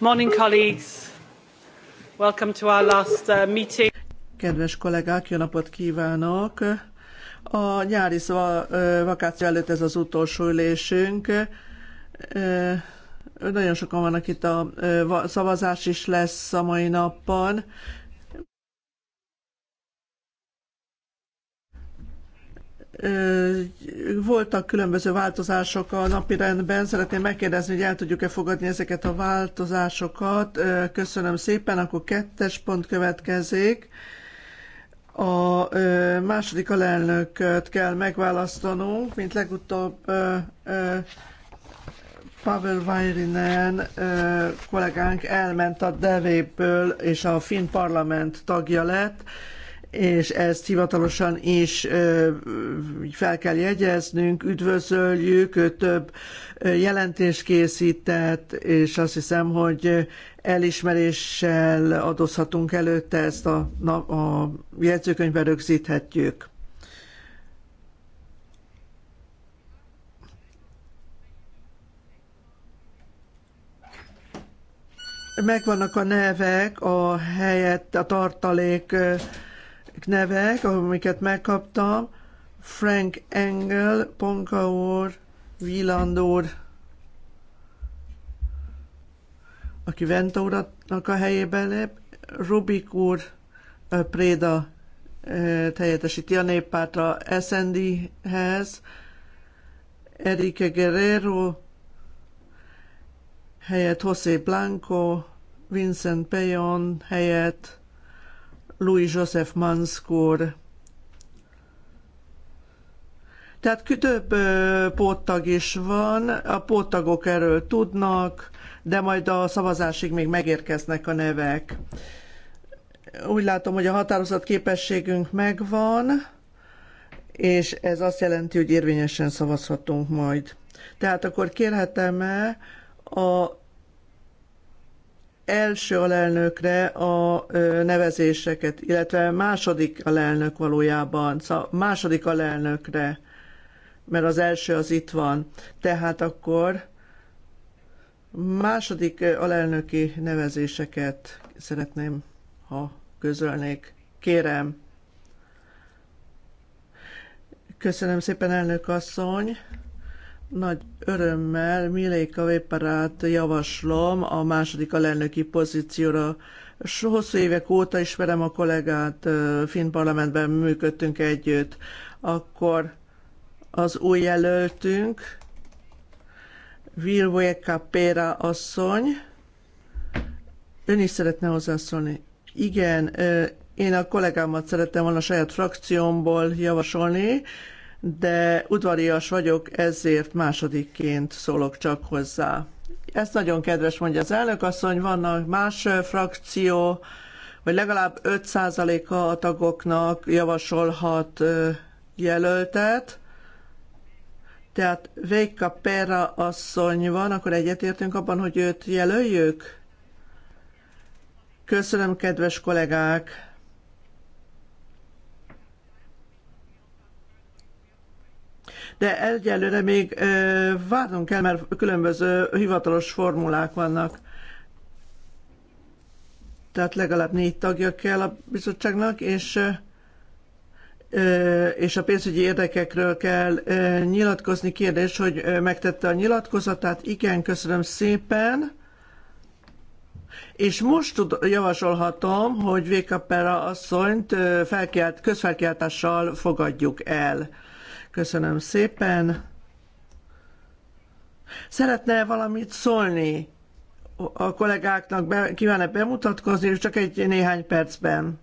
Morning, colleagues. Welcome to our last uh, meeting. Kedves kollégák, jó napot kívánok! A nyári vakáció előtt ez az utolsó ülésünk. Nagyon sokan vannak itt, a szavazás is lesz a mai napon. Voltak különböző változások a napi rendben. Szeretném megkérdezni, hogy el tudjuk-e fogadni ezeket a változásokat. Köszönöm szépen. Akkor kettes pont következik. A második alelnököt kell megválasztanunk, mint legutóbb Pavel Vajrinen kollégánk elment a devéből, és a finn parlament tagja lett és ezt hivatalosan is fel kell jegyeznünk, üdvözöljük, ő több jelentést készített, és azt hiszem, hogy elismeréssel adozhatunk előtte, ezt a, a jegyzőkönyvbe rögzíthetjük. Megvannak a nevek, a helyett, a tartalék, nevek, amiket megkaptam, Frank Engel, Ponka úr, Wieland aki Venta a helyében lép, Rubik úr, Préda helyettesíti a a SND-hez, Erike Guerrero, helyett José Blanco, Vincent Peyon helyett Louis Joseph Manskor. Tehát több póttag is van, a póttagok erről tudnak, de majd a szavazásig még megérkeznek a nevek. Úgy látom, hogy a határozat képességünk megvan, és ez azt jelenti, hogy érvényesen szavazhatunk majd. Tehát akkor kérhetem-e a első alelnökre a nevezéseket, illetve második alelnök valójában, szóval második alelnökre, mert az első az itt van. Tehát akkor második alelnöki nevezéseket szeretném, ha közölnék. Kérem. Köszönöm szépen, elnök asszony. Nagy örömmel Miléka véparát, javaslom a második alelnöki pozícióra. Hosszú évek óta ismerem a kollégát, Finn parlamentben működtünk együtt. Akkor az új jelöltünk, Vilvoeka Péra asszony. Ön is szeretne hozzászólni. Igen, én a kollégámat szerettem volna a saját frakciómból javasolni, de udvarias vagyok, ezért másodikként szólok csak hozzá. Ezt nagyon kedves mondja az elnök asszony, vannak más frakció, vagy legalább 5%-a a tagoknak javasolhat jelöltet, tehát Véka Perra asszony van, akkor egyetértünk abban, hogy őt jelöljük? Köszönöm, kedves kollégák! de egyelőre még várnunk kell, mert különböző hivatalos formulák vannak tehát legalább négy tagja kell a bizottságnak, és és a pénzügyi érdekekről kell nyilatkozni. Kérdés, hogy megtette a nyilatkozatát. Igen, köszönöm szépen. És most tud, javasolhatom, hogy Vékapera asszonyt felkelt, közfelkiáltással fogadjuk el. Köszönöm szépen. Szeretne valamit szólni? A kollégáknak be, kíván-e bemutatkozni, és csak egy néhány percben.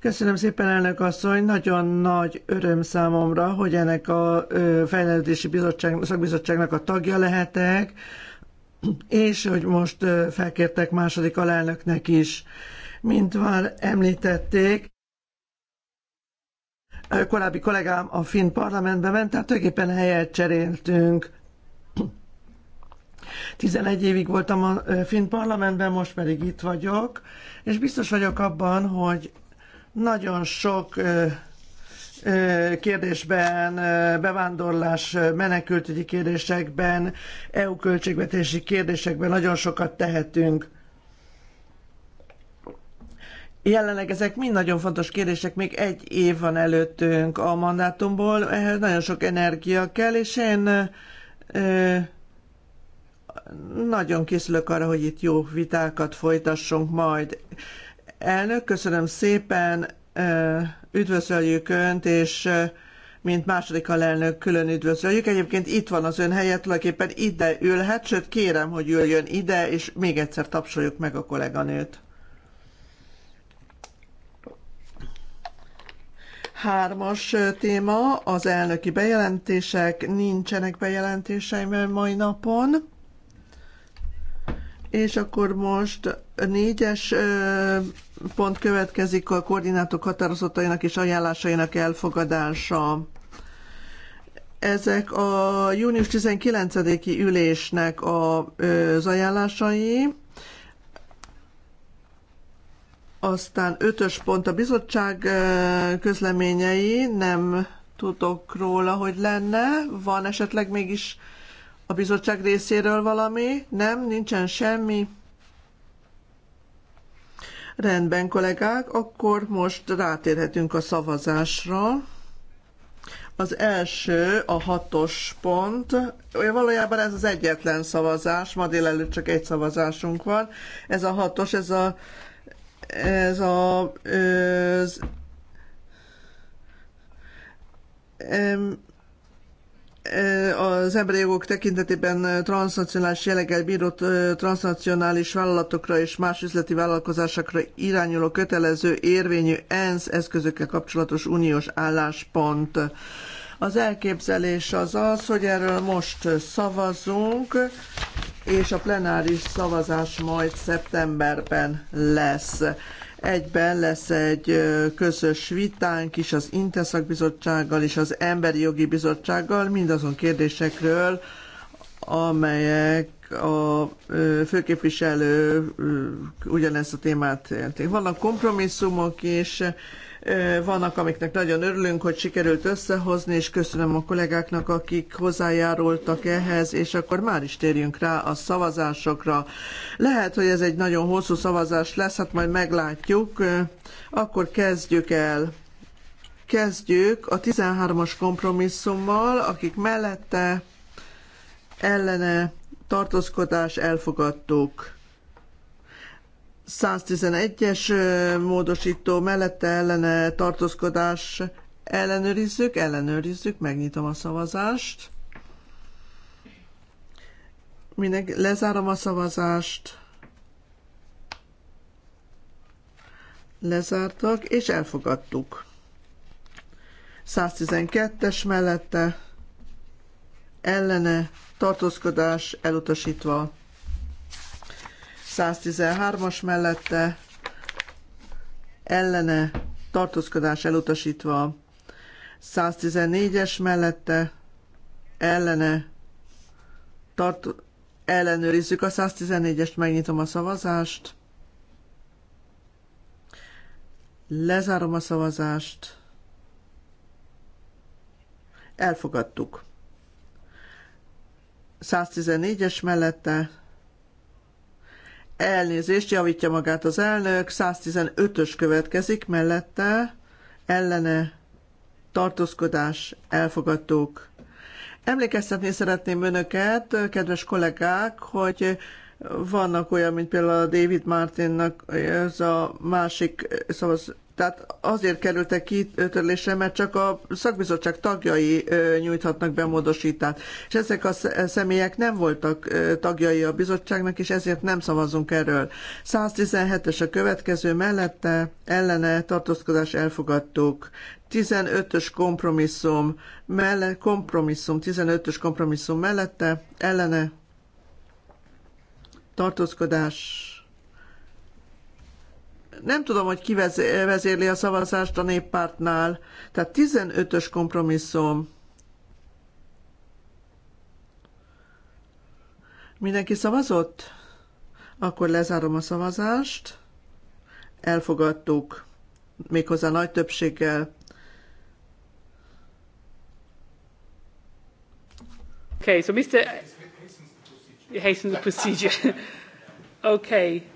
Köszönöm szépen, elnök asszony. Nagyon nagy öröm számomra, hogy ennek a fejlesztési bizottság, szakbizottságnak a tagja lehetek, és hogy most felkértek második alelnöknek is. Mint már említették, korábbi kollégám a finn parlamentbe ment, tehát tulajdonképpen helyet cseréltünk. 11 évig voltam a finn parlamentben, most pedig itt vagyok, és biztos vagyok abban, hogy nagyon sok kérdésben, bevándorlás, menekültügyi kérdésekben, EU költségvetési kérdésekben nagyon sokat tehetünk. Jelenleg ezek mind nagyon fontos kérdések, még egy év van előttünk a mandátumból, ehhez nagyon sok energia kell, és én ö, nagyon készülök arra, hogy itt jó vitákat folytassunk majd. Elnök, köszönöm szépen, ö, üdvözöljük Önt, és mint második alelnök külön üdvözöljük. Egyébként itt van az ön helyet, tulajdonképpen ide ülhet, sőt kérem, hogy üljön ide, és még egyszer tapsoljuk meg a kolléganőt. Hármas téma az elnöki bejelentések. Nincsenek bejelentéseim mai napon. És akkor most négyes pont következik a koordinátok határozatainak és ajánlásainak elfogadása. Ezek a június 19-i ülésnek az ajánlásai. Aztán ötös pont a bizottság eh, közleményei, nem tudok róla, hogy lenne. Van esetleg mégis a bizottság részéről valami? Nem, nincsen semmi. Rendben, kollégák, akkor most rátérhetünk a szavazásra. Az első, a hatos pont, valójában ez az egyetlen szavazás, ma délelőtt csak egy szavazásunk van. Ez a hatos, ez a ez a, az e, az emberi jogok tekintetében transnacionális jelleggel bíró transnacionális vállalatokra és más üzleti vállalkozásokra irányuló kötelező érvényű ENSZ eszközökkel kapcsolatos uniós álláspont. Az elképzelés az az, hogy erről most szavazunk, és a plenáris szavazás majd szeptemberben lesz. Egyben lesz egy közös vitánk is az Inteszak Bizottsággal és az Emberi Jogi Bizottsággal mindazon kérdésekről, amelyek a főképviselő ugyanezt a témát érték. Vannak kompromisszumok is, vannak, amiknek nagyon örülünk, hogy sikerült összehozni, és köszönöm a kollégáknak, akik hozzájárultak ehhez, és akkor már is térjünk rá a szavazásokra. Lehet, hogy ez egy nagyon hosszú szavazás lesz, hát majd meglátjuk. Akkor kezdjük el. Kezdjük a 13-as kompromisszummal, akik mellette ellene tartózkodás elfogadtuk. 111-es módosító mellette ellene tartózkodás ellenőrizzük, ellenőrizzük, megnyitom a szavazást. Mindenki, lezárom a szavazást. Lezártak, és elfogadtuk. 112-es mellette ellene tartózkodás elutasítva. 113-as mellette ellene tartózkodás elutasítva, 114-es mellette ellene tart, ellenőrizzük a 114-est, megnyitom a szavazást, lezárom a szavazást, elfogadtuk. 114-es mellette Elnézést, javítja magát az elnök, 115-ös következik, mellette ellene tartózkodás elfogadtuk. Emlékeztetni szeretném önöket, kedves kollégák, hogy vannak olyan, mint például a David Martinnak ez a másik szavaz szóval tehát azért kerültek ki törlésre, mert csak a szakbizottság tagjai nyújthatnak be módosítást. És ezek a személyek nem voltak tagjai a bizottságnak, és ezért nem szavazunk erről. 117-es a következő mellette ellene tartózkodás elfogadtuk. 15-ös kompromisszum, melle, kompromisszum, 15-ös kompromisszum mellette ellene tartózkodás nem tudom, hogy ki vezérli a szavazást a néppártnál. Tehát 15-ös kompromisszum. Mindenki szavazott? Akkor lezárom a szavazást. Elfogadtuk. Méghozzá nagy többséggel. Okay, so Mr. Hasten the procedure. okay.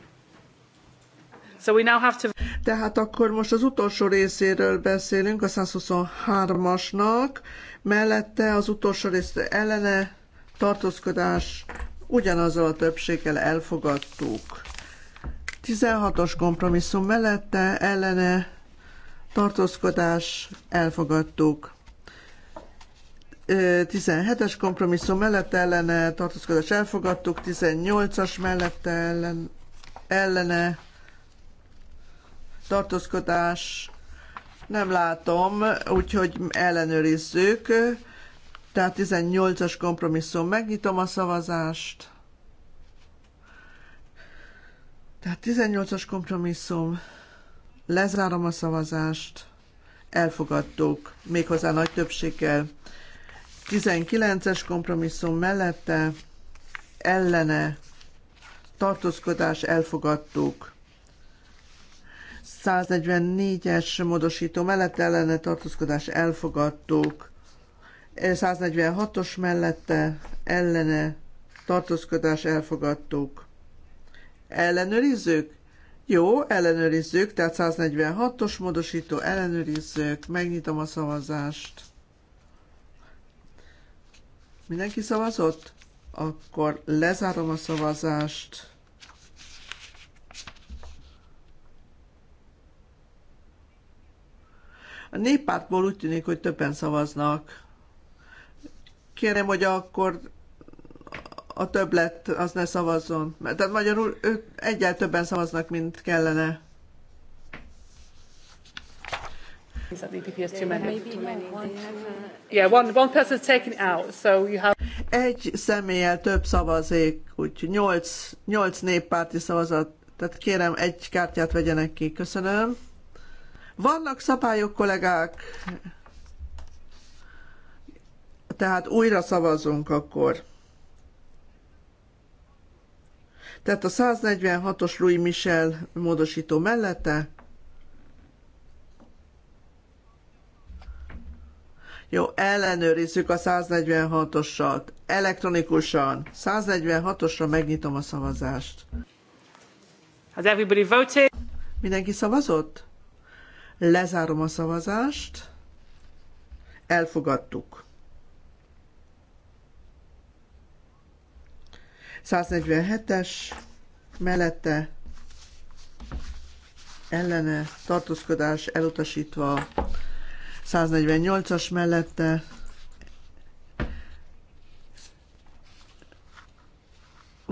So we now have to... Tehát akkor most az utolsó részéről beszélünk, a 123-asnak, mellette az utolsó rész ellene tartózkodás ugyanazzal a többséggel elfogadtuk. 16-os kompromisszum mellette ellene tartózkodás elfogadtuk. 17-es kompromisszum mellette ellene tartózkodás elfogadtuk, 18-as mellette ellen, ellene tartózkodás nem látom, úgyhogy ellenőrizzük. Tehát 18-as kompromisszum, megnyitom a szavazást. Tehát 18-as kompromisszum, lezárom a szavazást, elfogadtuk, méghozzá nagy többséggel. 19-es kompromisszum mellette, ellene, tartózkodás, elfogadtuk. 144-es módosító mellett ellene tartózkodás elfogadtuk. 146-os mellette ellene tartózkodás elfogadtuk. Ellenőrizzük? Jó, ellenőrizzük, tehát 146-os módosító, ellenőrizzük, megnyitom a szavazást. Mindenki szavazott? Akkor lezárom a szavazást. A néppártból úgy tűnik, hogy többen szavaznak. Kérem, hogy akkor a többlet az ne szavazzon. Mert tehát magyarul ők egyel többen szavaznak, mint kellene. Egy személlyel több szavazék, úgy 8, 8 néppárti szavazat. Tehát kérem, egy kártyát vegyenek ki. Köszönöm. Vannak szabályok, kollégák? Tehát újra szavazunk akkor. Tehát a 146-os Louis Michel módosító mellette. Jó, ellenőrizzük a 146-osat. Elektronikusan. 146-osra megnyitom a szavazást. Has everybody voted? Mindenki szavazott? Lezárom a szavazást. Elfogadtuk. 147-es mellette ellene tartózkodás elutasítva 148-as mellette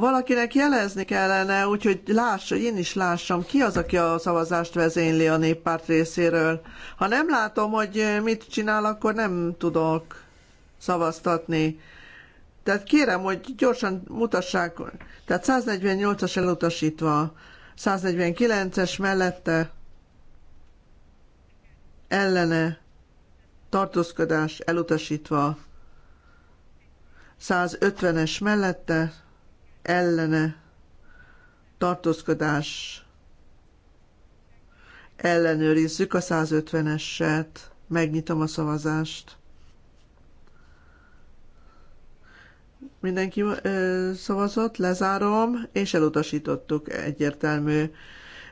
Valakinek jelezni kellene, úgyhogy láss, hogy én is lássam, ki az, aki a szavazást vezényli a néppárt részéről. Ha nem látom, hogy mit csinál, akkor nem tudok szavaztatni. Tehát kérem, hogy gyorsan mutassák, tehát 148-as elutasítva, 149-es mellette, ellene, tartózkodás elutasítva, 150-es mellette, ellene tartózkodás ellenőrizzük a 150-eset. Megnyitom a szavazást. Mindenki ö, szavazott, lezárom, és elutasítottuk egyértelmű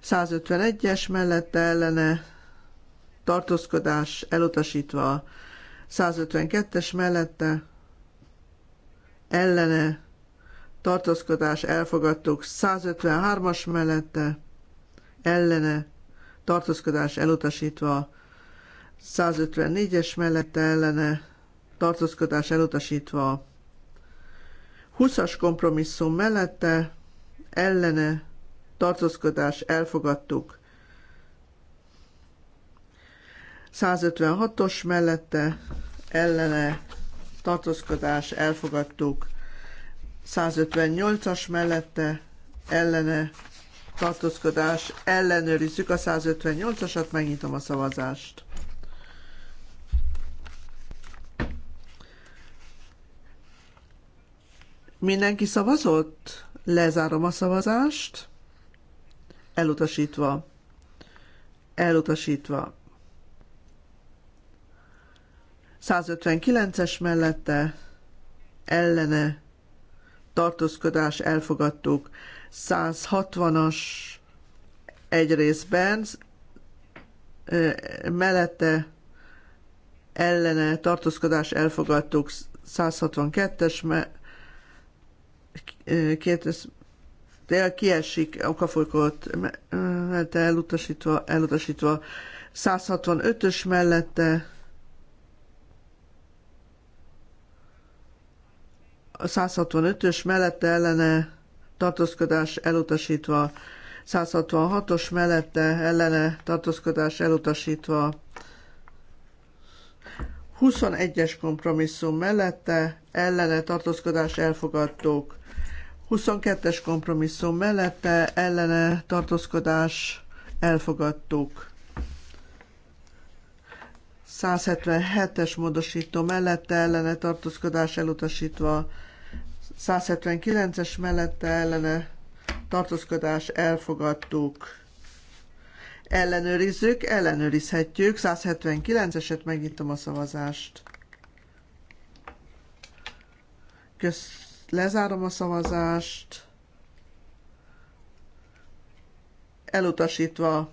151-es mellette ellene tartózkodás elutasítva, 152-es mellette ellene tartózkodás elfogadtuk 153-as mellette, ellene tartózkodás elutasítva 154-es mellette ellene tartózkodás elutasítva 20-as kompromisszum mellette ellene tartózkodás elfogadtuk 156-os mellette ellene tartózkodás elfogadtuk 158-as mellette ellene tartózkodás, ellenőrizzük a 158-asat, megnyitom a szavazást. Mindenki szavazott? Lezárom a szavazást. Elutasítva. Elutasítva. 159-es mellette ellene tartózkodás elfogadtuk. 160-as egy részben, mellette ellene tartózkodás elfogadtuk 162-es, két rész, kiesik okafolykot mellette elutasítva, elutasítva 165-ös mellette 165-ös mellette ellene tartózkodás elutasítva, 166-os mellette ellene tartózkodás elutasítva, 21-es kompromisszum mellette ellene tartózkodás elfogadtók, 22-es kompromisszum mellette ellene tartózkodás elfogadtuk. 177-es módosító mellette ellene tartózkodás elutasítva, 179-es mellette ellene tartózkodás elfogadtuk. Ellenőrizzük, ellenőrizhetjük. 179-eset megnyitom a szavazást. Kösz, lezárom a szavazást. Elutasítva.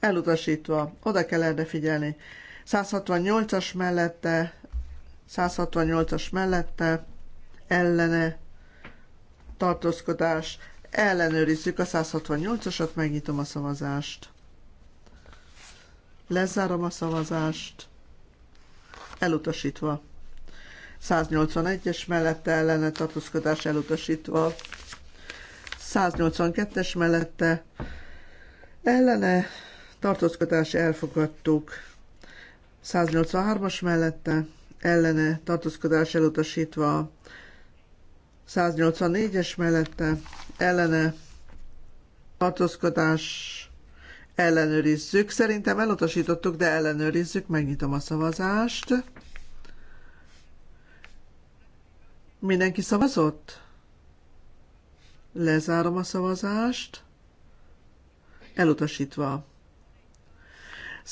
Elutasítva. Oda kell erre figyelni. 168-as mellette 168-as mellette ellene tartózkodás. Ellenőrizzük a 168-asat, megnyitom a szavazást. Lezárom a szavazást. Elutasítva. 181-es mellette ellene tartózkodás elutasítva. 182-es mellette ellene tartózkodás elfogadtuk. 183-as mellette ellene tartózkodás elutasítva 184-es mellette ellene tartózkodás ellenőrizzük. Szerintem elutasítottuk, de ellenőrizzük. Megnyitom a szavazást. Mindenki szavazott? Lezárom a szavazást. Elutasítva.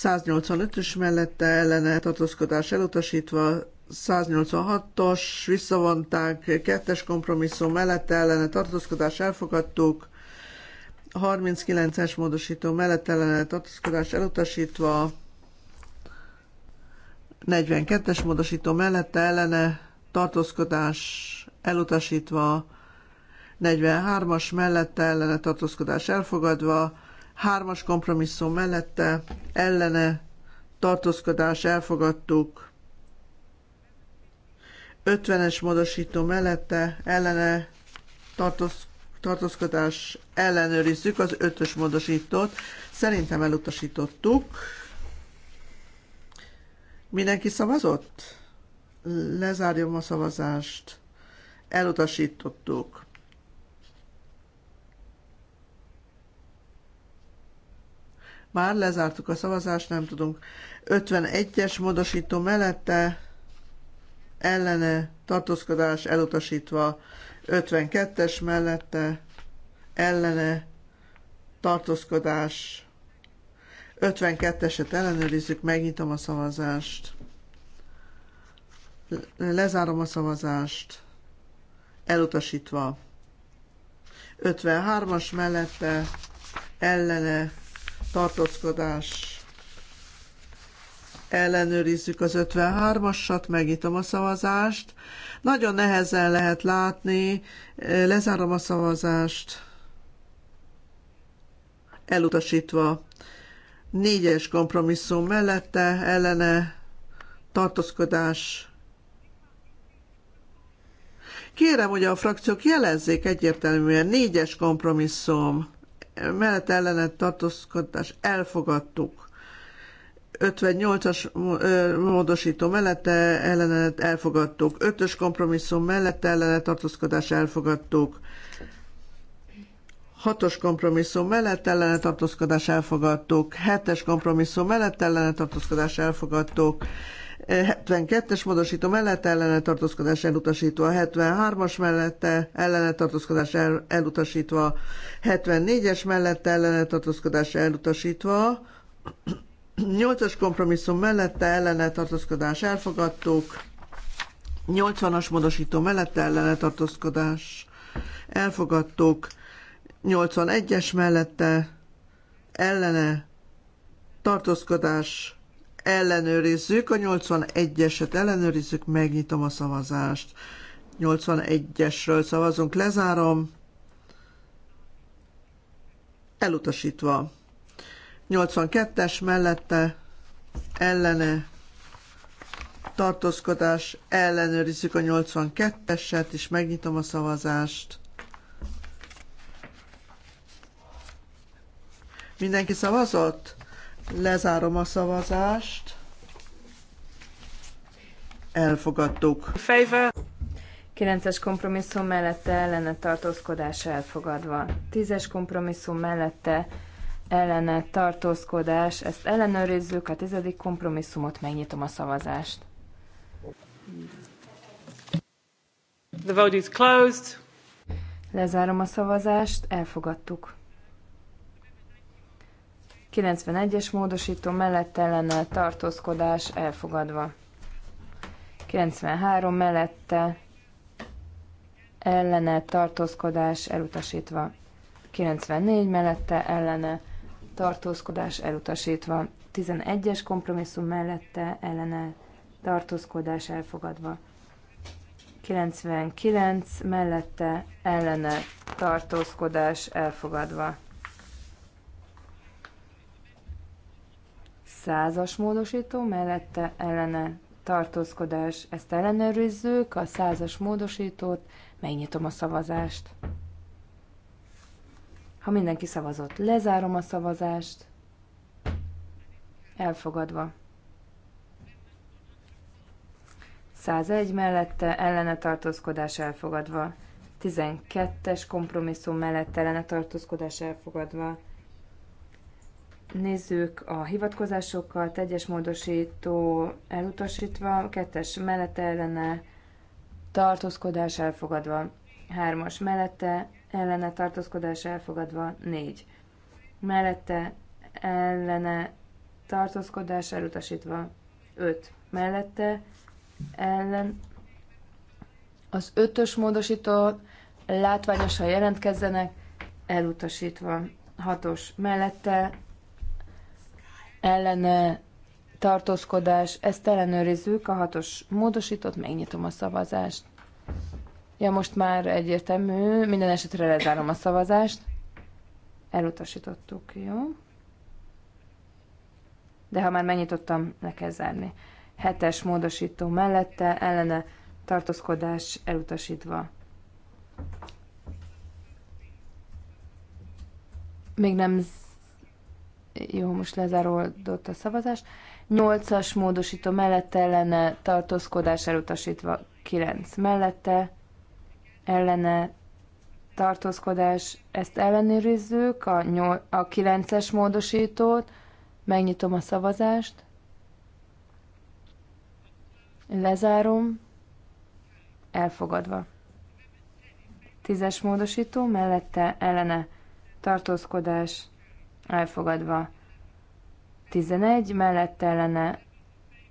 185-ös mellette ellene tartózkodás elutasítva, 186-os visszavonták, kettes kompromisszum mellette ellene tartózkodás elfogadtuk, 39-es módosító mellett ellene tartózkodás elutasítva, 42-es módosító mellette ellene tartózkodás elutasítva, 43-as mellette ellene tartózkodás elfogadva, Hármas kompromisszum mellette ellene tartózkodás elfogadtuk. 50-es módosító mellette ellene tartóz, tartózkodás ellenőrizzük az 5-ös módosítót. Szerintem elutasítottuk. Mindenki szavazott? Lezárjam a szavazást. Elutasítottuk. már lezártuk a szavazást, nem tudunk. 51-es módosító mellette ellene tartózkodás elutasítva, 52-es mellette ellene tartózkodás 52-eset ellenőrizzük, megnyitom a szavazást. Lezárom a szavazást. Elutasítva. 53-as mellette ellene tartózkodás. Ellenőrizzük az 53-asat, megnyitom a szavazást. Nagyon nehezen lehet látni, lezárom a szavazást. Elutasítva. Négyes kompromisszum mellette, ellene, tartózkodás. Kérem, hogy a frakciók jelezzék egyértelműen négyes kompromisszum mellett ellenet tartózkodás elfogadtuk. 58-as módosító mellette ellenet elfogadtuk. 5-ös kompromisszum mellett ellenet tartózkodás elfogadtuk. 6-os kompromisszum mellett ellenet tartózkodás elfogadtuk, 7-es kompromisszum mellett ellenet tartózkodás elfogadtuk, 72-es módosító mellette ellene tartózkodás elutasítva, 73-as mellette ellene tartózkodás el, elutasítva, 74-es mellette ellene tartózkodás elutasítva, 8-as kompromisszum mellette ellene tartózkodás elfogadtuk, 80-as módosító mellette ellene tartózkodás elfogadtuk, 81-es mellette ellene tartózkodás ellenőrizzük, a 81-eset ellenőrizzük, megnyitom a szavazást. 81-esről szavazunk, lezárom. Elutasítva. 82-es mellette ellene tartózkodás, ellenőrizzük a 82-eset, és megnyitom a szavazást. Mindenki szavazott? Lezárom a szavazást. Elfogadtuk. Favor. 9-es kompromisszum mellette ellene tartózkodás elfogadva. 10-es kompromisszum mellette ellene tartózkodás. Ezt ellenőrizzük, a tizedik kompromisszumot megnyitom a szavazást. The vote is closed. Lezárom a szavazást, elfogadtuk. 91-es módosító mellett ellene tartózkodás elfogadva. 93 mellette ellene tartózkodás elutasítva. 94 mellette ellene tartózkodás elutasítva. 11-es kompromisszum mellette ellene tartózkodás elfogadva. 99 mellette ellene tartózkodás elfogadva. Százas módosító mellette ellene tartózkodás. Ezt ellenőrizzük, a százas módosítót, megnyitom a szavazást. Ha mindenki szavazott, lezárom a szavazást. Elfogadva. 101 mellette ellene tartózkodás elfogadva. 12-es kompromisszum mellett ellene tartózkodás elfogadva. Nézzük a hivatkozásokat, egyes módosító elutasítva, kettes mellette ellene tartózkodás elfogadva, hármas mellette ellene tartózkodás elfogadva, négy mellette ellene tartózkodás elutasítva, öt mellette ellen az ötös módosító látványosan jelentkezzenek, elutasítva, hatos mellette ellene tartózkodás, ezt ellenőrizzük, a hatos módosított, megnyitom a szavazást. Ja, most már egyértelmű, minden esetre lezárom a szavazást. Elutasítottuk, jó? De ha már megnyitottam, le kell zárni. Hetes módosító mellette, ellene tartózkodás elutasítva. Még nem jó, most lezáródott a szavazás. 8-as módosító mellette ellene tartózkodás elutasítva 9 mellette ellene tartózkodás, ezt ellenőrizzük, a, nyol, a 9-es módosítót, megnyitom a szavazást, lezárom, elfogadva. 10-es módosító, mellette ellene tartózkodás, elfogadva. 11 mellett ellene,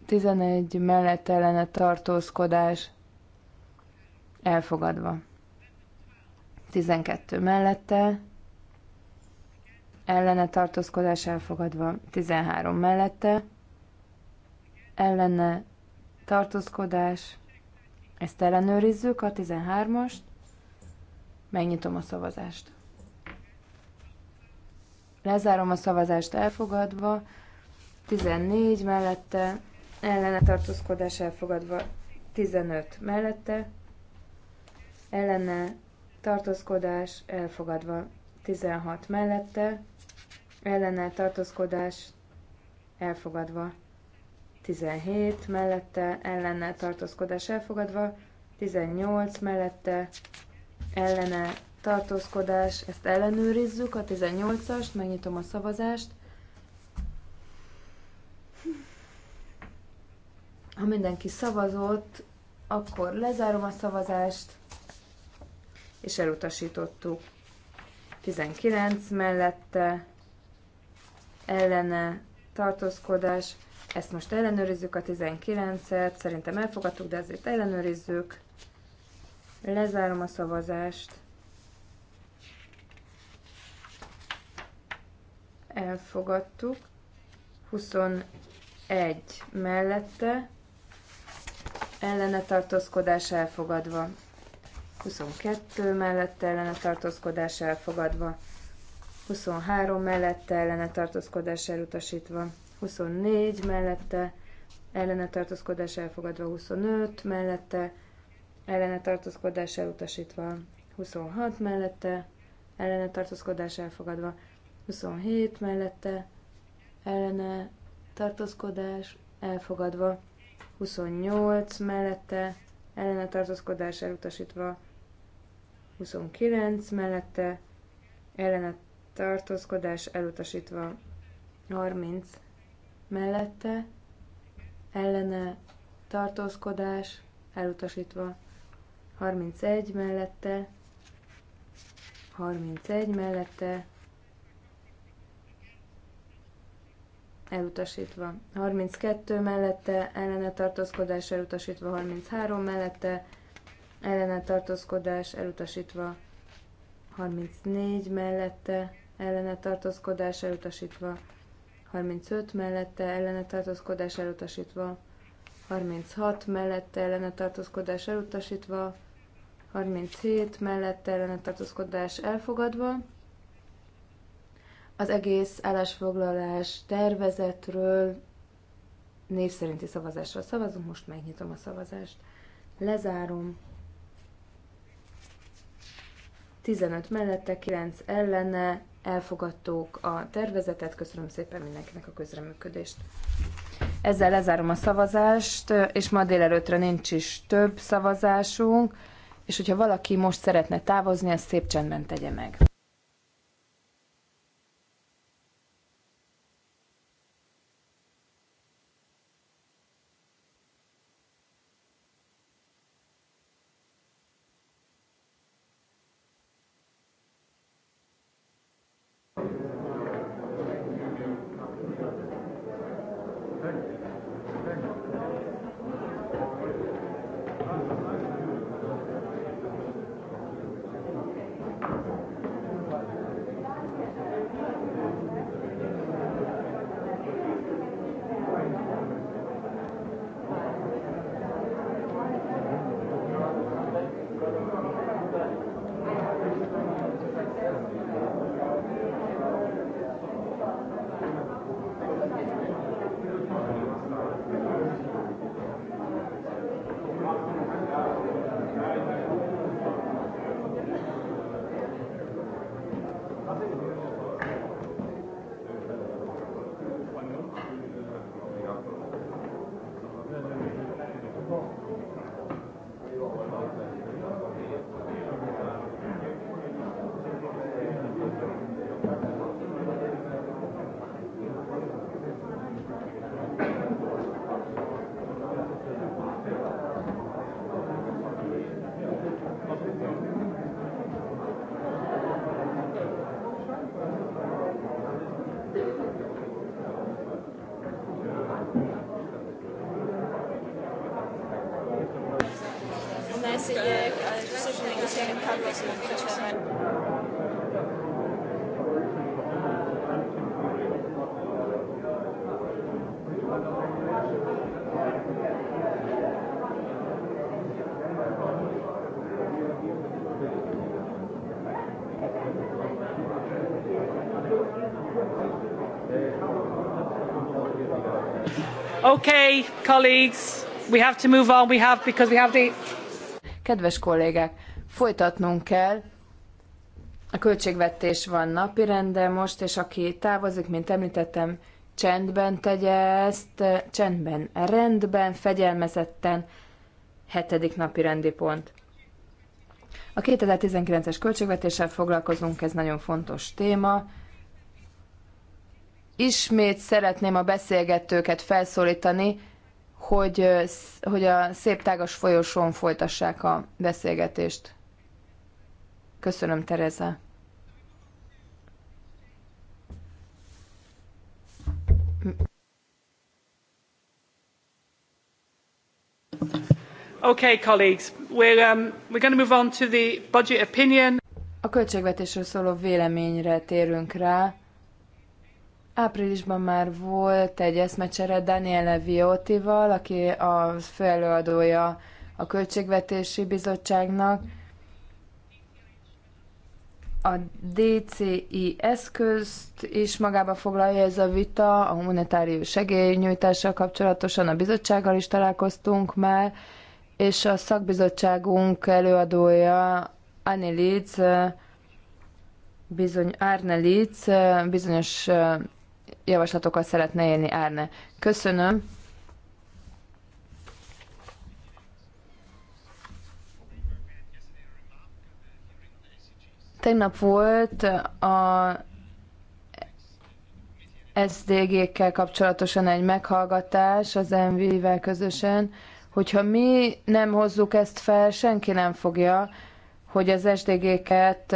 11 mellett ellene tartózkodás, elfogadva. 12 mellette, ellene tartózkodás elfogadva, 13 mellette, ellene tartózkodás, ezt ellenőrizzük, a 13-ast, megnyitom a szavazást. Lezárom a szavazást elfogadva. 14 mellette, ellene tartózkodás elfogadva. 15 mellette, ellene tartózkodás elfogadva. 16 mellette, ellene tartózkodás elfogadva. 17 mellette, ellene tartózkodás elfogadva. 18 mellette, ellene tartózkodás, ezt ellenőrizzük, a 18-ast, megnyitom a szavazást. Ha mindenki szavazott, akkor lezárom a szavazást, és elutasítottuk. 19 mellette ellene tartózkodás, ezt most ellenőrizzük a 19-et, szerintem elfogadtuk, de ezért ellenőrizzük. Lezárom a szavazást. elfogadtuk. 21 mellette, ellene tartózkodás elfogadva. 22 mellette ellene tartózkodás elfogadva. 23 mellette ellene tartózkodás elutasítva. 24 mellette ellene tartózkodás elfogadva. 25 mellette ellene tartózkodás elutasítva. 26 mellette ellene tartózkodás elfogadva. 27 mellette ellene tartózkodás elfogadva, 28 mellette ellene tartózkodás elutasítva, 29 mellette ellene tartózkodás elutasítva, 30 mellette ellene tartózkodás elutasítva, 31 mellette 31 mellette elutasítva. 32 mellette ellene tartózkodás elutasítva, 33 mellette ellene tartózkodás elutasítva, 34 mellette ellene tartózkodás elutasítva, 35 mellette ellene tartózkodás elutasítva, 36 mellette ellene tartózkodás elutasítva, 37 mellette ellene tartózkodás elfogadva, az egész állásfoglalás tervezetről név szerinti szavazásra szavazunk, most megnyitom a szavazást, lezárom. 15 mellette, 9 ellene, elfogadtuk a tervezetet, köszönöm szépen mindenkinek a közreműködést. Ezzel lezárom a szavazást, és ma délelőttre nincs is több szavazásunk, és hogyha valaki most szeretne távozni, ezt szép csendben tegye meg. colleagues, we have to move on. We have because we have the. Kedves kollégák, folytatnunk kell. A költségvetés van napirenden most, és aki távozik, mint említettem, csendben tegye ezt, csendben, rendben, fegyelmezetten, hetedik napi rendi pont. A 2019-es költségvetéssel foglalkozunk, ez nagyon fontos téma. Ismét szeretném a beszélgetőket felszólítani, hogy, hogy a szép tágas folyosón folytassák a beszélgetést. Köszönöm, Tereza. Okay, colleagues, we're, um, we're going to move on to the budget opinion. A költségvetésről szóló véleményre térünk rá. Áprilisban már volt egy eszmecsere Daniele Viotival, aki a főelőadója a Költségvetési Bizottságnak. A DCI eszközt is magába foglalja ez a vita, a humanitárius segélynyújtással kapcsolatosan a bizottsággal is találkoztunk már, és a szakbizottságunk előadója Annie Leeds, bizony Arne Litz bizonyos javaslatokat szeretne élni Árne. Köszönöm. Tegnap volt a SZDG-kkel kapcsolatosan egy meghallgatás az MV-vel közösen, hogyha mi nem hozzuk ezt fel, senki nem fogja, hogy az SDG-ket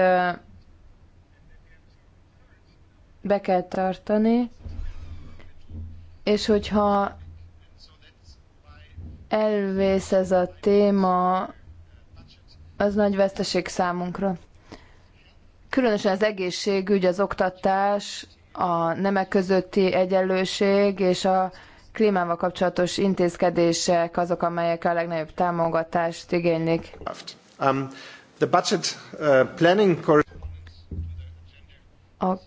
be kell tartani, és hogyha elvész ez a téma, az nagy veszteség számunkra. Különösen az egészségügy, az oktatás, a nemek közötti egyenlőség és a klímával kapcsolatos intézkedések azok, amelyek a legnagyobb támogatást igénylik. Um, uh, a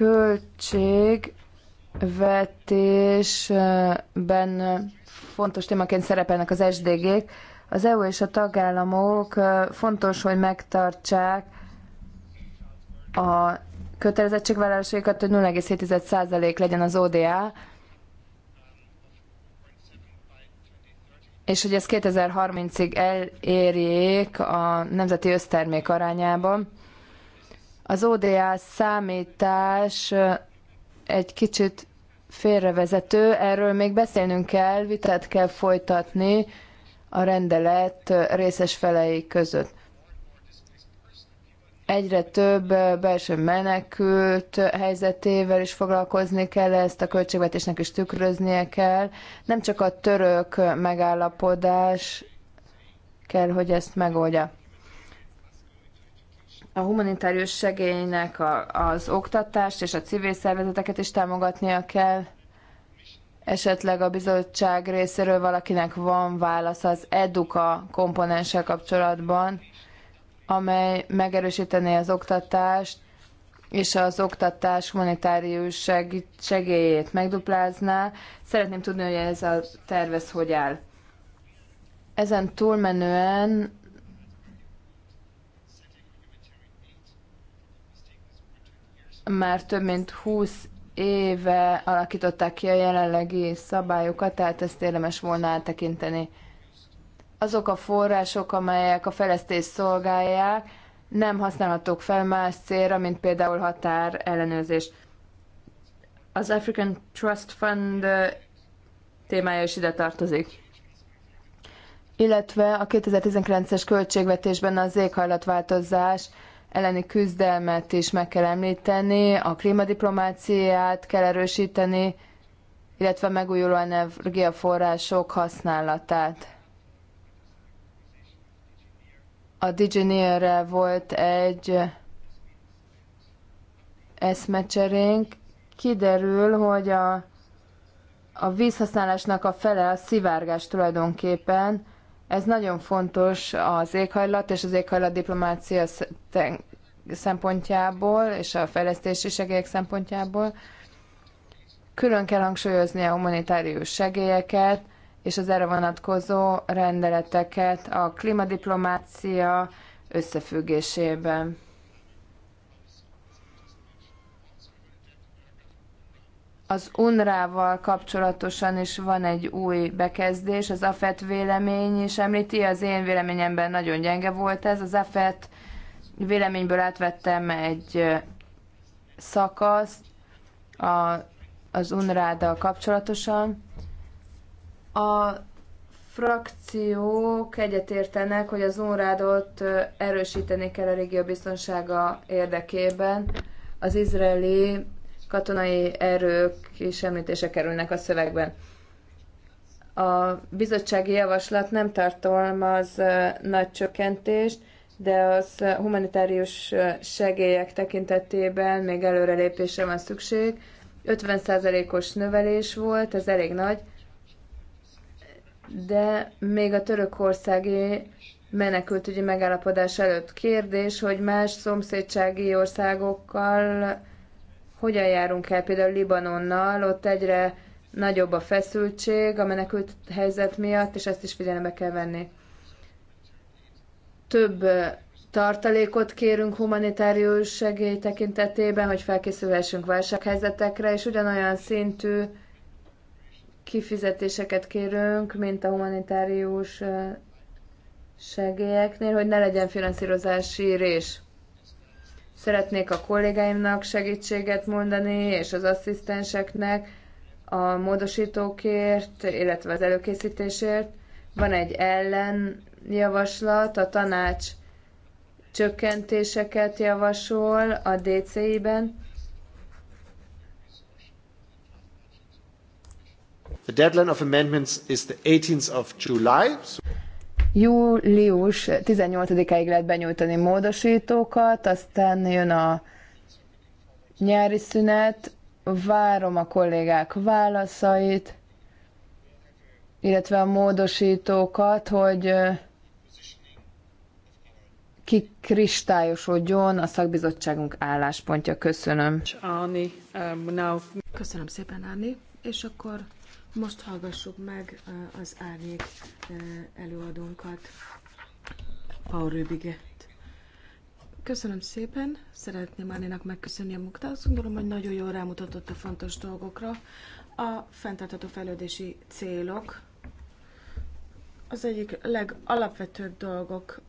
költségvetésben fontos témaként szerepelnek az SDG-k. Az EU és a tagállamok fontos, hogy megtartsák a kötelezettségvállalásaikat, hogy 0,7% legyen az ODA, és hogy ezt 2030-ig elérjék a nemzeti össztermék arányában. Az ODA számítás egy kicsit félrevezető, erről még beszélnünk kell, vitát kell folytatni a rendelet részes felei között. Egyre több belső menekült helyzetével is foglalkozni kell, ezt a költségvetésnek is tükröznie kell. Nem csak a török megállapodás kell, hogy ezt megoldja a humanitárius segélynek a, az oktatást és a civil szervezeteket is támogatnia kell. Esetleg a bizottság részéről valakinek van válasz az eduka komponenssel kapcsolatban, amely megerősítené az oktatást, és az oktatás humanitárius seg- segélyét megduplázná. Szeretném tudni, hogy ez a tervez hogy áll. Ezen túlmenően már több mint 20 éve alakították ki a jelenlegi szabályokat, tehát ezt érdemes volna áttekinteni. Azok a források, amelyek a fejlesztést szolgálják, nem használhatók fel más célra, mint például határ ellenőrzés. Az African Trust Fund témája is ide tartozik. Illetve a 2019-es költségvetésben az éghajlatváltozás elleni küzdelmet is meg kell említeni, a klímadiplomáciát kell erősíteni, illetve megújuló energiaforrások használatát. A digineer volt egy eszmecserénk, kiderül, hogy a, a vízhasználásnak a fele a szivárgás tulajdonképpen, ez nagyon fontos az éghajlat és az éghajlat diplomácia szempontjából, és a fejlesztési segélyek szempontjából. Külön kell hangsúlyozni a humanitárius segélyeket, és az erre vonatkozó rendeleteket a klímadiplomácia összefüggésében. Az unrwa val kapcsolatosan is van egy új bekezdés, az AFET vélemény is említi, az én véleményemben nagyon gyenge volt ez, az AFET véleményből átvettem egy szakaszt a, az unrá kapcsolatosan. A frakciók egyetértenek, hogy az unrádot erősíteni kell a régió biztonsága érdekében. Az izraeli katonai erők is említése kerülnek a szövegben. A bizottsági javaslat nem tartalmaz nagy csökkentést, de az humanitárius segélyek tekintetében még előrelépésre van szükség. 50%-os növelés volt, ez elég nagy, de még a törökországi menekültügyi megállapodás előtt kérdés, hogy más szomszédsági országokkal hogyan járunk el például Libanonnal, ott egyre nagyobb a feszültség a menekült helyzet miatt, és ezt is figyelembe kell venni. Több tartalékot kérünk humanitárius segély tekintetében, hogy felkészülhessünk válsághelyzetekre, és ugyanolyan szintű kifizetéseket kérünk, mint a humanitárius segélyeknél, hogy ne legyen finanszírozási rés. Szeretnék a kollégáimnak segítséget mondani, és az asszisztenseknek a módosítókért, illetve az előkészítésért. Van egy ellenjavaslat, a tanács csökkentéseket javasol a DCI-ben. The deadline of amendments is the 18th of July. Július 18 ig lehet benyújtani módosítókat, aztán jön a nyári szünet, várom a kollégák válaszait, illetve a módosítókat, hogy kikristályosodjon a szakbizottságunk álláspontja. Köszönöm. Köszönöm szépen, Áni. És akkor most hallgassuk meg az árnyék előadónkat, Paul Rübiget. Köszönöm szépen, szeretném Ánénak megköszönni a munkát. Azt gondolom, hogy nagyon jól rámutatott a fontos dolgokra. A fenntartható fejlődési célok az egyik legalapvetőbb dolgok,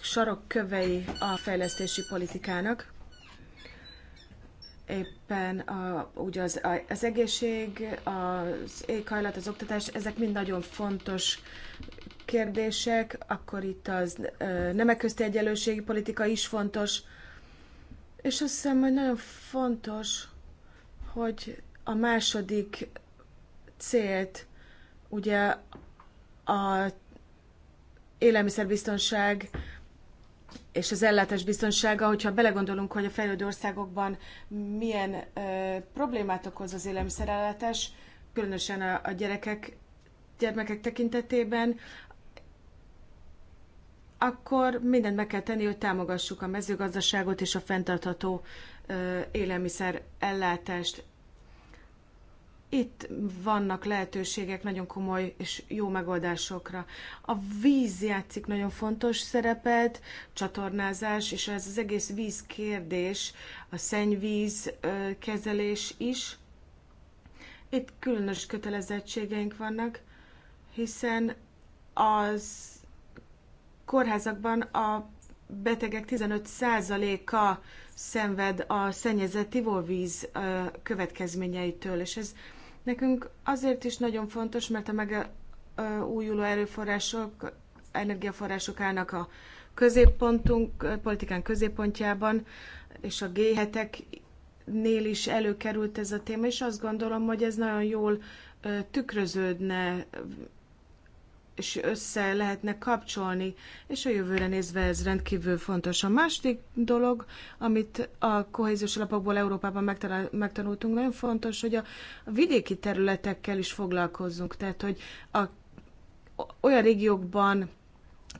sarokkövei a fejlesztési politikának éppen a, ugye az, a, az egészség, az éghajlat, az oktatás, ezek mind nagyon fontos kérdések, akkor itt az nemek közti egyenlőségi politika is fontos, és azt hiszem, hogy nagyon fontos, hogy a második célt, ugye a élelmiszerbiztonság és az ellátás biztonsága, hogyha belegondolunk, hogy a fejlődő országokban milyen ö, problémát okoz az élelmiszerellátás, különösen a, a gyerekek, gyermekek tekintetében, akkor mindent meg kell tenni, hogy támogassuk a mezőgazdaságot és a fenntartható élelmiszer ellátást itt vannak lehetőségek nagyon komoly és jó megoldásokra. A víz játszik nagyon fontos szerepet, csatornázás, és ez az egész víz kérdés, a szennyvíz kezelés is. Itt különös kötelezettségeink vannak, hiszen az kórházakban a betegek 15%-a szenved a szennyezett ivóvíz következményeitől, és ez Nekünk azért is nagyon fontos, mert a megújuló erőforrások, energiaforrások állnak a középpontunk, a politikán középpontjában, és a g eknél is előkerült ez a téma, és azt gondolom, hogy ez nagyon jól tükröződne és össze lehetne kapcsolni, és a jövőre nézve ez rendkívül fontos. A második dolog, amit a kohéziós alapokból Európában megtanultunk, nagyon fontos, hogy a vidéki területekkel is foglalkozzunk, tehát hogy a, olyan régiókban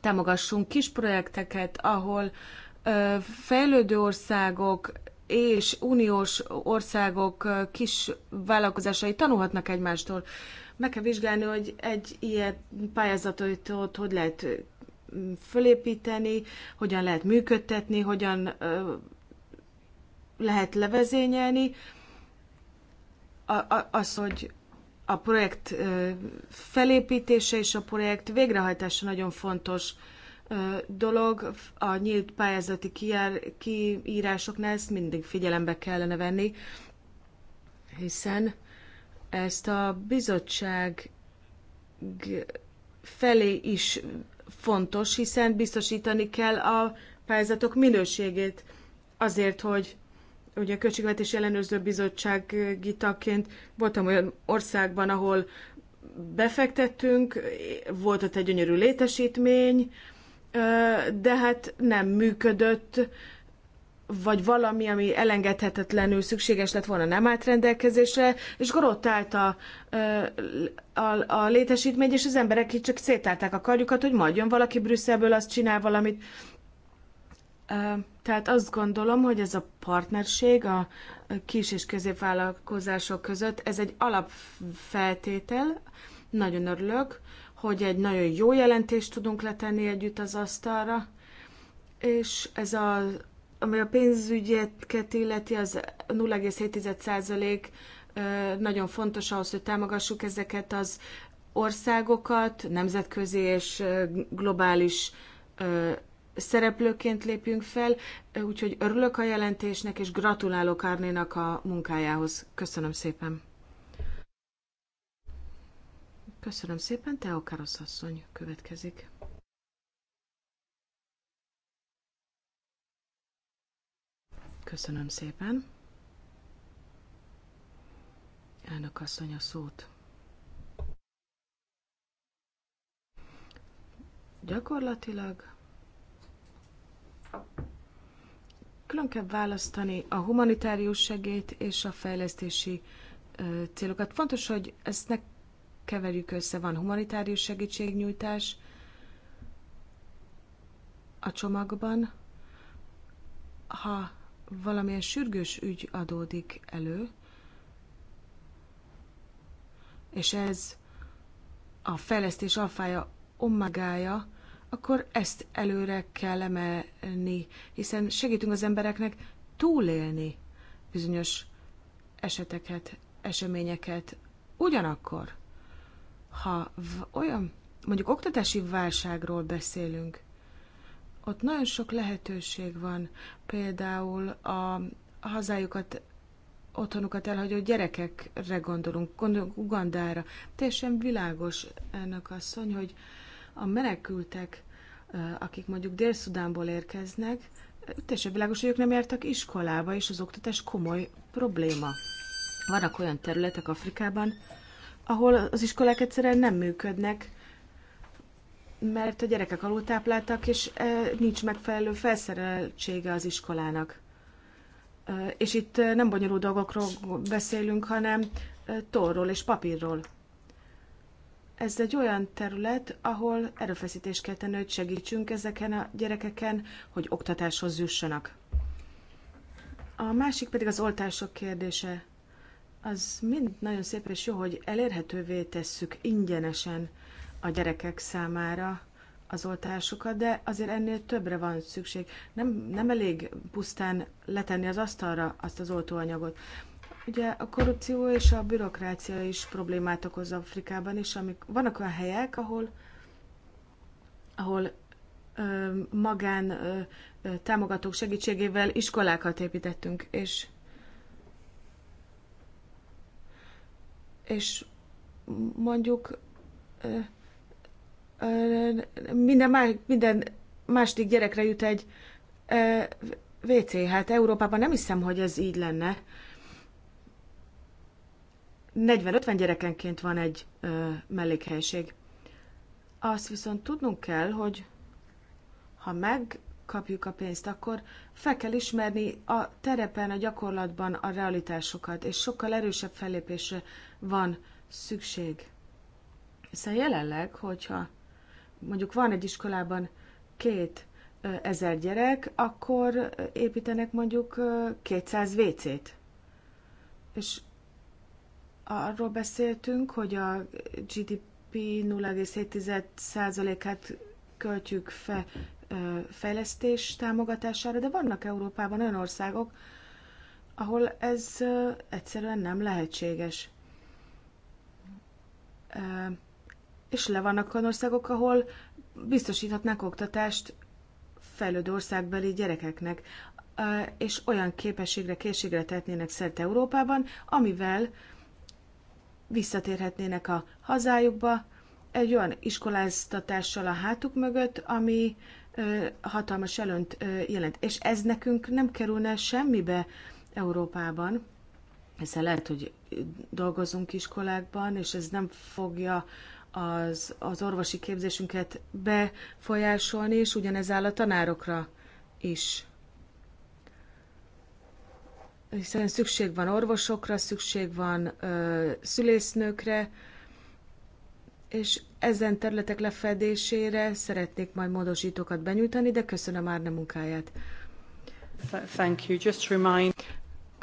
támogassunk kis projekteket, ahol ö, fejlődő országok és uniós országok kis vállalkozásai tanulhatnak egymástól meg kell vizsgálni, hogy egy ilyen pályázatot ott, hogy lehet fölépíteni, hogyan lehet működtetni, hogyan lehet levezényelni. A, a, az, hogy a projekt felépítése és a projekt végrehajtása nagyon fontos dolog. A nyílt pályázati kiár, kiírásoknál ezt mindig figyelembe kellene venni, hiszen ezt a bizottság felé is fontos, hiszen biztosítani kell a pályázatok minőségét azért, hogy ugye a Költségvetési Ellenőrző bizottság gitaként voltam olyan országban, ahol befektettünk, volt ott egy gyönyörű létesítmény, de hát nem működött, vagy valami, ami elengedhetetlenül szükséges lett volna, nem állt rendelkezésre, és állt a, a, a létesítmény, és az emberek itt csak szétálták a karjukat, hogy majd jön valaki Brüsszelből, azt csinál valamit. Tehát azt gondolom, hogy ez a partnerség a kis és középvállalkozások között, ez egy alapfeltétel, nagyon örülök, hogy egy nagyon jó jelentést tudunk letenni együtt az asztalra, és ez a, ami a pénzügyeket illeti, az 0,7% nagyon fontos ahhoz, hogy támogassuk ezeket az országokat, nemzetközi és globális szereplőként lépjünk fel, úgyhogy örülök a jelentésnek, és gratulálok Árnénak a munkájához. Köszönöm szépen. Köszönöm szépen, Teokárosz asszony következik. Köszönöm szépen. Elnök asszony a szót. Gyakorlatilag külön kell választani a humanitárius segélyt és a fejlesztési célokat. Fontos, hogy ezt ne keverjük össze. Van humanitárius segítségnyújtás a csomagban. Ha valamilyen sürgős ügy adódik elő, és ez a fejlesztés alfája, ommagája, akkor ezt előre kell emelni, hiszen segítünk az embereknek túlélni bizonyos eseteket, eseményeket. Ugyanakkor, ha olyan, mondjuk oktatási válságról beszélünk, ott nagyon sok lehetőség van, például a hazájukat, otthonukat elhagyó gyerekekre gondolunk, gondolunk Ugandára. Teljesen világos ennek asszony, hogy a menekültek, akik mondjuk Dél-Szudánból érkeznek, teljesen világos, hogy ők nem jártak iskolába, és az oktatás komoly probléma. Vannak olyan területek Afrikában, ahol az iskolák egyszerűen nem működnek, mert a gyerekek alultápláltak, és e, nincs megfelelő felszereltsége az iskolának. E, és itt e, nem bonyolult dolgokról beszélünk, hanem torról és papírról. Ez egy olyan terület, ahol erőfeszítést kell tenni, hogy segítsünk ezeken a gyerekeken, hogy oktatáshoz jussanak. A másik pedig az oltások kérdése. Az mind nagyon szép és jó, hogy elérhetővé tesszük ingyenesen a gyerekek számára az oltásukat, de azért ennél többre van szükség. Nem, nem elég pusztán letenni az asztalra azt az oltóanyagot. Ugye a korrupció és a bürokrácia is problémát okoz Afrikában is, amik vannak olyan helyek, ahol, ahol ö, magán ö, támogatók segítségével iskolákat építettünk, és és mondjuk ö, minden, más, minden második gyerekre jut egy WC. Hát Európában nem hiszem, hogy ez így lenne. 40-50 gyerekenként van egy ö, mellékhelység. Azt viszont tudnunk kell, hogy ha megkapjuk a pénzt, akkor fel kell ismerni a terepen, a gyakorlatban a realitásokat, és sokkal erősebb fellépésre van szükség. Hiszen jelenleg, hogyha mondjuk van egy iskolában két ezer gyerek, akkor építenek mondjuk 200 WC-t. És arról beszéltünk, hogy a GDP 0,7%-át költjük fe, fejlesztés támogatására, de vannak Európában olyan országok, ahol ez egyszerűen nem lehetséges és le vannak olyan országok, ahol biztosíthatnak oktatást fejlődő országbeli gyerekeknek, és olyan képességre, készségre tehetnének szert Európában, amivel visszatérhetnének a hazájukba, egy olyan iskoláztatással a hátuk mögött, ami hatalmas előnyt jelent. És ez nekünk nem kerülne semmibe Európában. Ezzel lehet, hogy dolgozunk iskolákban, és ez nem fogja az, az orvosi képzésünket befolyásolni, és ugyanez áll a tanárokra is. Hiszen szükség van orvosokra, szükség van ö, szülésznőkre, és ezen területek lefedésére szeretnék majd módosítókat benyújtani, de köszönöm már a munkáját. Thank you. Just remind...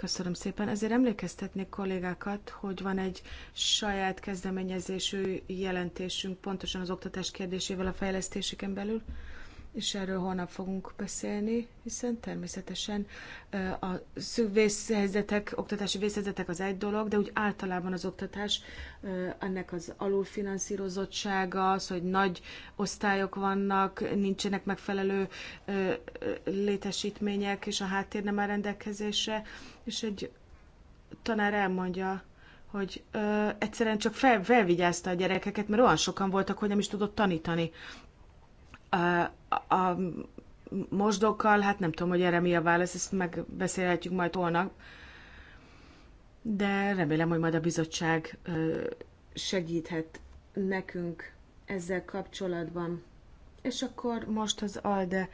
Köszönöm szépen. Ezért emlékeztetnék kollégákat, hogy van egy saját kezdeményezésű jelentésünk pontosan az oktatás kérdésével a fejlesztéseken belül, és erről holnap fogunk beszélni, hiszen természetesen a vészhelyzetek, oktatási vészhelyzetek az egy dolog, de úgy általában az oktatás ennek az alulfinanszírozottsága, az, hogy nagy osztályok vannak, nincsenek megfelelő létesítmények, és a háttér nem áll rendelkezésre, és egy tanár elmondja, hogy ö, egyszerűen csak fel, felvigyázta a gyerekeket, mert olyan sokan voltak, hogy nem is tudott tanítani a, a mosdókkal, hát nem tudom, hogy erre mi a válasz, ezt megbeszélhetjük majd holnap, de remélem, hogy majd a bizottság segíthet nekünk ezzel kapcsolatban. És akkor most az ALDE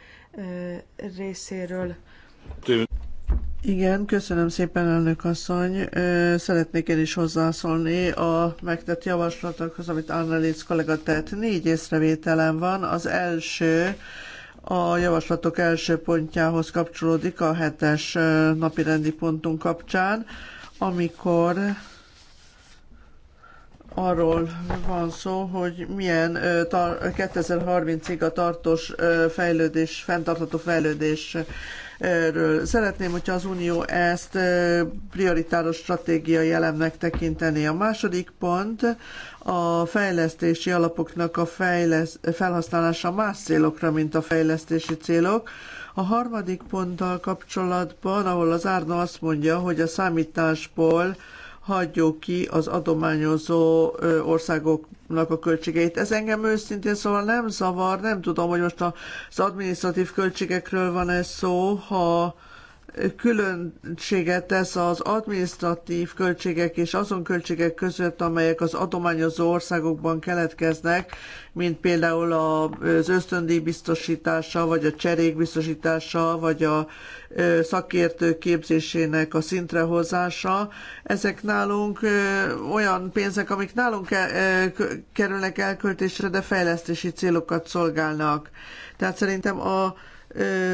részéről. Igen, köszönöm szépen, elnök asszony. Szeretnék én is hozzászólni a megtett javaslatokhoz, amit Annelic kollega tett. Négy észrevételem van. Az első a javaslatok első pontjához kapcsolódik a hetes napirendi pontunk kapcsán, amikor arról van szó, hogy milyen 2030-ig a tartós fejlődés, fenntartható fejlődés erről. Szeretném, hogyha az Unió ezt prioritáros stratégiai elemnek tekintené. A második pont a fejlesztési alapoknak a fejlesz, felhasználása más célokra, mint a fejlesztési célok. A harmadik ponttal kapcsolatban, ahol az Árna azt mondja, hogy a számításból hagyjuk ki az adományozó országoknak a költségeit. Ez engem őszintén szóval nem zavar, nem tudom, hogy most az adminisztratív költségekről van ez szó, ha különbséget tesz az adminisztratív költségek és azon költségek között, amelyek az adományozó országokban keletkeznek, mint például az ösztöndíj biztosítása, vagy a cserék biztosítása, vagy a szakértők képzésének a szintre hozása. Ezek nálunk olyan pénzek, amik nálunk e, kerülnek elköltésre, de fejlesztési célokat szolgálnak. Tehát szerintem a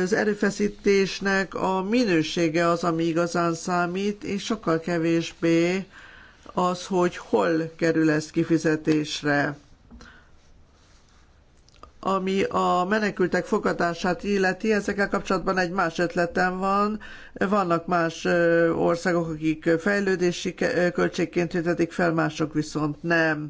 az erőfeszítésnek a minősége az, ami igazán számít, és sokkal kevésbé az, hogy hol kerül ez kifizetésre ami a menekültek fogadását illeti, ezekkel kapcsolatban egy más ötletem van. Vannak más országok, akik fejlődési költségként tüntetik fel, mások viszont nem.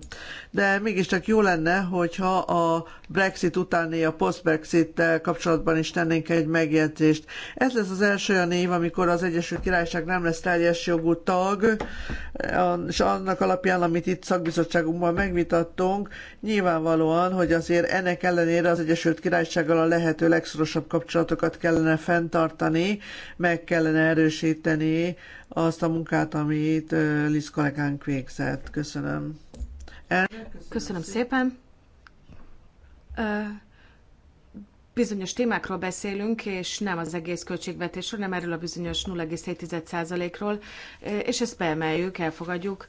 De mégiscsak jó lenne, hogyha a Brexit utáni, a post brexit kapcsolatban is tennénk egy megjegyzést. Ez lesz az első olyan év, amikor az Egyesült Királyság nem lesz teljes jogú tag, és annak alapján, amit itt szakbizottságunkban megvitattunk, nyilvánvalóan, hogy azért ennek ellen ellenére az Egyesült Királysággal a lehető legszorosabb kapcsolatokat kellene fenntartani, meg kellene erősíteni azt a munkát, amit Liz kollégánk végzett. Köszönöm. El... Köszönöm, szépen. szépen bizonyos témákról beszélünk, és nem az egész költségvetésről, nem erről a bizonyos 0,7%-ról, és ezt beemeljük, elfogadjuk.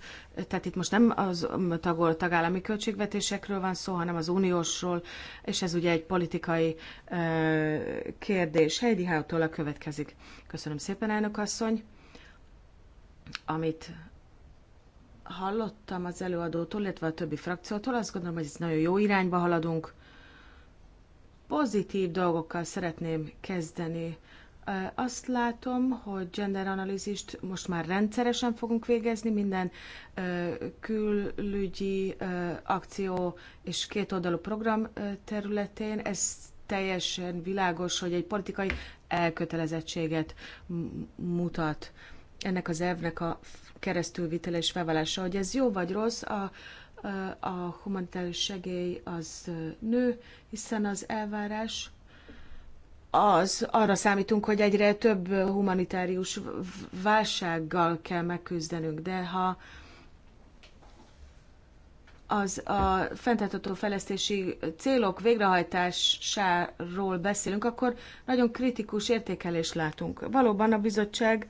Tehát itt most nem az tagol tagállami költségvetésekről van szó, hanem az uniósról, és ez ugye egy politikai kérdés. Heidi Hautól a következik. Köszönöm szépen, elnök asszony. Amit hallottam az előadótól, illetve a többi frakciótól, azt gondolom, hogy ez nagyon jó irányba haladunk Pozitív dolgokkal szeretném kezdeni. Azt látom, hogy genderanalízist most már rendszeresen fogunk végezni, minden külügyi akció és kétoldalú program területén. Ez teljesen világos, hogy egy politikai elkötelezettséget mutat ennek az elvnek a keresztülvitele és felvállása, hogy ez jó vagy rossz, a, a humanitárius segély az nő, hiszen az elvárás az, arra számítunk, hogy egyre több humanitárius válsággal kell megküzdenünk, de ha az a fenntartható fejlesztési célok végrehajtásáról beszélünk, akkor nagyon kritikus értékelést látunk. Valóban a bizottság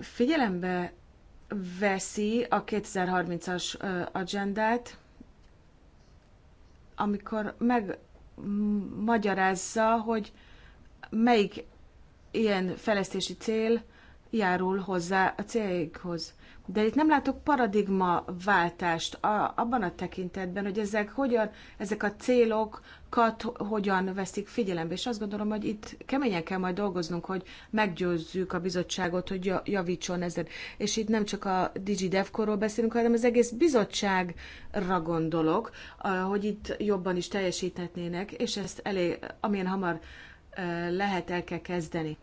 figyelembe veszi a 2030-as agendát, amikor megmagyarázza, hogy melyik ilyen fejlesztési cél járul hozzá a céljaikhoz. De itt nem látok paradigmaváltást a, abban a tekintetben, hogy ezek hogyan, ezek a célokat hogyan veszik figyelembe. És azt gondolom, hogy itt keményen kell majd dolgoznunk, hogy meggyőzzük a bizottságot, hogy javítson ezen. És itt nem csak a DigiDevkorról beszélünk, hanem az egész bizottságra gondolok, hogy itt jobban is teljesíthetnének, és ezt elég, amilyen hamar lehet, el kell kezdeni.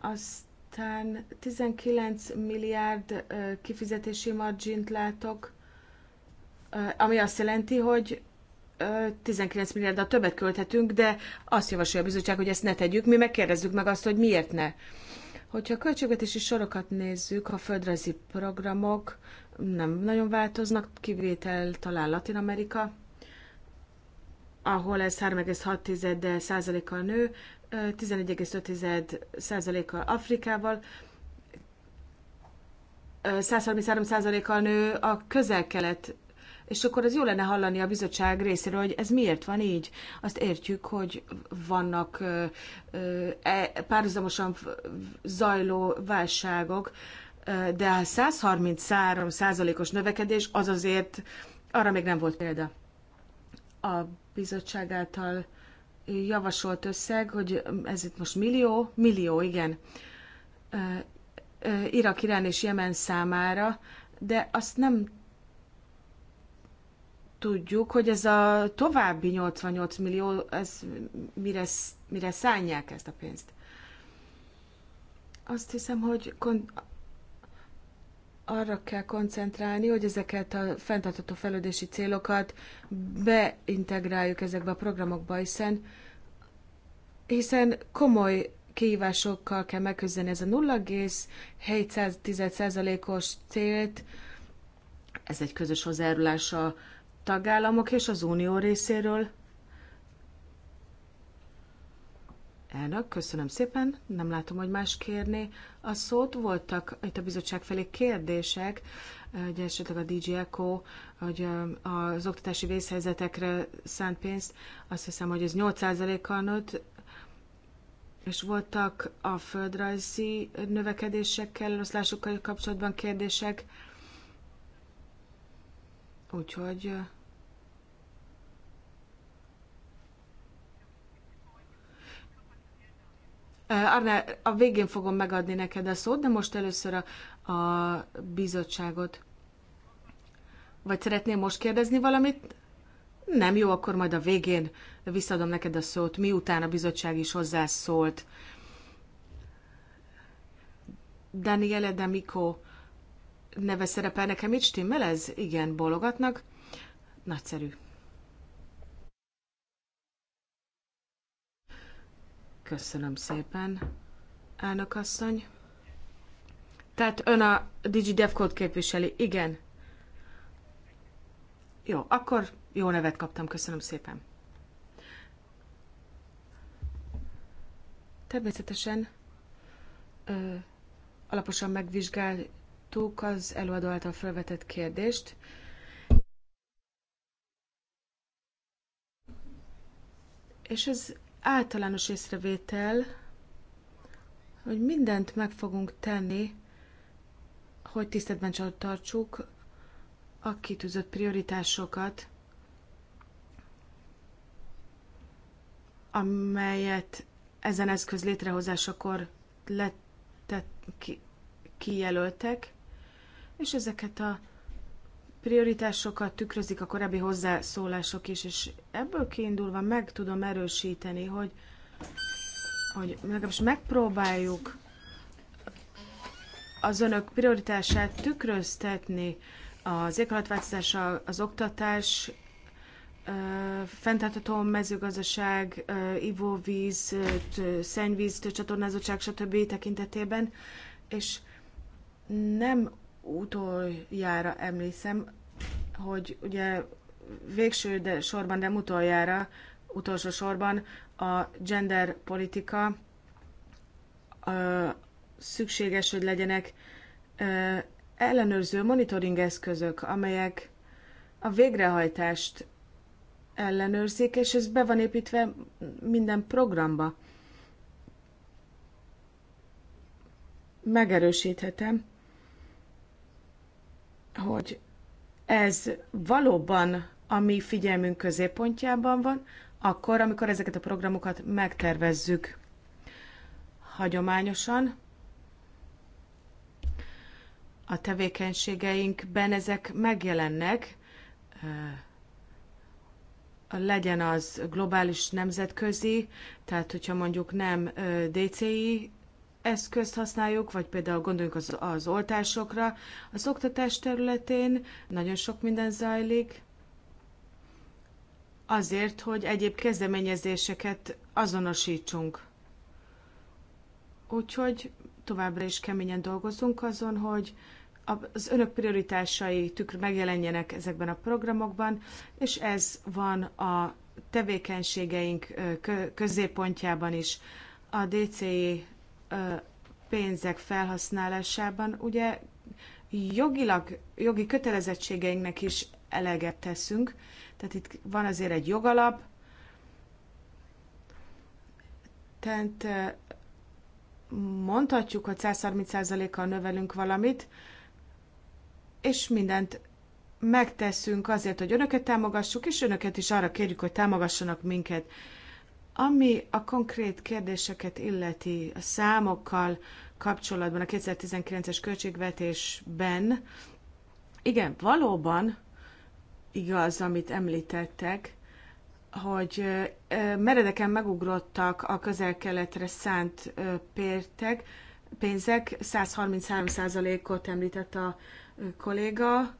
Azt aztán 19 milliárd kifizetési margint látok, ami azt jelenti, hogy 19 a többet költhetünk, de azt javasolja a bizottság, hogy ezt ne tegyük, mi megkérdezzük meg azt, hogy miért ne. Hogyha a költségvetési sorokat nézzük, a földrajzi programok nem nagyon változnak, kivétel talán Latin Amerika, ahol ez 3,6%-kal nő, 11,5%-kal Afrikával, 133%-kal nő a közel-kelet, és akkor az jó lenne hallani a bizottság részéről, hogy ez miért van így. Azt értjük, hogy vannak e, párhuzamosan zajló válságok, de a 133 os növekedés az azért, arra még nem volt példa. A bizottság által javasolt összeg, hogy ez itt most millió, millió, igen, Irak, Irán és Jemen számára, de azt nem tudjuk, hogy ez a további 88 millió, ez mire, mire szánják ezt a pénzt. Azt hiszem, hogy arra kell koncentrálni, hogy ezeket a fenntartható fejlődési célokat beintegráljuk ezekbe a programokba, hiszen, hiszen komoly kihívásokkal kell megküzdeni ez a 0,7%-os célt, ez egy közös hozzájárulás a tagállamok és az unió részéről, Elnök, köszönöm szépen. Nem látom, hogy más kérni a szót. Voltak itt a bizottság felé kérdések, hogy esetleg a DJ Echo, hogy az oktatási vészhelyzetekre szánt pénzt, azt hiszem, hogy ez 8%-kal nőtt, és voltak a földrajzi növekedésekkel, oszlásokkal kapcsolatban kérdések. Úgyhogy Eh, Arne, a végén fogom megadni neked a szót, de most először a, a bizottságot. Vagy szeretném most kérdezni valamit? Nem, jó, akkor majd a végén visszadom neked a szót, miután a bizottság is hozzászólt. Daniele D'Amico neve szerepel nekem, itt stimmel ez? Igen, bologatnak. Nagyszerű. Köszönöm szépen, elnök asszony. Tehát ön a digi DigiDevCode képviseli, igen. Jó, akkor jó nevet kaptam, köszönöm szépen. Természetesen ö, alaposan megvizsgáltuk az előadó által felvetett kérdést. És ez általános észrevétel, hogy mindent meg fogunk tenni, hogy tiszteletben tartsuk a kitűzött prioritásokat, amelyet ezen eszköz létrehozásakor letett, ki, kijelöltek, és ezeket a prioritásokat tükrözik a korábbi hozzászólások is, és ebből kiindulva meg tudom erősíteni, hogy, hogy legalábbis megpróbáljuk az önök prioritását tükröztetni az éghajlatváltozás, az oktatás, fenntartható mezőgazdaság, ivóvíz, szennyvíz, csatornázottság, stb. tekintetében, és nem utoljára emlékszem, hogy ugye végső de sorban, de utoljára, utolsó sorban a gender politika ö, szükséges, hogy legyenek ö, ellenőrző monitoring eszközök, amelyek a végrehajtást ellenőrzik, és ez be van építve minden programba. Megerősíthetem, hogy ez valóban a mi figyelmünk középpontjában van, akkor, amikor ezeket a programokat megtervezzük hagyományosan, a tevékenységeinkben ezek megjelennek, legyen az globális nemzetközi, tehát hogyha mondjuk nem DCI eszközt használjuk, vagy például gondoljunk az, az oltásokra. Az oktatás területén nagyon sok minden zajlik, azért, hogy egyéb kezdeményezéseket azonosítsunk. Úgyhogy továbbra is keményen dolgozunk azon, hogy az önök prioritásai tükr megjelenjenek ezekben a programokban, és ez van a tevékenységeink középpontjában is. A DCI e pénzek felhasználásában ugye jogilag, jogi kötelezettségeinknek is eleget teszünk, tehát itt van azért egy jogalap, tehát mondhatjuk, hogy 130%-kal növelünk valamit, és mindent megteszünk azért, hogy önöket támogassuk, és önöket is arra kérjük, hogy támogassanak minket. Ami a konkrét kérdéseket illeti a számokkal kapcsolatban a 2019-es költségvetésben, igen, valóban igaz, amit említettek, hogy meredeken megugrottak a közel-keletre szánt pértek, pénzek, 133%-ot említett a kolléga,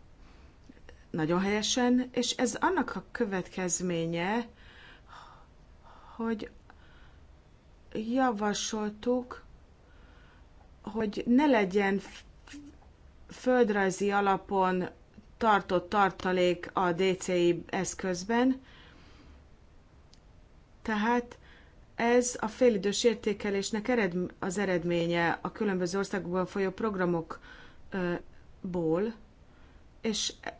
nagyon helyesen, és ez annak a következménye, hogy javasoltuk, hogy ne legyen földrajzi alapon tartott tartalék a DCI eszközben, tehát ez a félidős értékelésnek eredm- az eredménye a különböző országokban folyó programokból, és e-,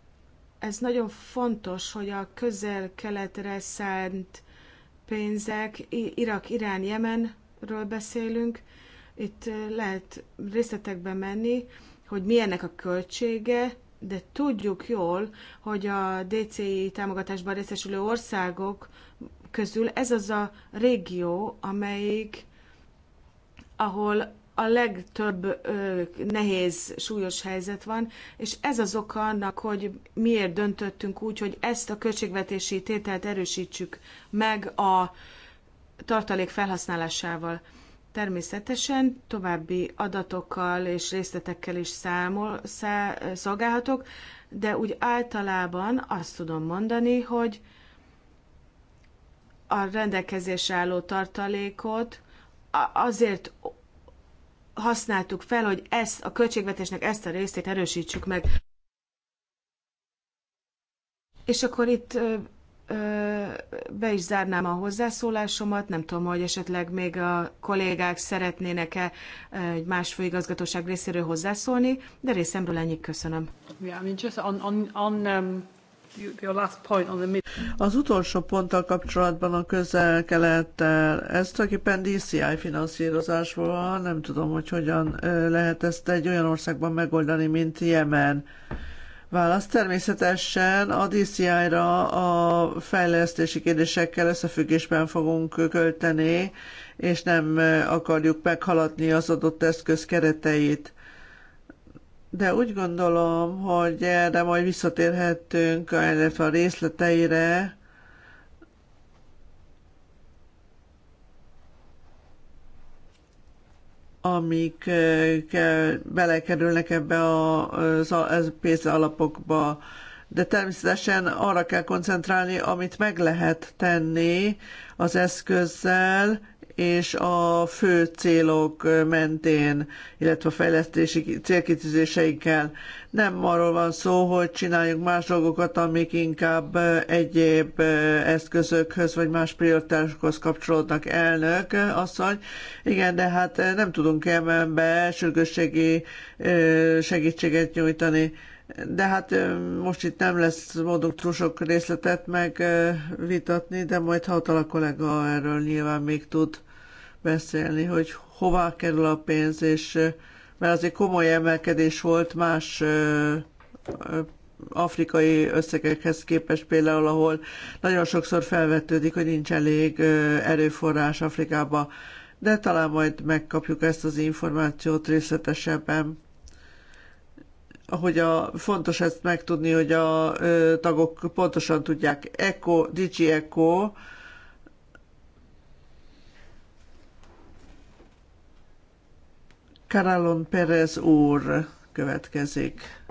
ez nagyon fontos, hogy a közel-keletre szánt pénzek, Irak, Irán, Jemenről beszélünk, itt lehet részletekbe menni, hogy milyennek a költsége, de tudjuk jól, hogy a DCI támogatásban részesülő országok közül ez az a régió, amelyik, ahol a legtöbb ö, nehéz, súlyos helyzet van, és ez az oka annak, hogy miért döntöttünk úgy, hogy ezt a költségvetési tételt erősítsük meg a tartalék felhasználásával. Természetesen további adatokkal és részletekkel is számol, szá, szolgálhatok, de úgy általában azt tudom mondani, hogy a rendelkezésre álló tartalékot azért használtuk fel, hogy ezt a költségvetésnek ezt a részét erősítsük meg. És akkor itt ö, ö, be is zárnám a hozzászólásomat, nem tudom, hogy esetleg még a kollégák szeretnének-e egy más főigazgatóság részéről hozzászólni, de részemről ennyit köszönöm. Yeah, I mean just on, on, on, um... Az utolsó ponttal kapcsolatban a közel-kelettel, ez tulajdonképpen DCI finanszírozás van, nem tudom, hogy hogyan lehet ezt egy olyan országban megoldani, mint Jemen. Válasz természetesen a DCI-ra a fejlesztési kérdésekkel összefüggésben fogunk költeni, és nem akarjuk meghaladni az adott eszköz kereteit de úgy gondolom, hogy erre majd visszatérhetünk, ennek a részleteire, amik eh, belekerülnek ebbe a, a pénzalapokba. De természetesen arra kell koncentrálni, amit meg lehet tenni az eszközzel, és a fő célok mentén, illetve a fejlesztési célkitűzéseikkel. Nem arról van szó, hogy csináljunk más dolgokat, amik inkább egyéb eszközökhöz vagy más prioritásokhoz kapcsolódnak elnök asszony. Igen, de hát nem tudunk Jemenbe sürgősségi segítséget nyújtani de hát most itt nem lesz mondok túl sok részletet megvitatni, de majd ha a kollega erről nyilván még tud beszélni, hogy hová kerül a pénz, és mert azért komoly emelkedés volt más afrikai összegekhez képest például, ahol nagyon sokszor felvetődik, hogy nincs elég erőforrás Afrikába, de talán majd megkapjuk ezt az információt részletesebben hogy a, fontos ezt megtudni, hogy a ö, tagok pontosan tudják. Eko, Digi Eco, Caralon Perez úr következik.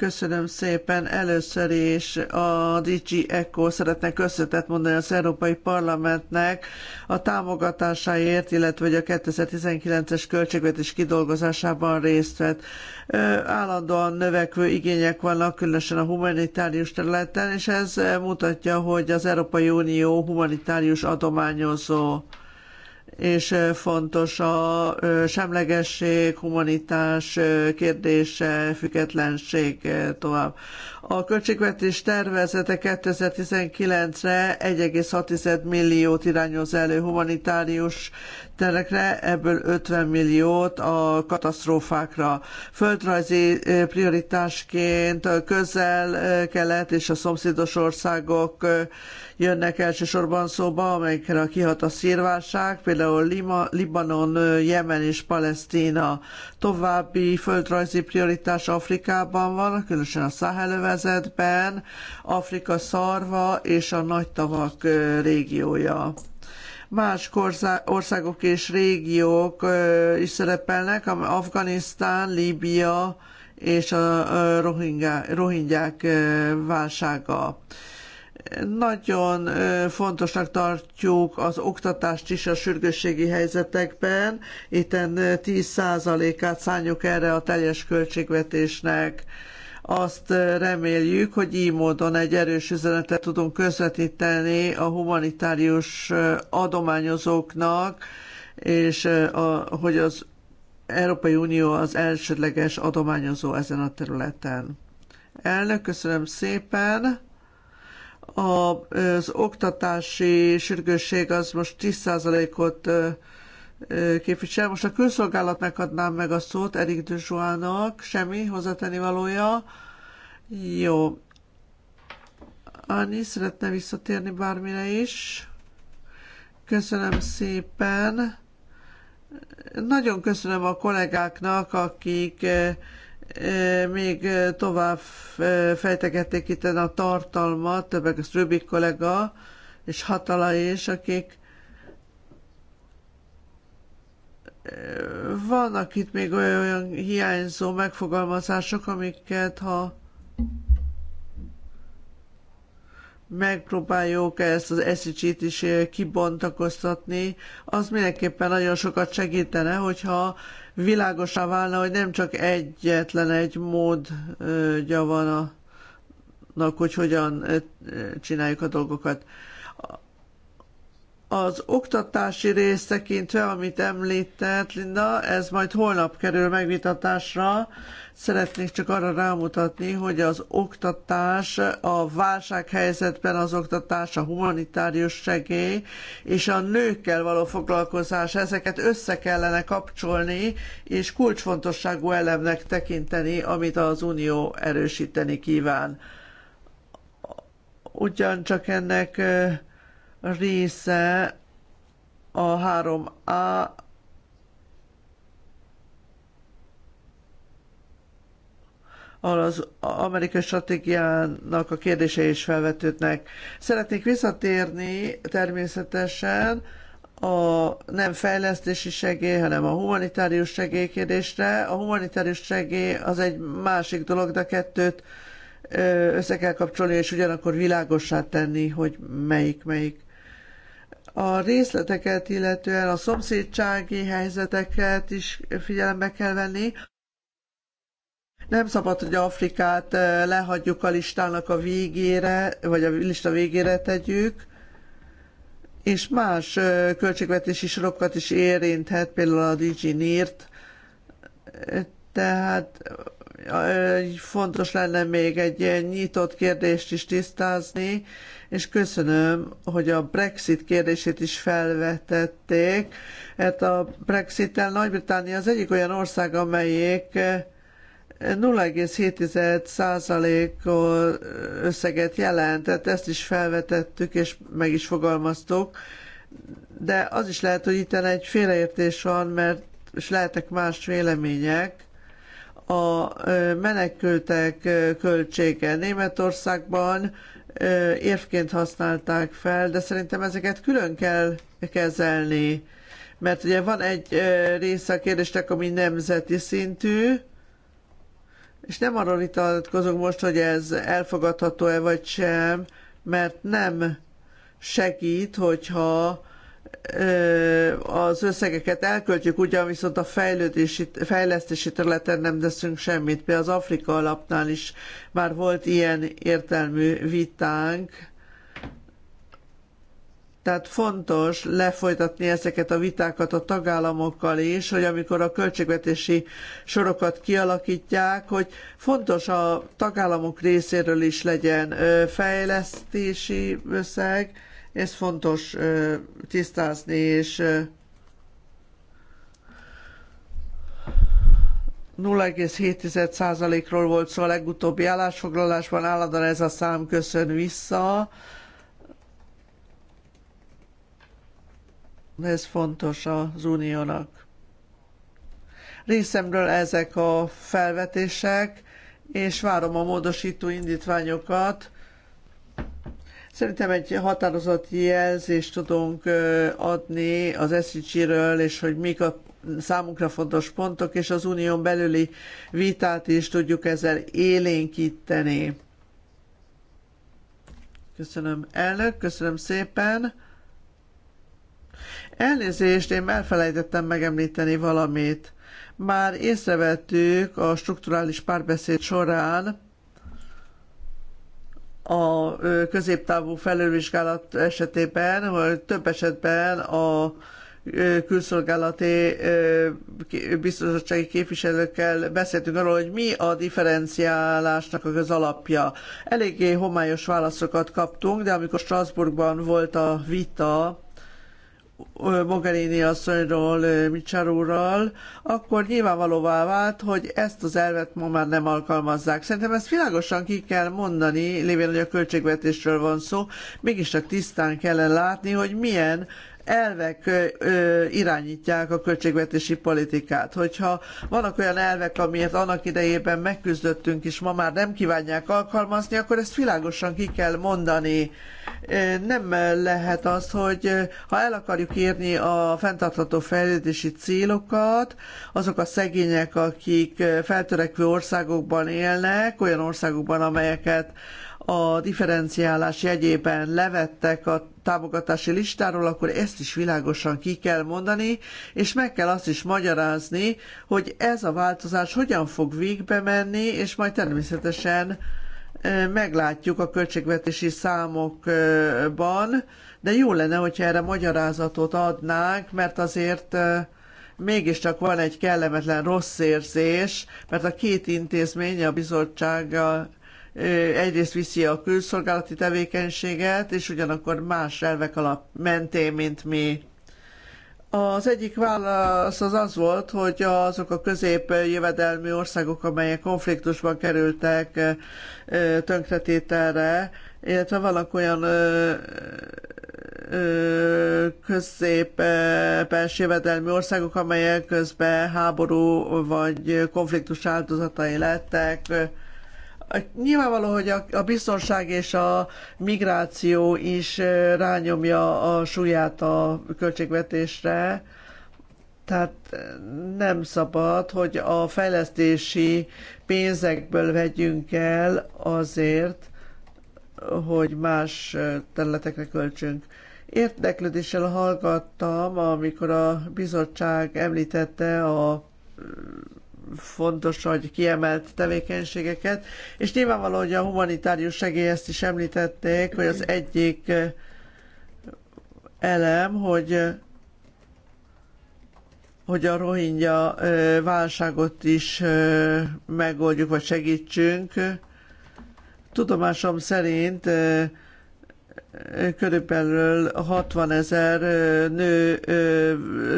Köszönöm szépen. Először is a DG Echo szeretne köszönetet mondani az Európai Parlamentnek a támogatásáért, illetve hogy a 2019-es költségvetés kidolgozásában részt vett. Állandóan növekvő igények vannak, különösen a humanitárius területen, és ez mutatja, hogy az Európai Unió humanitárius adományozó és fontos a semlegesség, humanitás kérdése, függetlenség tovább. A költségvetés tervezete 2019-re 1,6 milliót irányoz elő humanitárius terekre, ebből 50 milliót a katasztrófákra. Földrajzi eh, prioritásként a közel, eh, kelet és a szomszédos országok eh, jönnek elsősorban szóba, amelyekre kihat a szírválság, például Lima, Libanon, Jemen és Palesztina. További földrajzi prioritás Afrikában van, különösen a Száhelövezet, övezetben, Afrika szarva és a nagy tavak régiója más országok és régiók is szerepelnek, Afganisztán, Líbia és a rohingyák válsága. Nagyon fontosnak tartjuk az oktatást is a sürgősségi helyzetekben. Itten 10%-át szánjuk erre a teljes költségvetésnek azt reméljük, hogy így módon egy erős üzenetet tudunk közvetíteni a humanitárius adományozóknak, és a, hogy az Európai Unió az elsődleges adományozó ezen a területen. Elnök, köszönöm szépen! A, az oktatási sürgősség az most 10%-ot képvisel. Most a külszolgálatnak adnám meg a szót Erik Duzsuának. Semmi hozzátenni valója? Jó. Anni szeretne visszatérni bármire is. Köszönöm szépen. Nagyon köszönöm a kollégáknak, akik még tovább fejtegették itt a tartalmat, többek között Rubik kollega és Hatala is, akik vannak itt még olyan, olyan hiányzó megfogalmazások, amiket ha megpróbáljuk ezt az eszicsit is eh, kibontakoztatni, az mindenképpen nagyon sokat segítene, hogyha világosá válna, hogy nem csak egyetlen egy módja eh, van a hogy hogyan eh, csináljuk a dolgokat. Az oktatási rész tekintve, amit említett Linda, ez majd holnap kerül megvitatásra. Szeretnék csak arra rámutatni, hogy az oktatás, a válsághelyzetben az oktatás, a humanitárius segély és a nőkkel való foglalkozás, ezeket össze kellene kapcsolni, és kulcsfontosságú elemnek tekinteni, amit az Unió erősíteni kíván ugyancsak ennek része a 3A az amerikai stratégiának a kérdése is felvetődnek. Szeretnék visszatérni természetesen a nem fejlesztési segély, hanem a humanitárius segély kérdésre. A humanitárius segély az egy másik dolog, de kettőt össze kell kapcsolni, és ugyanakkor világossá tenni, hogy melyik melyik. A részleteket illetően a szomszédsági helyzeteket is figyelembe kell venni. Nem szabad, hogy Afrikát eh, lehagyjuk a listának a végére, vagy a lista végére tegyük, és más eh, költségvetési sorokat is érinthet, például a DG NIRT, eh, tehát fontos lenne még egy nyitott kérdést is tisztázni, és köszönöm, hogy a Brexit kérdését is felvetették. mert hát a Brexit-tel Nagy-Britannia az egyik olyan ország, amelyik 0,7% összeget jelent, tehát ezt is felvetettük és meg is fogalmaztuk, de az is lehet, hogy itt egy félreértés van, mert és lehetnek más vélemények, a menekültek költsége Németországban érvként használták fel, de szerintem ezeket külön kell kezelni. Mert ugye van egy része a kérdésnek, ami nemzeti szintű, és nem arról vitatkozunk most, hogy ez elfogadható-e vagy sem, mert nem segít, hogyha az összegeket elköltjük, ugyan viszont a fejlődési, fejlesztési területen nem teszünk semmit. Például az Afrika alapnál is már volt ilyen értelmű vitánk. Tehát fontos lefolytatni ezeket a vitákat a tagállamokkal is, hogy amikor a költségvetési sorokat kialakítják, hogy fontos a tagállamok részéről is legyen fejlesztési összeg, ez fontos tisztázni, és 0,7%-ról volt szó a legutóbbi állásfoglalásban, állandóan ez a szám köszön vissza. Ez fontos az uniónak. Részemről ezek a felvetések, és várom a módosító indítványokat, Szerintem egy határozott jelzést tudunk adni az szg ről és hogy mik a számunkra fontos pontok, és az unión belüli vitát is tudjuk ezzel élénkíteni. Köszönöm, elnök, köszönöm szépen. Elnézést, én elfelejtettem megemlíteni valamit. Már észrevettük a strukturális párbeszéd során, a középtávú felülvizsgálat esetében, vagy több esetben a külszolgálati biztonsági képviselőkkel beszéltünk arról, hogy mi a differenciálásnak az alapja. Eléggé homályos válaszokat kaptunk, de amikor Strasbourgban volt a vita, Mogherini asszonyról, Micsar úrral, akkor nyilvánvalóvá vált, hogy ezt az elvet ma már nem alkalmazzák. Szerintem ezt világosan ki kell mondani, lévén, hogy a költségvetésről van szó, mégis csak tisztán kellene látni, hogy milyen elvek irányítják a költségvetési politikát. Hogyha vannak olyan elvek, amiért annak idejében megküzdöttünk, és ma már nem kívánják alkalmazni, akkor ezt világosan ki kell mondani. Nem lehet az, hogy ha el akarjuk érni a fenntartható fejlődési célokat, azok a szegények, akik feltörekvő országokban élnek, olyan országokban, amelyeket a differenciálás jegyében levettek a támogatási listáról, akkor ezt is világosan ki kell mondani, és meg kell azt is magyarázni, hogy ez a változás hogyan fog végbe menni, és majd természetesen e, meglátjuk a költségvetési számokban, de jó lenne, hogyha erre magyarázatot adnánk, mert azért e, mégiscsak van egy kellemetlen rossz érzés, mert a két intézmény, a bizottsággal egyrészt viszi a külszolgálati tevékenységet, és ugyanakkor más elvek alap mentén, mint mi. Az egyik válasz az az volt, hogy azok a közép-jövedelmi országok, amelyek konfliktusban kerültek tönkretételre, illetve vannak olyan közép-pers jövedelmi országok, amelyek közben háború vagy konfliktus áldozatai lettek, Nyilvánvaló, hogy a, a biztonság és a migráció is rányomja a súlyát a költségvetésre, tehát nem szabad, hogy a fejlesztési pénzekből vegyünk el azért, hogy más területekre költsünk. Érdeklődéssel hallgattam, amikor a bizottság említette a fontos, hogy kiemelt tevékenységeket, és nyilvánvaló, hogy a humanitárius segély ezt is említették, hogy az egyik elem, hogy hogy a rohingya válságot is megoldjuk, vagy segítsünk. Tudomásom szerint körülbelül 60 ezer nő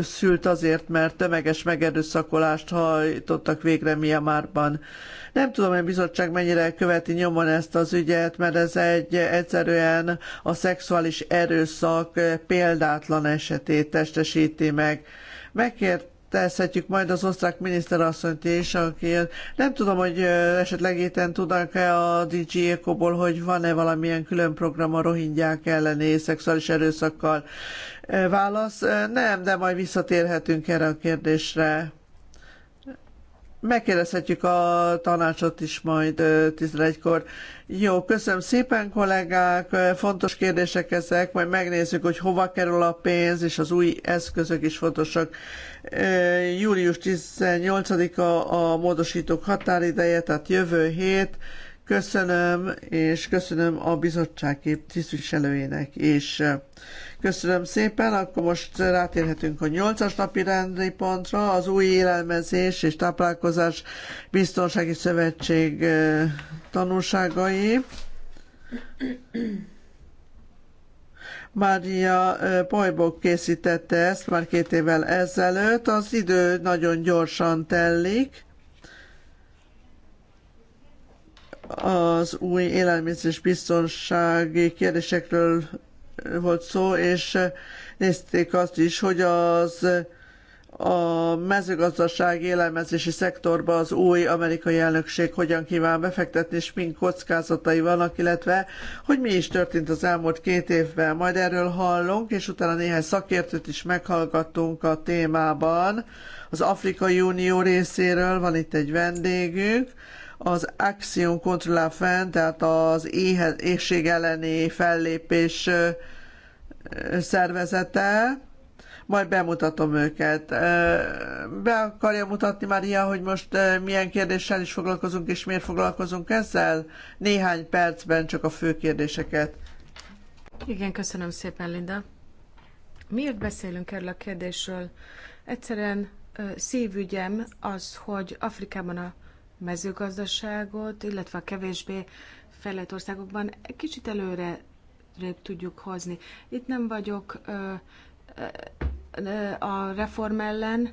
szült azért, mert tömeges megerőszakolást hajtottak végre Miamárban. Nem tudom, hogy a bizottság mennyire követi nyomon ezt az ügyet, mert ez egy egyszerűen a szexuális erőszak példátlan esetét testesíti meg. Megkért teszhetjük majd az osztrák miniszterasszonyt is, aki nem tudom, hogy esetleg éten tudnak-e a DG Ecoból, hogy van-e valamilyen külön program a rohingyák elleni szexuális erőszakkal. Válasz, nem, de majd visszatérhetünk erre a kérdésre. Megkérdezhetjük a tanácsot is majd 11-kor. Jó, köszönöm szépen kollégák, fontos kérdések ezek, majd megnézzük, hogy hova kerül a pénz, és az új eszközök is fontosak. Július 18-a a módosítók határideje, tehát jövő hét. Köszönöm, és köszönöm a bizottság tisztviselőjének is. És... Köszönöm szépen, akkor most rátérhetünk a nyolcas napi rendi pontra, az új élelmezés és táplálkozás biztonsági szövetség tanulságai. Mária Pajbok készítette ezt már két évvel ezelőtt, az idő nagyon gyorsan tellik. Az új élelmezés biztonsági kérdésekről volt szó, és eh, nézték azt is, hogy az a mezőgazdaság élelmezési szektorba az új amerikai elnökség hogyan kíván befektetni, és mink kockázatai vannak, illetve hogy mi is történt az elmúlt két évben. Majd erről hallunk, és utána néhány szakértőt is meghallgatunk a témában. Az Afrikai Unió részéről van itt egy vendégünk, az Action contre la faim, tehát az éhség elleni fellépés szervezete, majd bemutatom őket. Be akarja mutatni Mária, hogy most milyen kérdéssel is foglalkozunk, és miért foglalkozunk ezzel? Néhány percben csak a fő kérdéseket. Igen, köszönöm szépen, Linda. Miért beszélünk erről a kérdésről? Egyszerűen szívügyem az, hogy Afrikában a mezőgazdaságot, illetve a kevésbé fejlett országokban egy kicsit előre tudjuk hozni. Itt nem vagyok ö, ö, a reform ellen,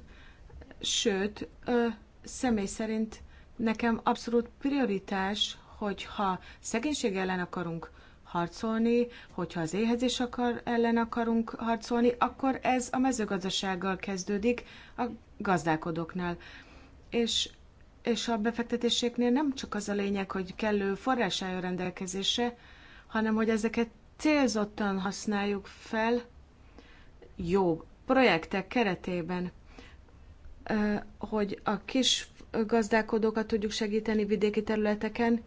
sőt, ö, személy szerint nekem abszolút prioritás, hogyha szegénység ellen akarunk harcolni, hogyha az éhezés akar, ellen akarunk harcolni, akkor ez a mezőgazdasággal kezdődik a gazdálkodóknál. És és a befektetéséknél nem csak az a lényeg, hogy kellő forrás álljon rendelkezésre, hanem hogy ezeket célzottan használjuk fel jó projektek keretében, hogy a kis gazdálkodókat tudjuk segíteni vidéki területeken,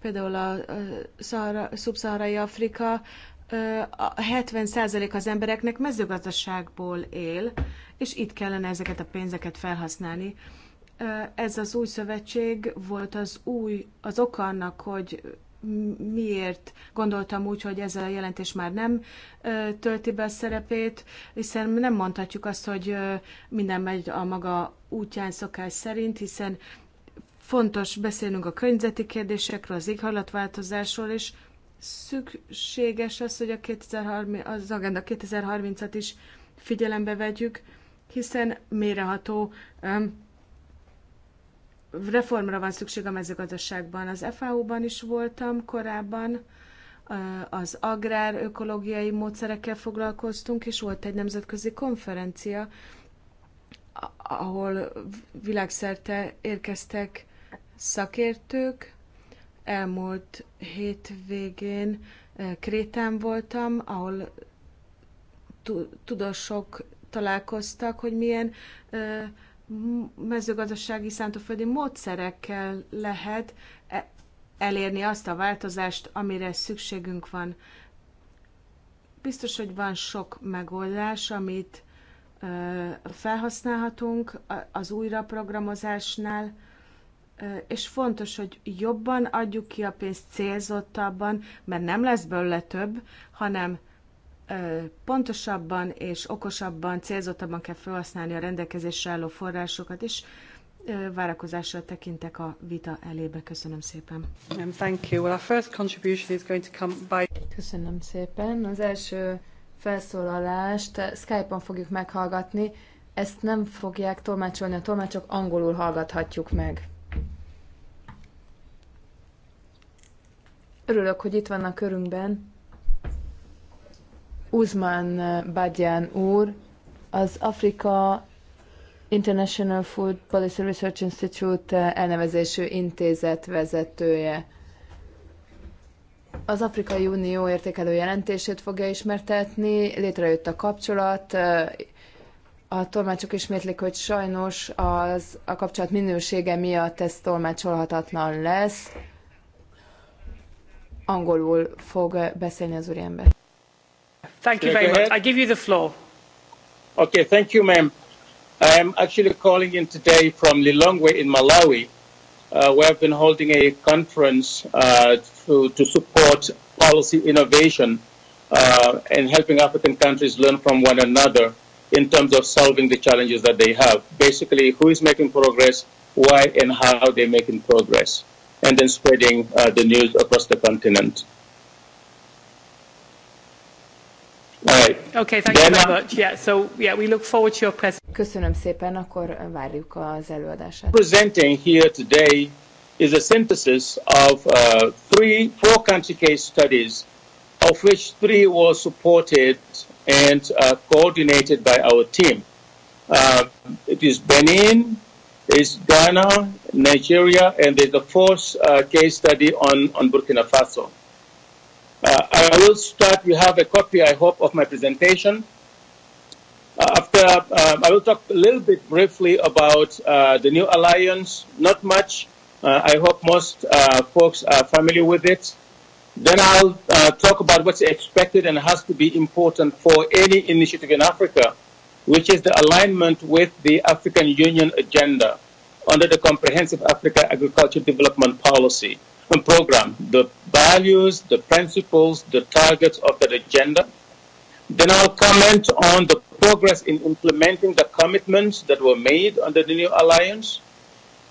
például a, szubszaharai Afrika, a 70% az embereknek mezőgazdaságból él, és itt kellene ezeket a pénzeket felhasználni ez az új szövetség volt az új, az oka annak, hogy miért gondoltam úgy, hogy ez a jelentés már nem tölti be a szerepét, hiszen nem mondhatjuk azt, hogy minden megy a maga útján szokás szerint, hiszen fontos beszélnünk a környezeti kérdésekről, az éghajlatváltozásról, és szükséges az, hogy a 2030, az Agenda 2030-at is figyelembe vegyük, hiszen méreható reformra van szükség a mezőgazdaságban. Az FAO-ban is voltam korábban, az agrárökológiai módszerekkel foglalkoztunk, és volt egy nemzetközi konferencia, ahol világszerte érkeztek szakértők. Elmúlt hétvégén Krétán voltam, ahol tudósok találkoztak, hogy milyen mezőgazdasági szántóföldi módszerekkel lehet e- elérni azt a változást, amire szükségünk van. Biztos, hogy van sok megoldás, amit felhasználhatunk az újraprogramozásnál, és fontos, hogy jobban adjuk ki a pénzt célzottabban, mert nem lesz belőle több, hanem pontosabban és okosabban, célzottabban kell felhasználni a rendelkezésre álló forrásokat, és várakozással tekintek a vita elébe. Köszönöm szépen. Um, thank you. Well, our first contribution is going to come by... Köszönöm szépen. Az első felszólalást Skype-on fogjuk meghallgatni. Ezt nem fogják tolmácsolni a tolmácsok, angolul hallgathatjuk meg. Örülök, hogy itt vannak körünkben. Uzman Badján úr, az Afrika International Food Policy Research Institute eh, elnevezésű intézet vezetője. Az Afrikai Unió értékelő jelentését fogja ismertetni, létrejött a kapcsolat, eh, a tolmácsok ismétlik, hogy sajnos az, a kapcsolat minősége miatt ez tolmácsolhatatlan lesz. Angolul fog eh, beszélni az úriember. Thank you very much. I give you the floor. Okay, thank you, ma'am. I am actually calling in today from Lilongwe in Malawi. Uh, where I've been holding a conference uh, to, to support policy innovation uh, and helping African countries learn from one another in terms of solving the challenges that they have. Basically, who is making progress, why and how they're making progress, and then spreading uh, the news across the continent. thank you very much. Yeah, so yeah, we look forward to your presentation. Köszönöm szépen, akkor várjuk az előadását. Presenting here today is a synthesis of uh, three, four country case studies, of which three were supported and uh, coordinated by our team. Uh, it is Benin, is Ghana, Nigeria, and there's the fourth uh, case study on, on Burkina Faso. Uh, I will start. You have a copy, I hope, of my presentation. Uh, after, uh, I will talk a little bit briefly about uh, the new alliance. Not much. Uh, I hope most uh, folks are familiar with it. Then I'll uh, talk about what's expected and has to be important for any initiative in Africa, which is the alignment with the African Union agenda under the Comprehensive Africa Agriculture Development Policy and program the values, the principles, the targets of that agenda. Then I'll comment on the progress in implementing the commitments that were made under the new alliance.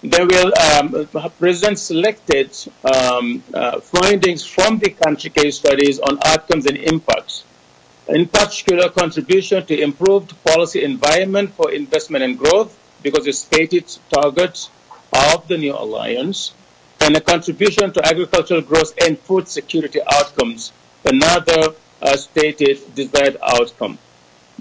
Then we'll um, present selected um, uh, findings from the country case studies on outcomes and impacts. In particular, contribution to improved policy environment for investment and growth, because it's stated targets of the new alliance and a contribution to agricultural growth and food security outcomes, another uh, stated desired outcome.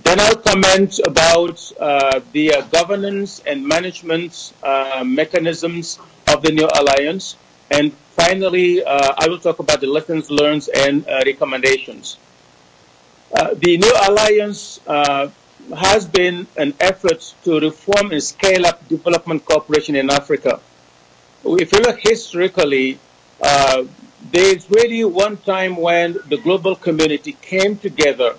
Then I'll comment about uh, the uh, governance and management uh, mechanisms of the new alliance. And finally, uh, I will talk about the lessons learned and uh, recommendations. Uh, the new alliance uh, has been an effort to reform and scale up development cooperation in Africa if you look historically, uh, there's really one time when the global community came together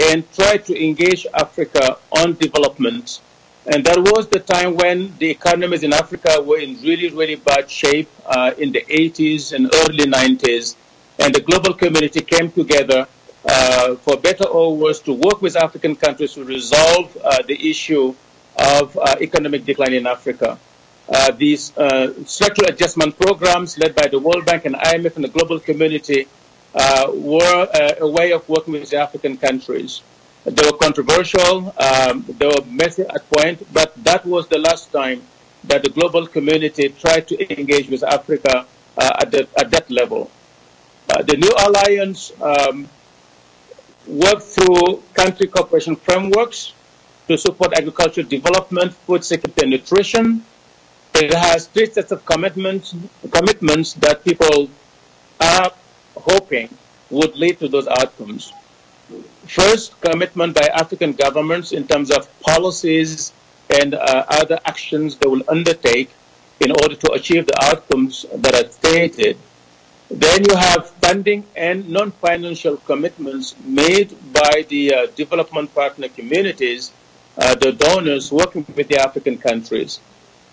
and tried to engage Africa on development. And that was the time when the economies in Africa were in really, really bad shape uh, in the 80s and early 90s. And the global community came together uh, for better or worse to work with African countries to resolve uh, the issue of uh, economic decline in Africa. Uh, these uh, structural adjustment programs led by the World Bank and IMF and the global community uh, were a, uh, a way of working with the African countries. They were controversial, um, they were messy at point, but that was the last time that the global community tried to engage with Africa uh, at, the, at that level. Uh, the new alliance um, worked through country cooperation frameworks to support agricultural development, food security and nutrition, It has three sets of commitments commitments that people are hoping would lead to those outcomes. First, commitment by African governments in terms of policies and uh, other actions they will undertake in order to achieve the outcomes that are stated. Then you have funding and non-financial commitments made by the uh, development partner communities, uh, the donors working with the African countries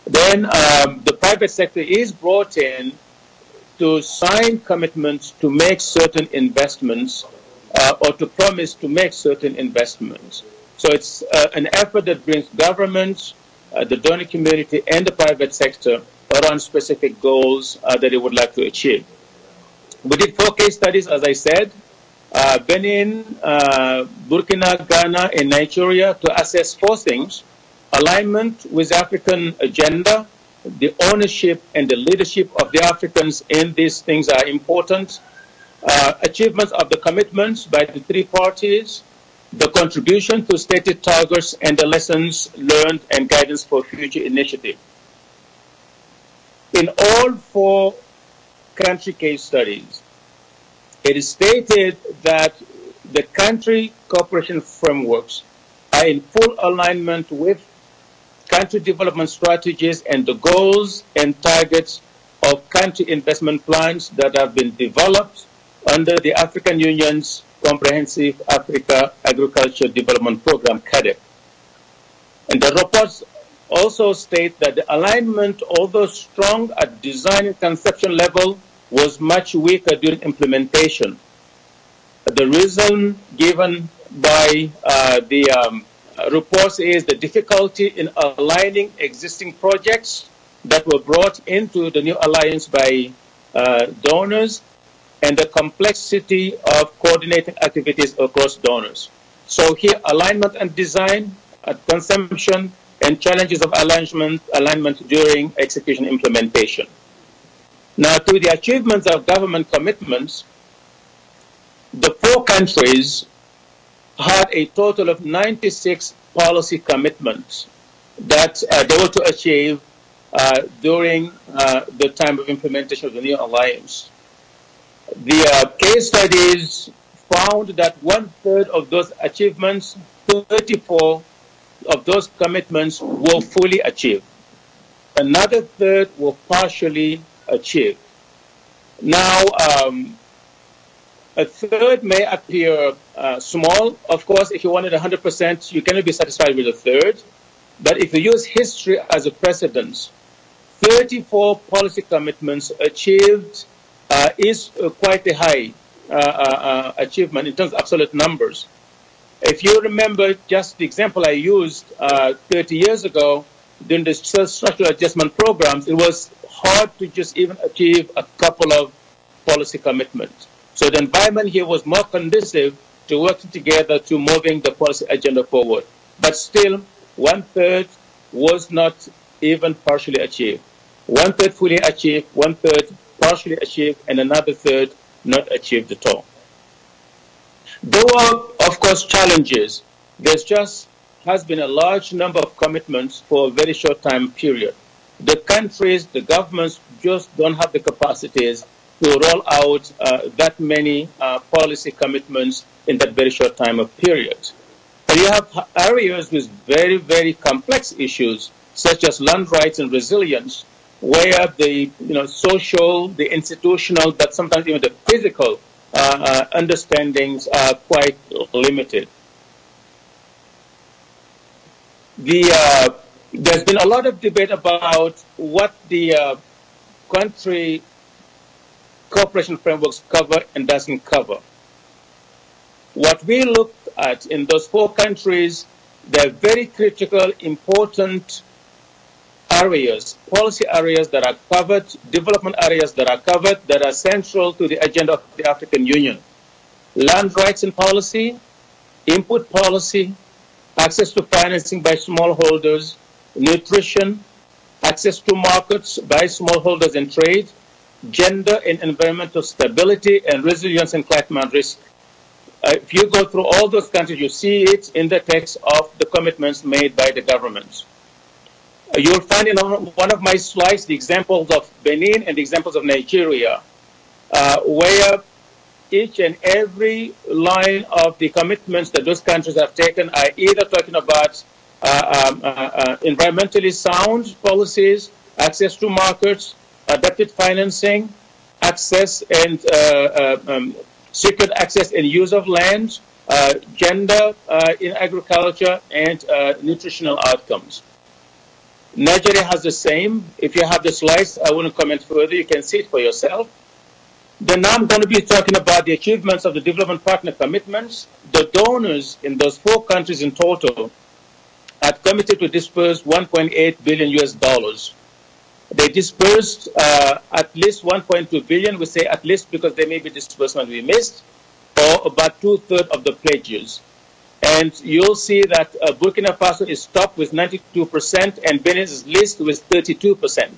then um, the private sector is brought in to sign commitments to make certain investments uh, or to promise to make certain investments. So it's uh, an effort that brings governments, uh, the donor community, and the private sector around specific goals uh, that they would like to achieve. We did four case studies, as I said, uh, Benin, uh, Burkina, Ghana, and Nigeria to assess four things – alignment with African agenda, the ownership and the leadership of the Africans in these things are important. Uh, achievements of the commitments by the three parties, the contribution to stated targets and the lessons learned and guidance for future initiative. In all four country case studies, it is stated that the country cooperation frameworks are in full alignment with country development strategies and the goals and targets of country investment plans that have been developed under the African Union's Comprehensive Africa Agriculture Development Program, CADEP. And the reports also state that the alignment, although strong at design and conception level, was much weaker during implementation. The reason given by uh, the um, report is the difficulty in aligning existing projects that were brought into the new alliance by uh, donors and the complexity of coordinating activities across donors. So here, alignment and design, uh, consumption, and challenges of alignment, alignment during execution implementation. Now, to the achievements of government commitments, the four countries had a total of 96 policy commitments that uh, they were to achieve uh, during uh, the time of implementation of the new alliance. The uh, case studies found that one third of those achievements, 34 of those commitments were fully achieved. Another third were partially achieved. Now, um, a third may appear Uh, small. Of course, if you wanted 100%, you cannot be satisfied with a third. But if you use history as a precedent, 34 policy commitments achieved uh, is uh, quite a high uh, uh, uh, achievement in terms of absolute numbers. If you remember just the example I used uh, 30 years ago during the structural adjustment programs, it was hard to just even achieve a couple of policy commitments. So the environment here was more conducive to work together to moving the policy agenda forward. But still, one third was not even partially achieved. One third fully achieved, one third partially achieved, and another third not achieved at all. There were, of course, challenges. There's just has been a large number of commitments for a very short time period. The countries, the governments just don't have the capacities to roll out uh, that many uh, policy commitments in that very short time of period. And you have areas with very, very complex issues, such as land rights and resilience, where the you know, social, the institutional, but sometimes even the physical uh, uh, understandings are quite limited. The, uh, there's been a lot of debate about what the uh, country cooperation frameworks cover and doesn't cover. What we looked at in those four countries, they're very critical, important areas, policy areas that are covered, development areas that are covered, that are central to the agenda of the African Union. Land rights and policy, input policy, access to financing by smallholders, nutrition, access to markets by smallholders and trade, gender and environmental stability and resilience and climate risk. Uh, if you go through all those countries, you see it in the text of the commitments made by the governments. Uh, you will find in one of my slides the examples of Benin and the examples of Nigeria, uh, where each and every line of the commitments that those countries have taken are either talking about uh, um, uh, uh, environmentally sound policies, access to markets, adapted financing, access and uh, uh, um, secured access and use of land, uh, gender uh, in agriculture, and uh, nutritional outcomes. Nigeria has the same. If you have the slides, I to comment further. You can see it for yourself. Then now I'm going to be talking about the achievements of the development partner commitments. The donors in those four countries in total have committed to disperse 1.8 billion US dollars They dispersed uh, at least 1.2 billion. We say at least because there may be disbursement we missed, or about two thirds of the pledges. And you'll see that uh, Burkina Faso is top with 92%, and Benin is least with 32%.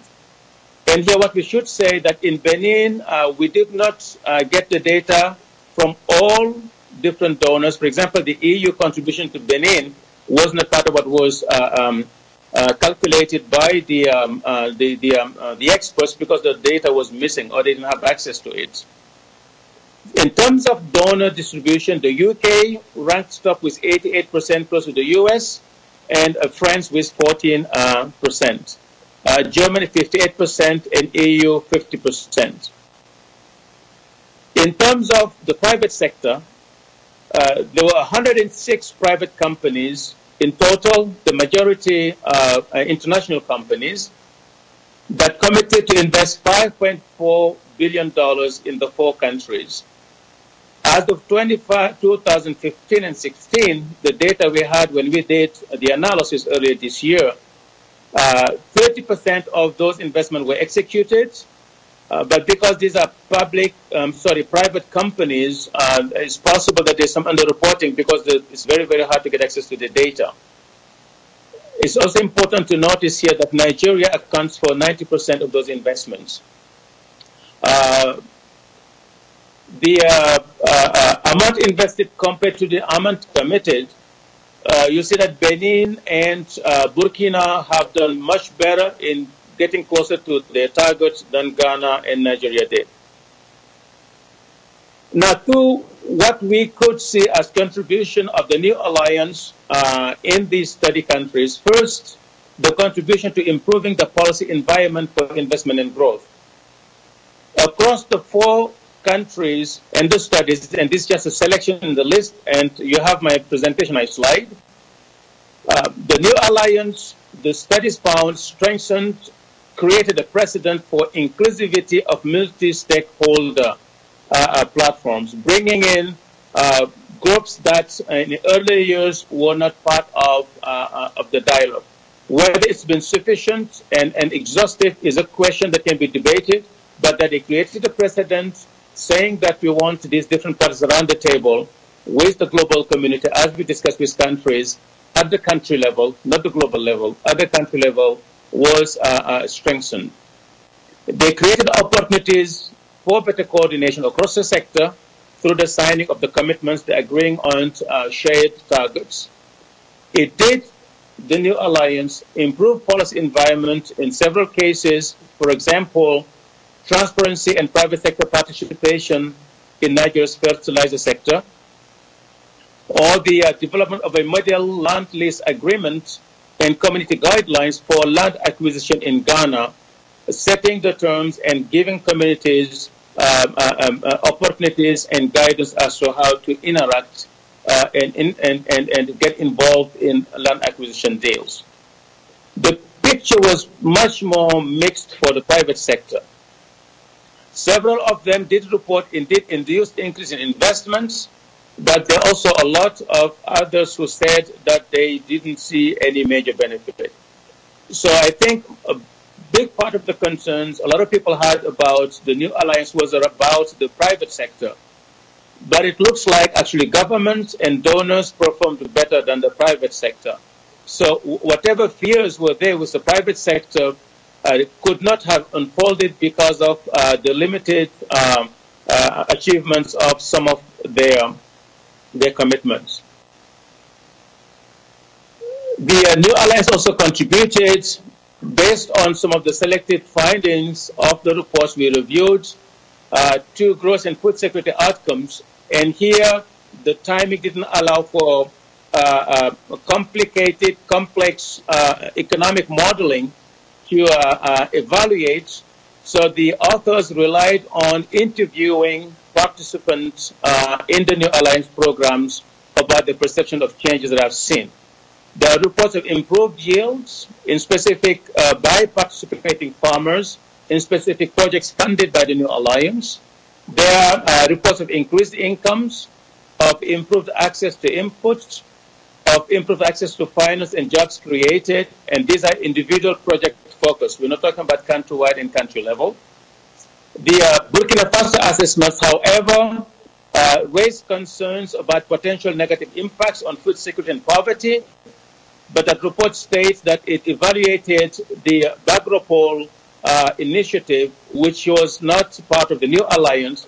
And here, what we should say that in Benin, uh, we did not uh, get the data from all different donors. For example, the EU contribution to Benin was not part of what was uh, um, Uh, calculated by the um, uh, the the, um, uh, the experts because the data was missing or they didn't have access to it. In terms of donor distribution, the UK ranked top with 88% close to the US, and uh, France with 14%. Uh, percent. Uh, Germany 58% and EU 50%. In terms of the private sector, uh, there were 106 private companies In total, the majority uh, are international companies that committed to invest $5.4 billion in the four countries. As of 25, 2015 and 16, the data we had when we did the analysis earlier this year, uh, 30% of those investments were executed, Uh, but because these are public, um, sorry, private companies, uh, it's possible that there's some underreporting because the, it's very, very hard to get access to the data. It's also important to notice here that Nigeria accounts for 90% of those investments. Uh, the uh, uh, uh, amount invested compared to the amount committed, uh, you see that Benin and uh, Burkina have done much better in getting closer to their targets than Ghana and Nigeria did. Now, to what we could see as contribution of the new alliance uh, in these study countries, first, the contribution to improving the policy environment for investment and growth. Across the four countries and the studies, and this is just a selection in the list, and you have my presentation, my slide. Uh, the new alliance, the studies found, strengthened created a precedent for inclusivity of multi-stakeholder uh, uh, platforms, bringing in uh, groups that in the earlier years were not part of, uh, uh, of the dialogue. Whether it's been sufficient and, and exhaustive is a question that can be debated, but that it created a precedent saying that we want these different parties around the table with the global community, as we discuss with countries, at the country level, not the global level, at the country level, was strengthened. They created opportunities for better coordination across the sector through the signing of the commitments they agreeing on uh, shared targets. It did the new alliance improve policy environment in several cases, for example, transparency and private sector participation in Nigeria's fertilizer sector, or the uh, development of a model land lease agreement and Community Guidelines for Land Acquisition in Ghana, setting the terms and giving communities um, uh, um, uh, opportunities and guidance as to how to interact uh, and, and, and, and get involved in land acquisition deals. The picture was much more mixed for the private sector. Several of them did report indeed induced increase in investments, But there are also a lot of others who said that they didn't see any major benefit. So I think a big part of the concerns a lot of people had about the new alliance was about the private sector. But it looks like actually governments and donors performed better than the private sector. So whatever fears were there with the private sector uh, could not have unfolded because of uh, the limited um, uh, achievements of some of their their commitments. The uh, new alliance also contributed, based on some of the selected findings of the reports we reviewed, uh, to gross and food security outcomes. And here, the timing didn't allow for uh, uh, complicated, complex uh, economic modeling to uh, uh, evaluate. So the authors relied on interviewing participants uh, in the new alliance programs about the perception of changes that I've seen. There are reports of improved yields in specific uh, by participating farmers in specific projects funded by the new alliance. There are uh, reports of increased incomes, of improved access to inputs, of improved access to finance and jobs created, and these are individual project focused. We're not talking about countrywide and country level. The uh, Burkina Faso assessments, however, uh, raised concerns about potential negative impacts on food security and poverty, but that report states that it evaluated the Bagropol uh, initiative, which was not part of the new alliance,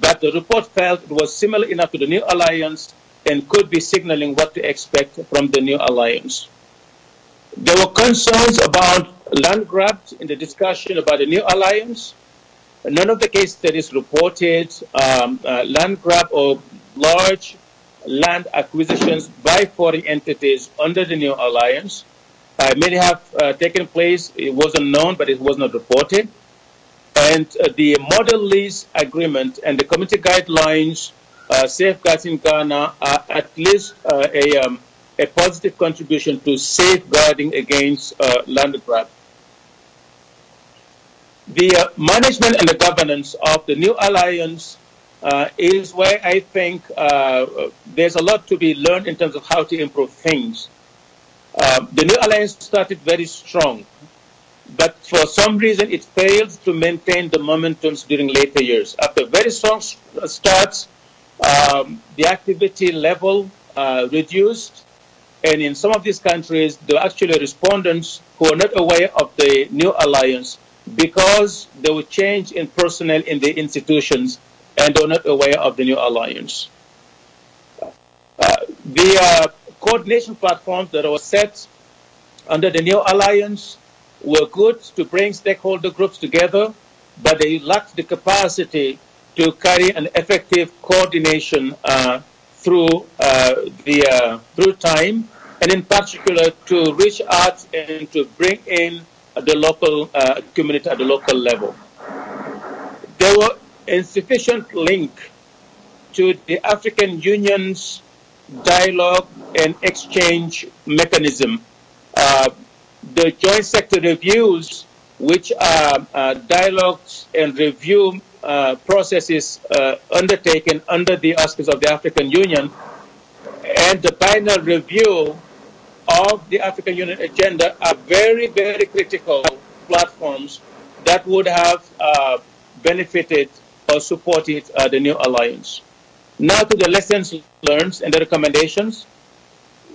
but the report felt it was similar enough to the new alliance and could be signaling what to expect from the new alliance. There were concerns about land grabs in the discussion about the new alliance none of the case studies reported um, uh, land grab or large land acquisitions by foreign entities under the new alliance. Uh, many have uh, taken place. It wasn't known, but it was not reported. And uh, the model lease agreement and the community guidelines uh, safeguarding Ghana are at least uh, a, um, a positive contribution to safeguarding against uh, land grab. The uh, management and the governance of the new alliance uh, is where I think uh, there's a lot to be learned in terms of how to improve things. Uh, the new alliance started very strong, but for some reason it failed to maintain the momentum during later years. After very strong uh, starts, um, the activity level uh, reduced, and in some of these countries, there were actually respondents who are not aware of the new alliance because there was change in personnel in the institutions and are not aware of the new alliance. Uh, the uh, coordination platforms that were set under the new alliance were good to bring stakeholder groups together, but they lacked the capacity to carry an effective coordination uh, through uh, the uh, through time, and in particular to reach out and to bring in at the local uh, community, at the local level. There were insufficient link to the African Union's dialogue and exchange mechanism. Uh, the joint sector reviews, which are uh, dialogues and review uh, processes uh, undertaken under the auspices of the African Union, and the final review of the African Union agenda are very, very critical platforms that would have uh, benefited or supported uh, the new alliance. Now to the lessons learned and the recommendations.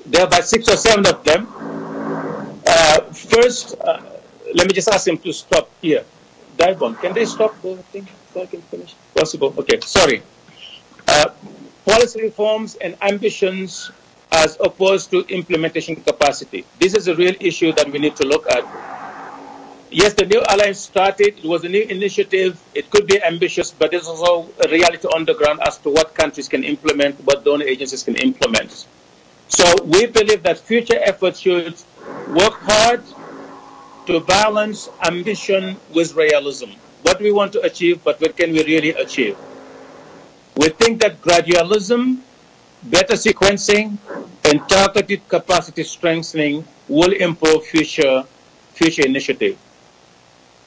There are about six or seven of them. Uh, first, uh, let me just ask him to stop here. Dibon, can they stop the thing so I can finish? Possible. Okay, sorry. Uh, policy reforms and ambitions as opposed to implementation capacity. This is a real issue that we need to look at. Yes, the new alliance started. It was a new initiative. It could be ambitious, but there's also a reality on the ground as to what countries can implement, what donor agencies can implement. So we believe that future efforts should work hard to balance ambition with realism. What do we want to achieve, but what can we really achieve? We think that gradualism Better sequencing and targeted capacity strengthening will improve future, future initiative.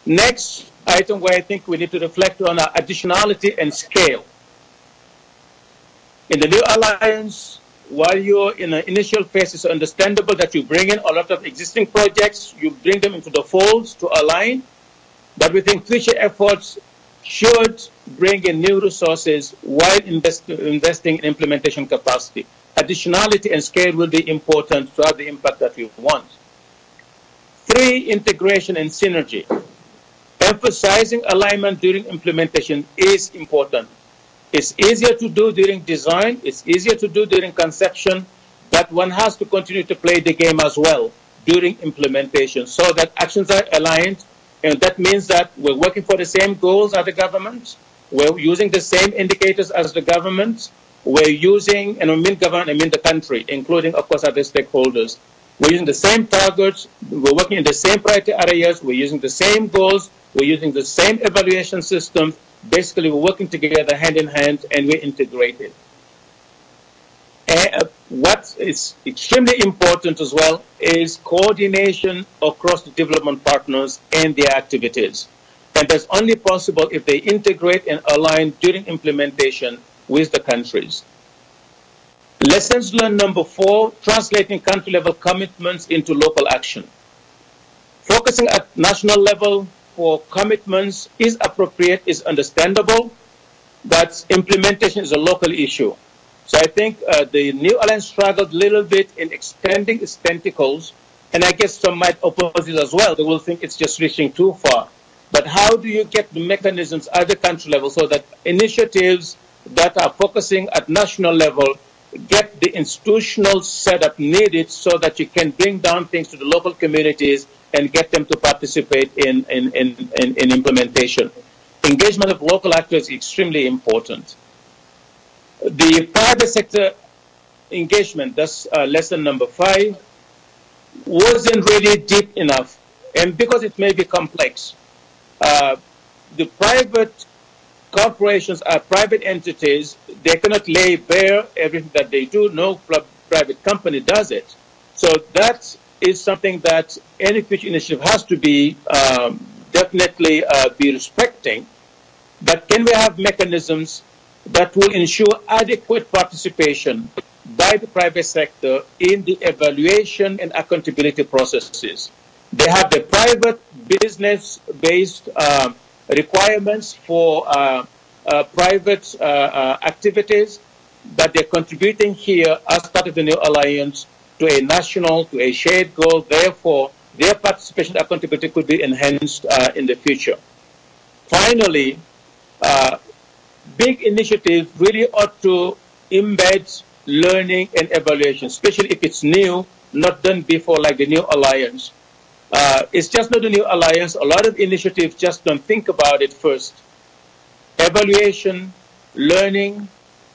Next item where I think we need to reflect on our additionality and scale. In the new alliance, while you're in the initial phase, it's understandable that you bring in a lot of existing projects, you bring them into the folds to align, but we think future efforts should bring in new resources while invest, investing in implementation capacity. Additionality and scale will be important to have the impact that we want. Three, integration and synergy. Emphasizing alignment during implementation is important. It's easier to do during design, it's easier to do during conception, but one has to continue to play the game as well during implementation so that actions are aligned And that means that we're working for the same goals as the government. We're using the same indicators as the government. We're using, and I mean government, I mean the country, including, of course, other stakeholders. We're using the same targets. We're working in the same priority areas. We're using the same goals. We're using the same evaluation system. Basically, we're working together hand in hand and we're integrated. Uh, what is extremely important as well is coordination across the development partners and their activities. And that's only possible if they integrate and align during implementation with the countries. Lessons learned number four, translating country level commitments into local action. Focusing at national level for commitments is appropriate, is understandable, but implementation is a local issue So I think uh, the New Alliance struggled a little bit in extending its tentacles, and I guess some might oppose it as well. They will think it's just reaching too far. But how do you get the mechanisms at the country level so that initiatives that are focusing at national level get the institutional setup needed so that you can bring down things to the local communities and get them to participate in, in, in, in, in implementation? Engagement of local actors is extremely important. The private sector engagement, that's uh, lesson number five, wasn't really deep enough. And because it may be complex, uh, the private corporations are private entities. They cannot lay bare everything that they do. No private company does it. So that is something that any future initiative has to be um, definitely uh, be respecting. But can we have mechanisms that will ensure adequate participation by the private sector in the evaluation and accountability processes. They have the private business-based uh, requirements for uh, uh, private uh, uh, activities that they're contributing here as part of the new alliance to a national, to a shared goal. Therefore, their participation and accountability could be enhanced uh, in the future. Finally, uh, big initiative really ought to embed learning and evaluation, especially if it's new, not done before, like the new alliance. Uh, it's just not a new alliance. A lot of initiatives just don't think about it first. Evaluation, learning,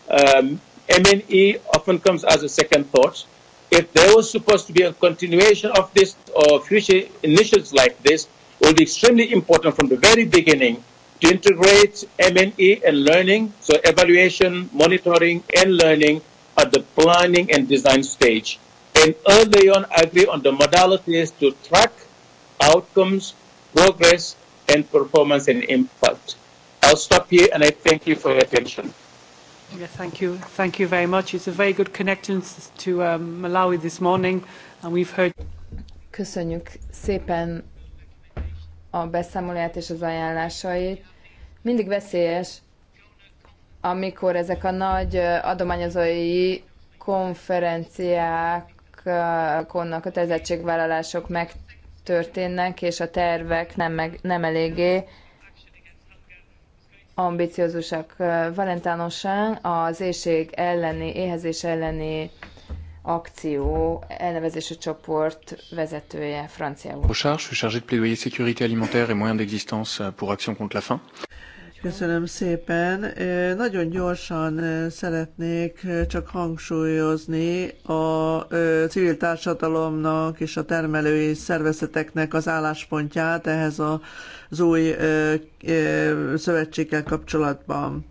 um, MNE often comes as a second thought. If there was supposed to be a continuation of this or future initiatives like this, it would be extremely important from the very beginning to integrate M&E and learning, so evaluation, monitoring, and learning at the planning and design stage. And early on, agree on the modalities to track outcomes, progress, and performance and impact. I'll stop here and I thank you for your attention. Yeah, thank you. Thank you very much. It's a very good connection to um, Malawi this morning, and we've heard. Köszönjük szépen a beszámolóját és az ajánlásait. Mindig veszélyes, amikor ezek a nagy adományozói konferenciák konnak kötelezettségvállalások megtörténnek, és a tervek nem, meg, nem eléggé ambiciózusak. Valentánosan az éjség elleni, éhezés elleni akció elnevezésű csoport vezetője Franciaországban. Recharge, je suis chargé de plaidoyer sécurité alimentaire et moyen d'existence euh, pour Action contre la faim. Köszönöm szépen. Nagyon gyorsan szeretnék csak hangsúlyozni a civil társadalomnak és a termelői szervezeteknek az álláspontját ehhez az új szövetséggel kapcsolatban.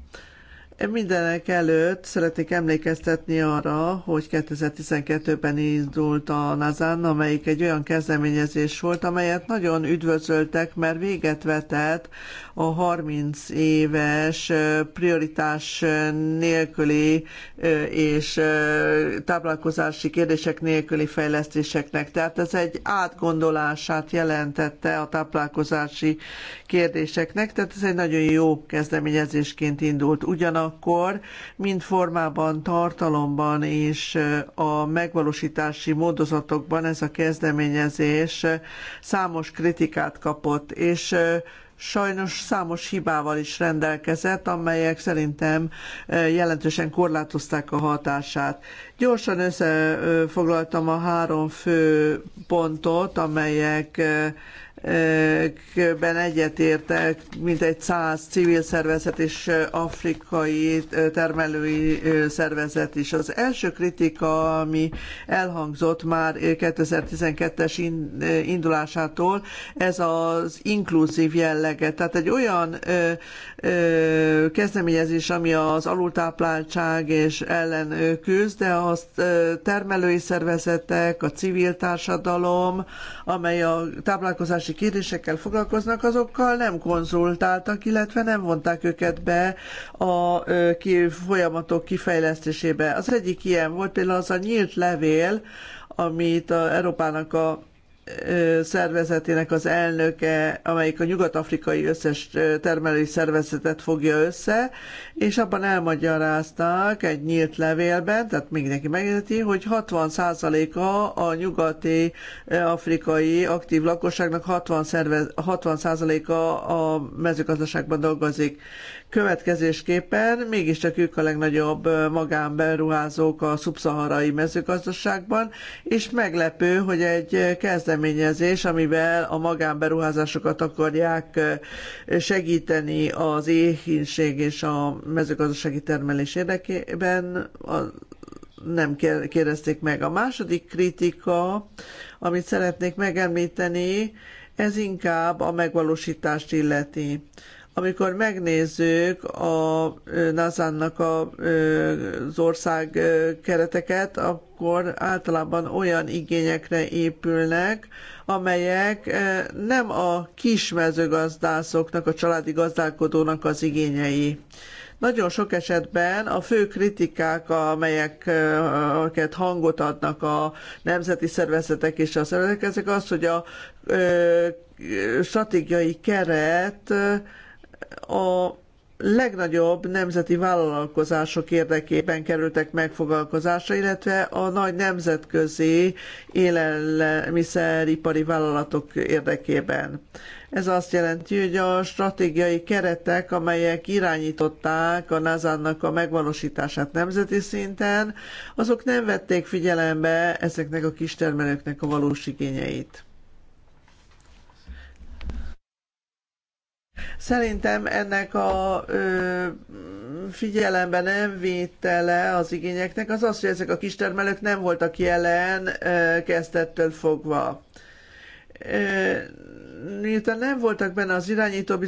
Mindenek előtt szeretnék emlékeztetni arra, hogy 2012-ben indult a Nazan, amelyik egy olyan kezdeményezés volt, amelyet nagyon üdvözöltek, mert véget vetett a 30 éves prioritás nélküli és táplálkozási kérdések nélküli fejlesztéseknek. Tehát ez egy átgondolását jelentette a táplálkozási kérdéseknek, tehát ez egy nagyon jó kezdeményezésként indult. Ugyanakkor mind formában, tartalomban és a megvalósítási módozatokban ez a kezdeményezés számos kritikát kapott, és sajnos számos hibával is rendelkezett, amelyek szerintem e, jelentősen korlátozták a hatását. Gyorsan összefoglaltam a három fő pontot, amelyek e, ben egyetértek, mint egy száz civil szervezet és afrikai termelői szervezet is. Az első kritika, ami elhangzott már 2012-es indulásától, ez az inkluzív jellege. Tehát egy olyan kezdeményezés, ami az alultápláltság és ellen küzd, de az termelői szervezetek, a civil társadalom, amely a táplálkozási oktatási kérdésekkel foglalkoznak, azokkal nem konzultáltak, illetve nem vonták őket be a folyamatok kifejlesztésébe. Az egyik ilyen volt például az a nyílt levél, amit a Európának a szervezetének az elnöke, amelyik a nyugat-afrikai összes termelői szervezetet fogja össze, és abban elmagyaráztak egy nyílt levélben, tehát mindenki megérti, hogy 60%-a a nyugati afrikai aktív lakosságnak 60%-a a mezőgazdaságban dolgozik. Következésképpen mégiscsak ők a legnagyobb magánberuházók a szubszaharai mezőgazdaságban, és meglepő, hogy egy kezdeményezés, amivel a magánberuházásokat akarják segíteni az éhínség és a mezőgazdasági termelés érdekében, nem kérdezték meg. A második kritika, amit szeretnék megemlíteni, ez inkább a megvalósítást illeti. Amikor megnézzük a NASA-nak az ország kereteket, akkor általában olyan igényekre épülnek, amelyek nem a kis mezőgazdászoknak, a családi gazdálkodónak az igényei. Nagyon sok esetben a fő kritikák, amelyeket hangot adnak a nemzeti szervezetek és a szervezetek, ezek az, hogy a stratégiai keret a legnagyobb nemzeti vállalkozások érdekében kerültek megfogalkozásra, illetve a nagy nemzetközi élelmiszeripari vállalatok érdekében. Ez azt jelenti, hogy a stratégiai keretek, amelyek irányították a NASA-nak a megvalósítását nemzeti szinten, azok nem vették figyelembe ezeknek a kistermelőknek a valós igényeit. Szerintem ennek a ö, figyelembe nem vétele az igényeknek az az, hogy ezek a kistermelők nem voltak jelen ö, kezdettől fogva. Ö, miután nem voltak benne az irányító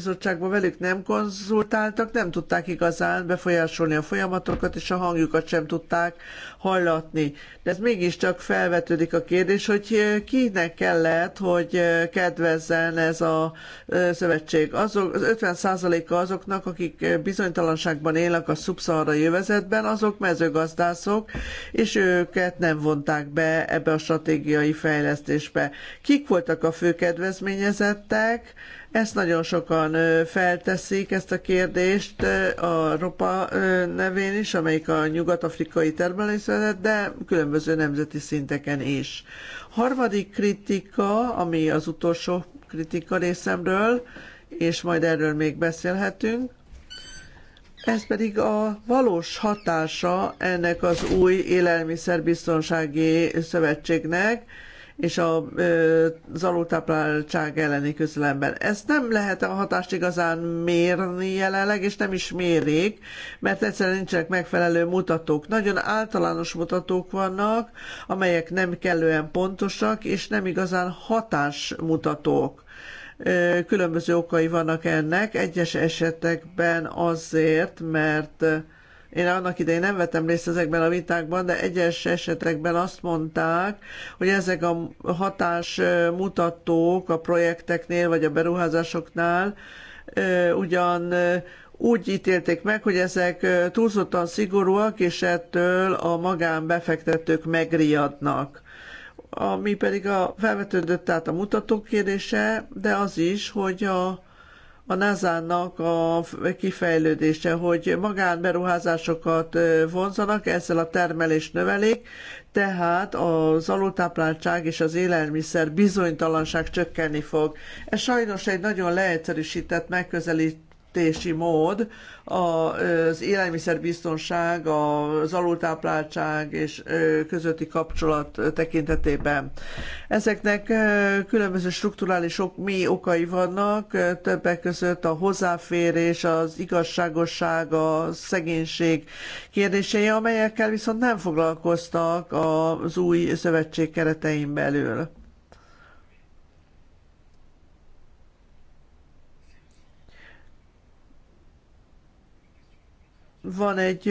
velük nem konzultáltak, nem tudták igazán befolyásolni a folyamatokat, és a hangjukat sem tudták hallatni. De ez mégiscsak felvetődik a kérdés, hogy eh, kinek kellett, hogy eh, kedvezzen ez a eh, szövetség. Azok, az 50%-a azoknak, akik bizonytalanságban élnek a szubszaharai jövezetben, azok mezőgazdászok, és őket nem vonták be ebbe a stratégiai fejlesztésbe. Kik voltak a fő kedvezményezettek? Ezt nagyon sokan felteszik, ezt a kérdést a ROPA nevén is, amelyik a nyugat-afrikai termelészetet, de különböző nemzeti szinteken is. Harmadik kritika, ami az utolsó kritika részemről, és majd erről még beszélhetünk, ez pedig a valós hatása ennek az új élelmiszerbiztonsági szövetségnek, és a, az alultápláltság elleni küzdelemben. Ezt nem lehet a hatást igazán mérni jelenleg, és nem is mérik, mert egyszerűen nincsenek megfelelő mutatók. Nagyon általános mutatók vannak, amelyek nem kellően pontosak, és nem igazán hatásmutatók különböző okai vannak ennek. Egyes esetekben azért, mert én annak idején nem vettem részt ezekben a vitákban, de egyes esetekben azt mondták, hogy ezek a hatás mutatók a projekteknél vagy a beruházásoknál ugyan úgy ítélték meg, hogy ezek túlzottan szigorúak, és ettől a magánbefektetők megriadnak ami pedig a felvetődött tehát a mutatók kérdése, de az is, hogy a a NASA-nak a kifejlődése, hogy magánberuházásokat vonzanak, ezzel a termelést növelik, tehát az alultápláltság és az élelmiszer bizonytalanság csökkenni fog. Ez sajnos egy nagyon leegyszerűsített megközelítés megközelítési mód az élelmiszerbiztonság, az alultápláltság és közötti kapcsolat tekintetében. Ezeknek különböző strukturális ok, mi okai vannak, többek között a hozzáférés, az igazságosság, a szegénység kérdései, amelyekkel viszont nem foglalkoztak az új szövetség keretein belül. van egy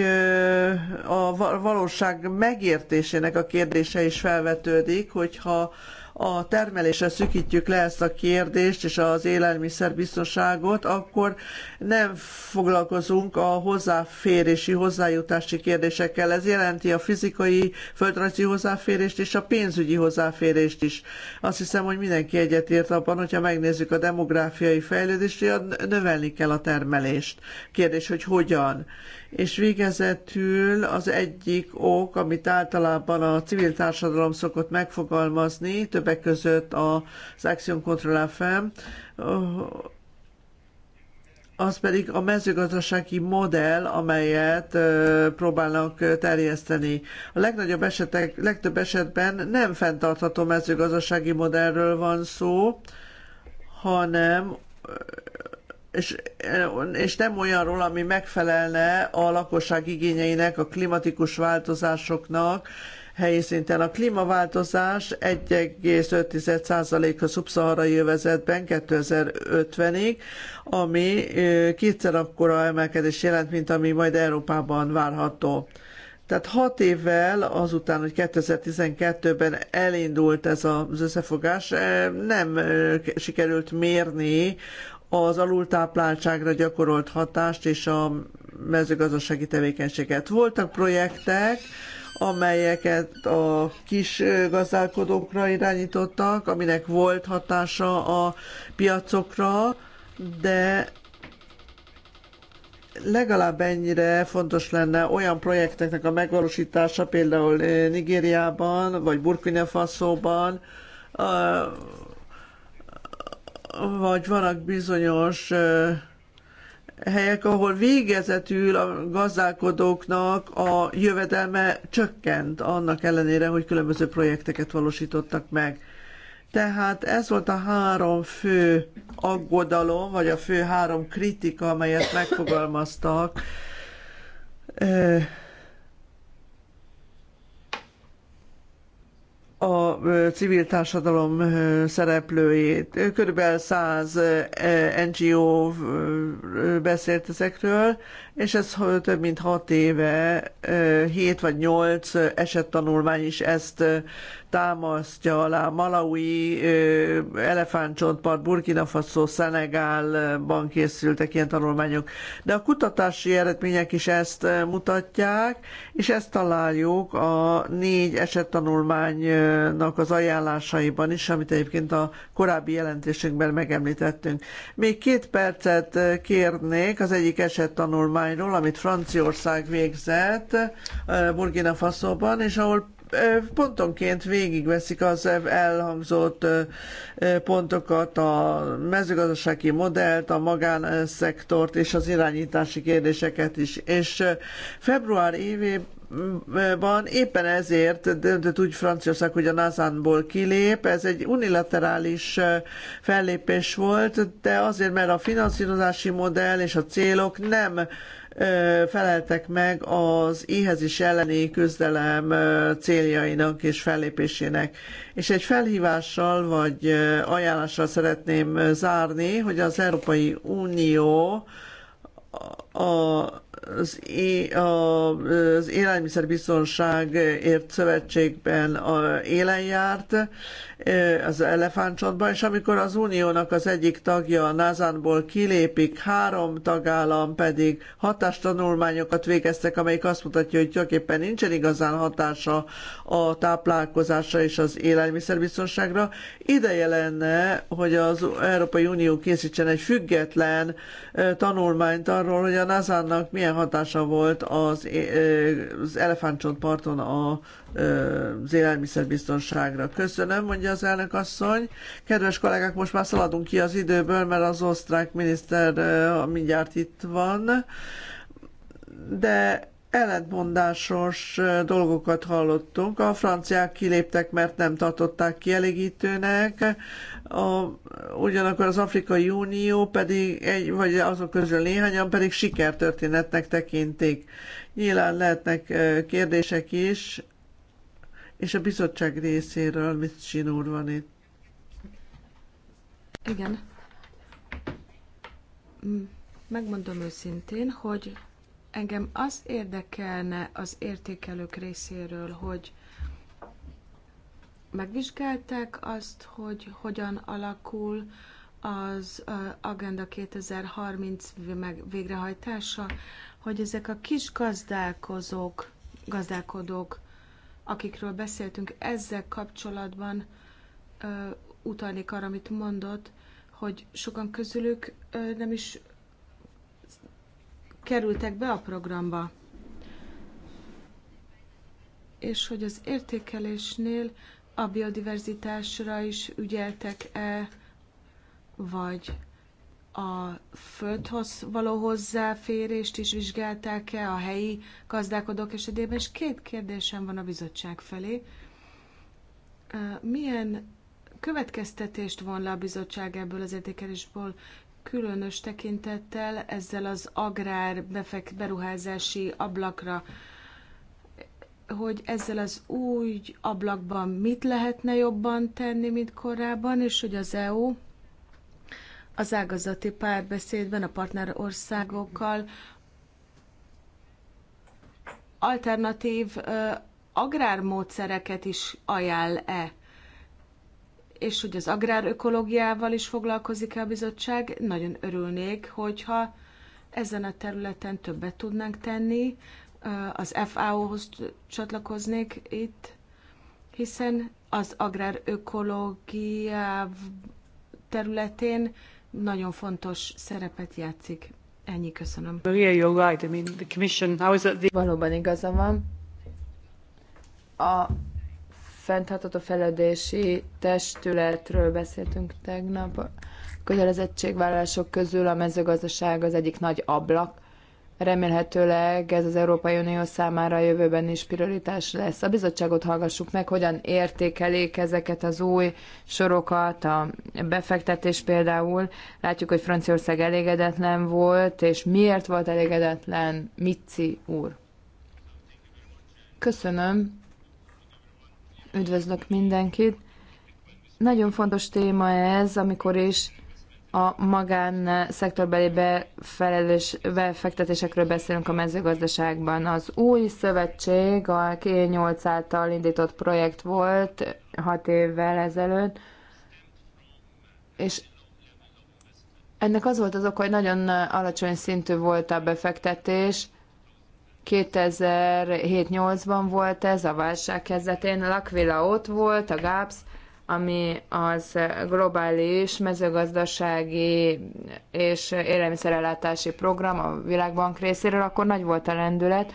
a valóság megértésének a kérdése is felvetődik, hogyha a termelésre szűkítjük le ezt a kérdést és az élelmiszerbiztonságot, akkor nem foglalkozunk a hozzáférési, hozzájutási kérdésekkel. Ez jelenti a fizikai, földrajzi hozzáférést és a pénzügyi hozzáférést is. Azt hiszem, hogy mindenki egyetért abban, hogyha megnézzük a demográfiai fejlődést, hogy növelni kell a termelést. Kérdés, hogy hogyan és végezetül az egyik ok, amit általában a civil társadalom szokott megfogalmazni, többek között az Action Control FM, az pedig a mezőgazdasági modell, amelyet próbálnak terjeszteni. A legnagyobb esetek, legtöbb esetben nem fenntartható mezőgazdasági modellről van szó, hanem és, és nem olyanról, ami megfelelne a lakosság igényeinek, a klimatikus változásoknak, helyi szinten. A klímaváltozás 1,5% a szubszaharai övezetben 2050-ig, ami kétszer akkora emelkedés jelent, mint ami majd Európában várható. Tehát hat évvel azután, hogy 2012-ben elindult ez az összefogás, nem sikerült mérni az alultápláltságra gyakorolt hatást és a mezőgazdasági tevékenységet. Voltak projektek, amelyeket a kis gazdálkodókra irányítottak, aminek volt hatása a piacokra, de legalább ennyire fontos lenne olyan projekteknek a megvalósítása, például Nigériában, vagy Burkina Faso-ban, vagy vannak bizonyos helyek, ahol végezetül a gazdálkodóknak a jövedelme csökkent, annak ellenére, hogy különböző projekteket valósítottak meg. Tehát ez volt a három fő aggodalom, vagy a fő három kritika, amelyet megfogalmaztak a civil társadalom szereplőjét. Körülbelül 100 NGO beszélt ezekről, és ez több mint hat éve, hét vagy nyolc esettanulmány is ezt támasztja alá. Malawi, Elefántcsontpart, Burkina Faso, Szenegálban készültek ilyen tanulmányok. De a kutatási eredmények is ezt mutatják, és ezt találjuk a négy esettanulmánynak az ajánlásaiban is, amit egyébként a korábbi jelentésünkben megemlítettünk. Még két percet kérnék az egyik esettanulmány tanulmányról, amit Franciaország végzett Burkina Faszóban, és ahol pontonként végigveszik az elhangzott pontokat, a mezőgazdasági modellt, a magánszektort és az irányítási kérdéseket is. És február évében van. Éppen ezért döntött úgy Franciaország, hogy a Nazánból kilép. Ez egy unilaterális fellépés volt, de azért, mert a finanszírozási modell és a célok nem feleltek meg az éhezés elleni küzdelem céljainak és fellépésének. És egy felhívással vagy ajánlással szeretném zárni, hogy az Európai Unió a az, é, a, az Élelmiszerbiztonságért Szövetségben élen járt, az elefántcsontban, és amikor az uniónak az egyik tagja a Názánból kilépik, három tagállam pedig hatástanulmányokat végeztek, amelyik azt mutatja, hogy tulajdonképpen nincsen igazán hatása a táplálkozásra és az élelmiszerbiztonságra. Ideje lenne, hogy az Európai Unió készítsen egy független tanulmányt arról, hogy a Názánnak milyen hatása volt az, az elefántcsontparton az élelmiszerbiztonságra. Köszönöm, mondja az elnök asszony. Kedves kollégák, most már szaladunk ki az időből, mert az osztrák miniszter mindjárt itt van. De ellentmondásos dolgokat hallottunk. A franciák kiléptek, mert nem tartották kielégítőnek, a, ugyanakkor az Afrikai Unió pedig, egy, vagy azok közül néhányan pedig sikertörténetnek tekintik. Nyilván lehetnek kérdések is, és a bizottság részéről mit csinúr van itt? Igen. Mm, megmondom őszintén, hogy engem az érdekelne az értékelők részéről, hogy megvizsgálták azt, hogy hogyan alakul az Agenda 2030 végrehajtása, hogy ezek a kis gazdálkozók, gazdálkodók akikről beszéltünk, ezzel kapcsolatban ö, utalnék arra, amit mondott, hogy sokan közülük ö, nem is kerültek be a programba. És hogy az értékelésnél a biodiverzitásra is ügyeltek-e, vagy a földhoz való hozzáférést is vizsgálták-e a helyi gazdálkodók esetében, és két kérdésem van a bizottság felé. Milyen következtetést von le a bizottság ebből az értékelésből, különös tekintettel ezzel az agrár befek, beruházási ablakra, hogy ezzel az új ablakban mit lehetne jobban tenni, mint korábban, és hogy az EU az ágazati párbeszédben a partner országokkal alternatív agrármódszereket is ajánl-e? És hogy az agrárökológiával is foglalkozik-e a bizottság? Nagyon örülnék, hogyha ezen a területen többet tudnánk tenni, az FAO-hoz csatlakoznék itt, hiszen az agrárökológia területén nagyon fontos szerepet játszik. Ennyi köszönöm. Maria, you're right. I mean, the commission, how is that the... Valóban igaza van. A fenntartható feledési testületről beszéltünk tegnap. A kötelezettségvállalások közül a mezőgazdaság az egyik nagy ablak, Remélhetőleg ez az Európai Unió számára a jövőben is prioritás lesz. A bizottságot hallgassuk meg, hogyan értékelik ezeket az új sorokat, a befektetés például. Látjuk, hogy Franciaország elégedetlen volt, és miért volt elégedetlen Mici úr? Köszönöm. Üdvözlök mindenkit. Nagyon fontos téma ez, amikor is a magánszektorbeli befelelős befektetésekről beszélünk a mezőgazdaságban. Az új szövetség a K8 által indított projekt volt hat évvel ezelőtt, és ennek az volt az oka, hogy nagyon alacsony szintű volt a befektetés. 2007-8-ban volt ez, a válság kezdetén. Lakvila ott volt, a GAPS, ami az globális mezőgazdasági és élelmiszerellátási program a Világbank részéről, akkor nagy volt a lendület.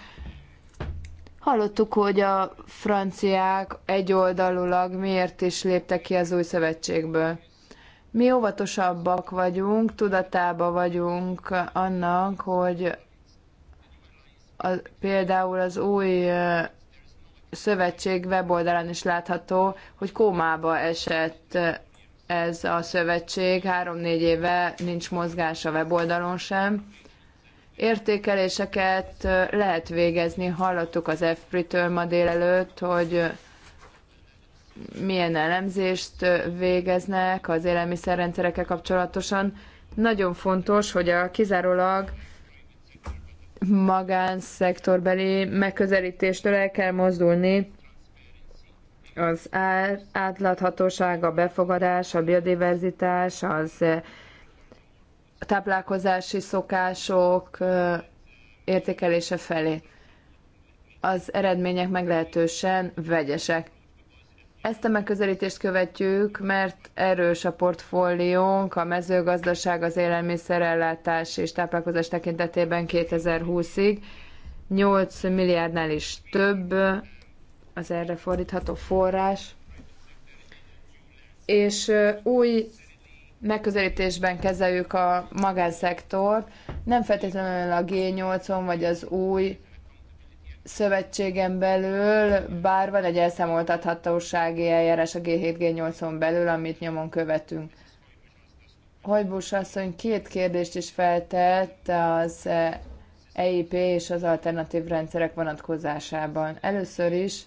Hallottuk, hogy a franciák egyoldalulag miért is léptek ki az új szövetségből. Mi óvatosabbak vagyunk, tudatába vagyunk annak, hogy a, például az új szövetség weboldalán is látható, hogy kómába esett ez a szövetség, három-négy éve nincs mozgás a weboldalon sem. Értékeléseket lehet végezni, hallottuk az EFPRI-től ma délelőtt, hogy milyen elemzést végeznek az élelmiszerrendszerekkel kapcsolatosan. Nagyon fontos, hogy a kizárólag magánszektorbeli megközelítéstől el kell mozdulni az átláthatóság, a befogadás, a biodiverzitás, az eh, táplálkozási szokások eh, értékelése felé. Az eredmények meglehetősen vegyesek. Ezt a megközelítést követjük, mert erős a portfóliónk, a mezőgazdaság, az élelmiszerellátás és táplálkozás tekintetében 2020-ig 8 milliárdnál is több az erre fordítható forrás, és új megközelítésben kezeljük a magánszektort, nem feltétlenül a G8-on vagy az új szövetségen belül, bár van egy elszámoltathatósági eljárás a G7-G8-on belül, amit nyomon követünk. Hajbus asszony két kérdést is feltett az EIP és az alternatív rendszerek vonatkozásában. Először is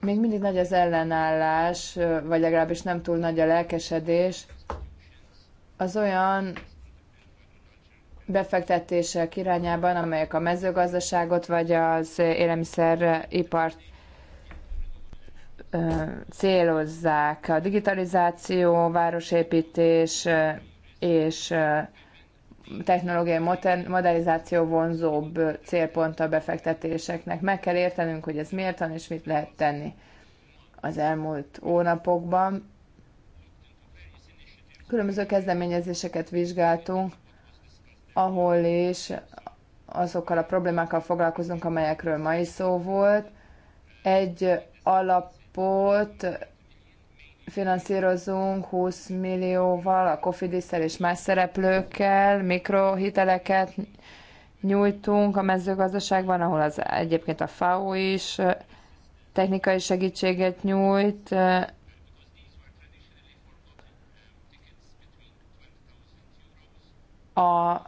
még mindig nagy az ellenállás, vagy legalábbis nem túl nagy a lelkesedés az olyan befektetések irányában, amelyek a mezőgazdaságot vagy az élelmiszeripart célozzák. A digitalizáció, városépítés és technológiai modernizáció vonzóbb célpont a befektetéseknek. Meg kell értenünk, hogy ez miért van és mit lehet tenni az elmúlt hónapokban. Különböző kezdeményezéseket vizsgáltunk, ahol is azokkal a problémákkal foglalkozunk, amelyekről ma is szó volt. Egy alapot finanszírozunk 20 millióval, a cofidis és más szereplőkkel, mikrohiteleket nyújtunk a mezőgazdaságban, ahol az egyébként a FAO is technikai segítséget nyújt, a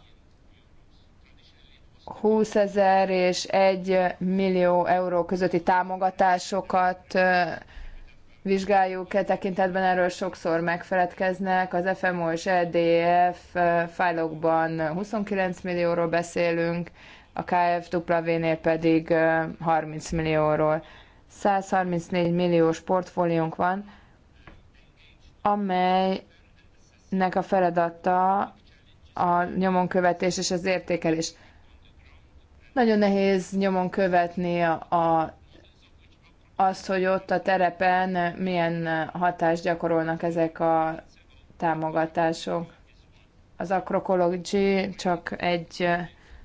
20 ezer és 1 millió euró közötti támogatásokat vizsgáljuk e tekintetben, erről sokszor megfeledkeznek. Az FMO és EDF fájlokban 29 millióról beszélünk, a KFW-nél pedig 30 millióról. 134 milliós portfóliónk van, amelynek a feladata a nyomonkövetés és az értékelés. Nagyon nehéz nyomon követni a, azt, hogy ott a terepen milyen hatást gyakorolnak ezek a támogatások. Az Acrocology csak egy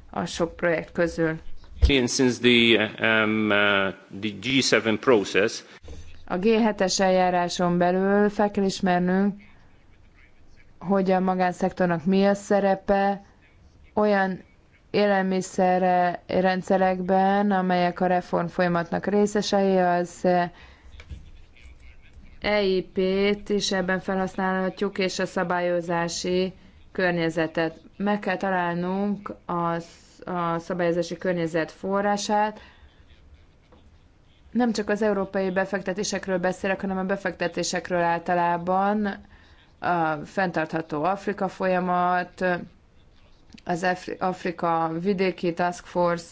a sok projekt közül. Since the, um, uh, the G7 process. A G7-es eljáráson belül fel kell ismernünk, hogy a magánszektornak mi a szerepe, olyan élelmiszer rendszerekben, amelyek a reform folyamatnak részesei, az EIP-t is ebben felhasználhatjuk, és a szabályozási környezetet. Meg kell találnunk a, a szabályozási környezet forrását. Nem csak az európai befektetésekről beszélek, hanem a befektetésekről általában, a fenntartható Afrika folyamat, az Afrika vidéki task force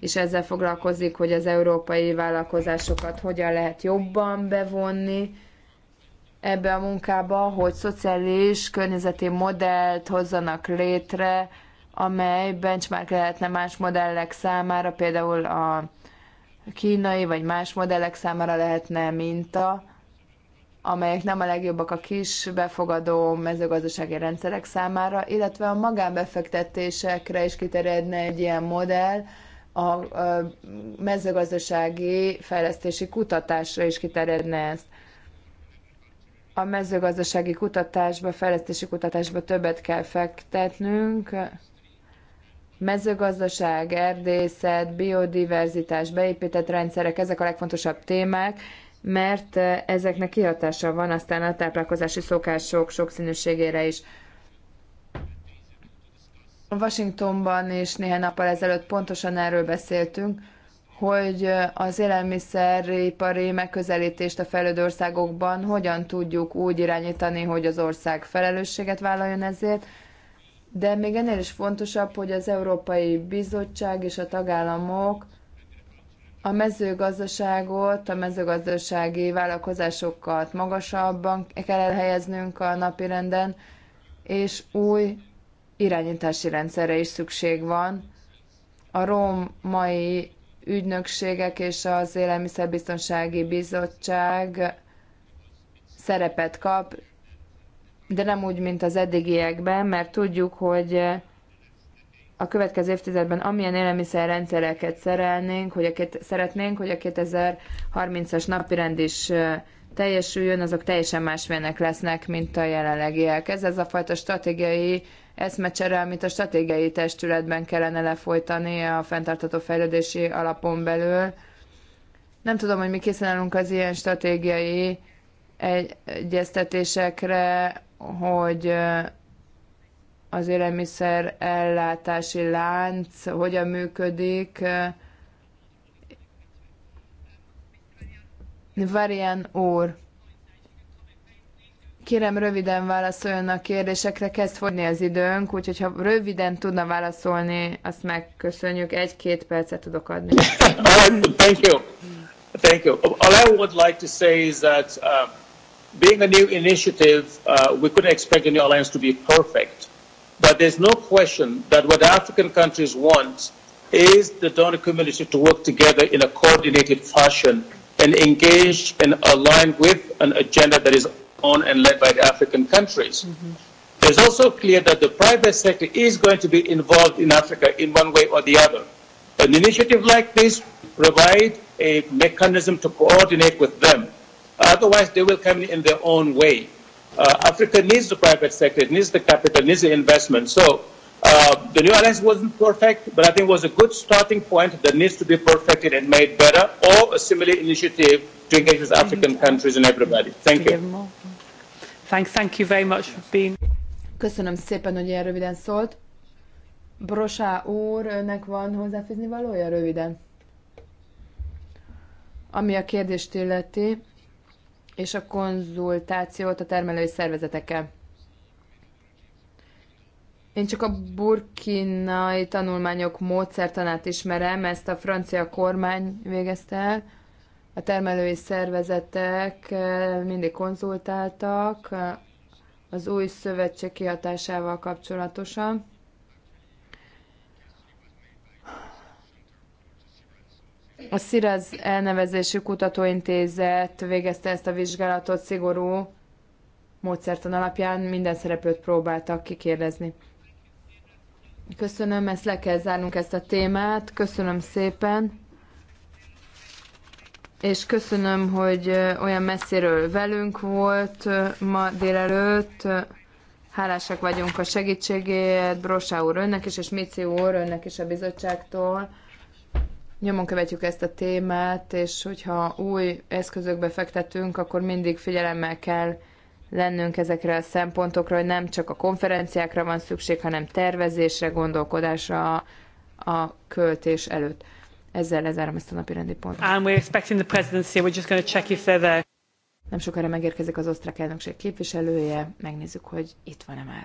és ezzel foglalkozik, hogy az európai vállalkozásokat hogyan lehet jobban bevonni ebbe a munkába, hogy szociális környezeti modellt hozzanak létre, amely benchmark lehetne más modellek számára, például a kínai vagy más modellek számára lehetne minta, amelyek nem a legjobbak a kis befogadó mezőgazdasági rendszerek számára, illetve a magánbefektetésekre is kiterjedne egy ilyen modell, a mezőgazdasági fejlesztési kutatásra is kiterjedne ezt. A mezőgazdasági kutatásba, fejlesztési kutatásba többet kell fektetnünk, mezőgazdaság, erdészet, biodiverzitás, beépített rendszerek, ezek a legfontosabb témák, mert eh, ezeknek kihatása van aztán a táplálkozási szokások sokszínűségére is. Washingtonban és néhány nappal ezelőtt pontosan erről beszéltünk, hogy eh, az élelmiszeripari megközelítést a fejlődő országokban hogyan tudjuk úgy irányítani, hogy az ország felelősséget vállaljon ezért, de még ennél is fontosabb, hogy az Európai Bizottság és a tagállamok a mezőgazdaságot, a mezőgazdasági vállalkozásokat magasabban kell elhelyeznünk a napirenden, és új irányítási rendszerre is szükség van. A római ügynökségek és az Élelmiszerbiztonsági Bizottság szerepet kap, de nem úgy, mint az eddigiekben, mert tudjuk, hogy a következő évtizedben amilyen élelmiszerrendszereket szerelnénk, hogy a két, szeretnénk, hogy a 2030-as napirend is teljesüljön, azok teljesen másmilyenek lesznek, mint a jelenlegiek. Ez az a fajta stratégiai eszmecsere, amit a stratégiai testületben kellene lefolytani a fenntartató fejlődési alapon belül. Nem tudom, hogy mi készen állunk az ilyen stratégiai egyeztetésekre, hogy az élelmiszer ellátási lánc hogyan működik. Varian úr, kérem röviden válaszoljon a kérdésekre, kezd fogni az időnk, úgyhogy ha röviden tudna válaszolni, azt megköszönjük, egy-két percet tudok adni. Thank you. Thank you. All I would like to say is that uh, being a new initiative, uh, we couldn't expect any new alliance to be perfect. But there's no question that what African countries want is the donor community to work together in a coordinated fashion and engage and align with an agenda that is on and led by the African countries. Mm-hmm. It's also clear that the private sector is going to be involved in Africa in one way or the other. An initiative like this provide a mechanism to coordinate with them. Otherwise, they will come in their own way. Uh, Africa needs the private sector, it needs the capital, needs the investment. So uh, the new alliance wasn't perfect, but I think it was a good starting point that needs to be perfected and made better, or a similar initiative to engage with African mm. countries and everybody. Thank you. Thank, thank you very much for being... Köszönöm szépen, hogy ilyen röviden szólt. Brosá úr, önnek van hozzáfűzni valója röviden? Ami a kérdést illeti, és a konzultációt a termelői szervezetekkel. Én csak a burkinai tanulmányok módszertanát ismerem, ezt a francia kormány végezte el. A termelői szervezetek eh, mindig konzultáltak eh, az új szövetség kihatásával kapcsolatosan. A Sziraz elnevezésű kutatóintézet végezte ezt a vizsgálatot szigorú módszertan alapján, minden szereplőt próbáltak kikérdezni. Köszönöm, ezt le kell zárnunk ezt a témát. Köszönöm szépen. És köszönöm, hogy olyan messziről velünk volt ma délelőtt. Hálásak vagyunk a segítségéért, Brosá úr önnek is, és Mici úr önnek is a bizottságtól nyomon követjük ezt a témát, és hogyha új eszközökbe fektetünk, akkor mindig figyelemmel kell lennünk ezekre a szempontokra, hogy nem csak a konferenciákra van szükség, hanem tervezésre, gondolkodásra a, a költés előtt. Ezzel lezárom ezt a napi rendi pontot. And we're expecting the presidency, we're just going to check if they're there. Nem sokára megérkezik az osztrák elnökség képviselője, megnézzük, hogy itt van-e már.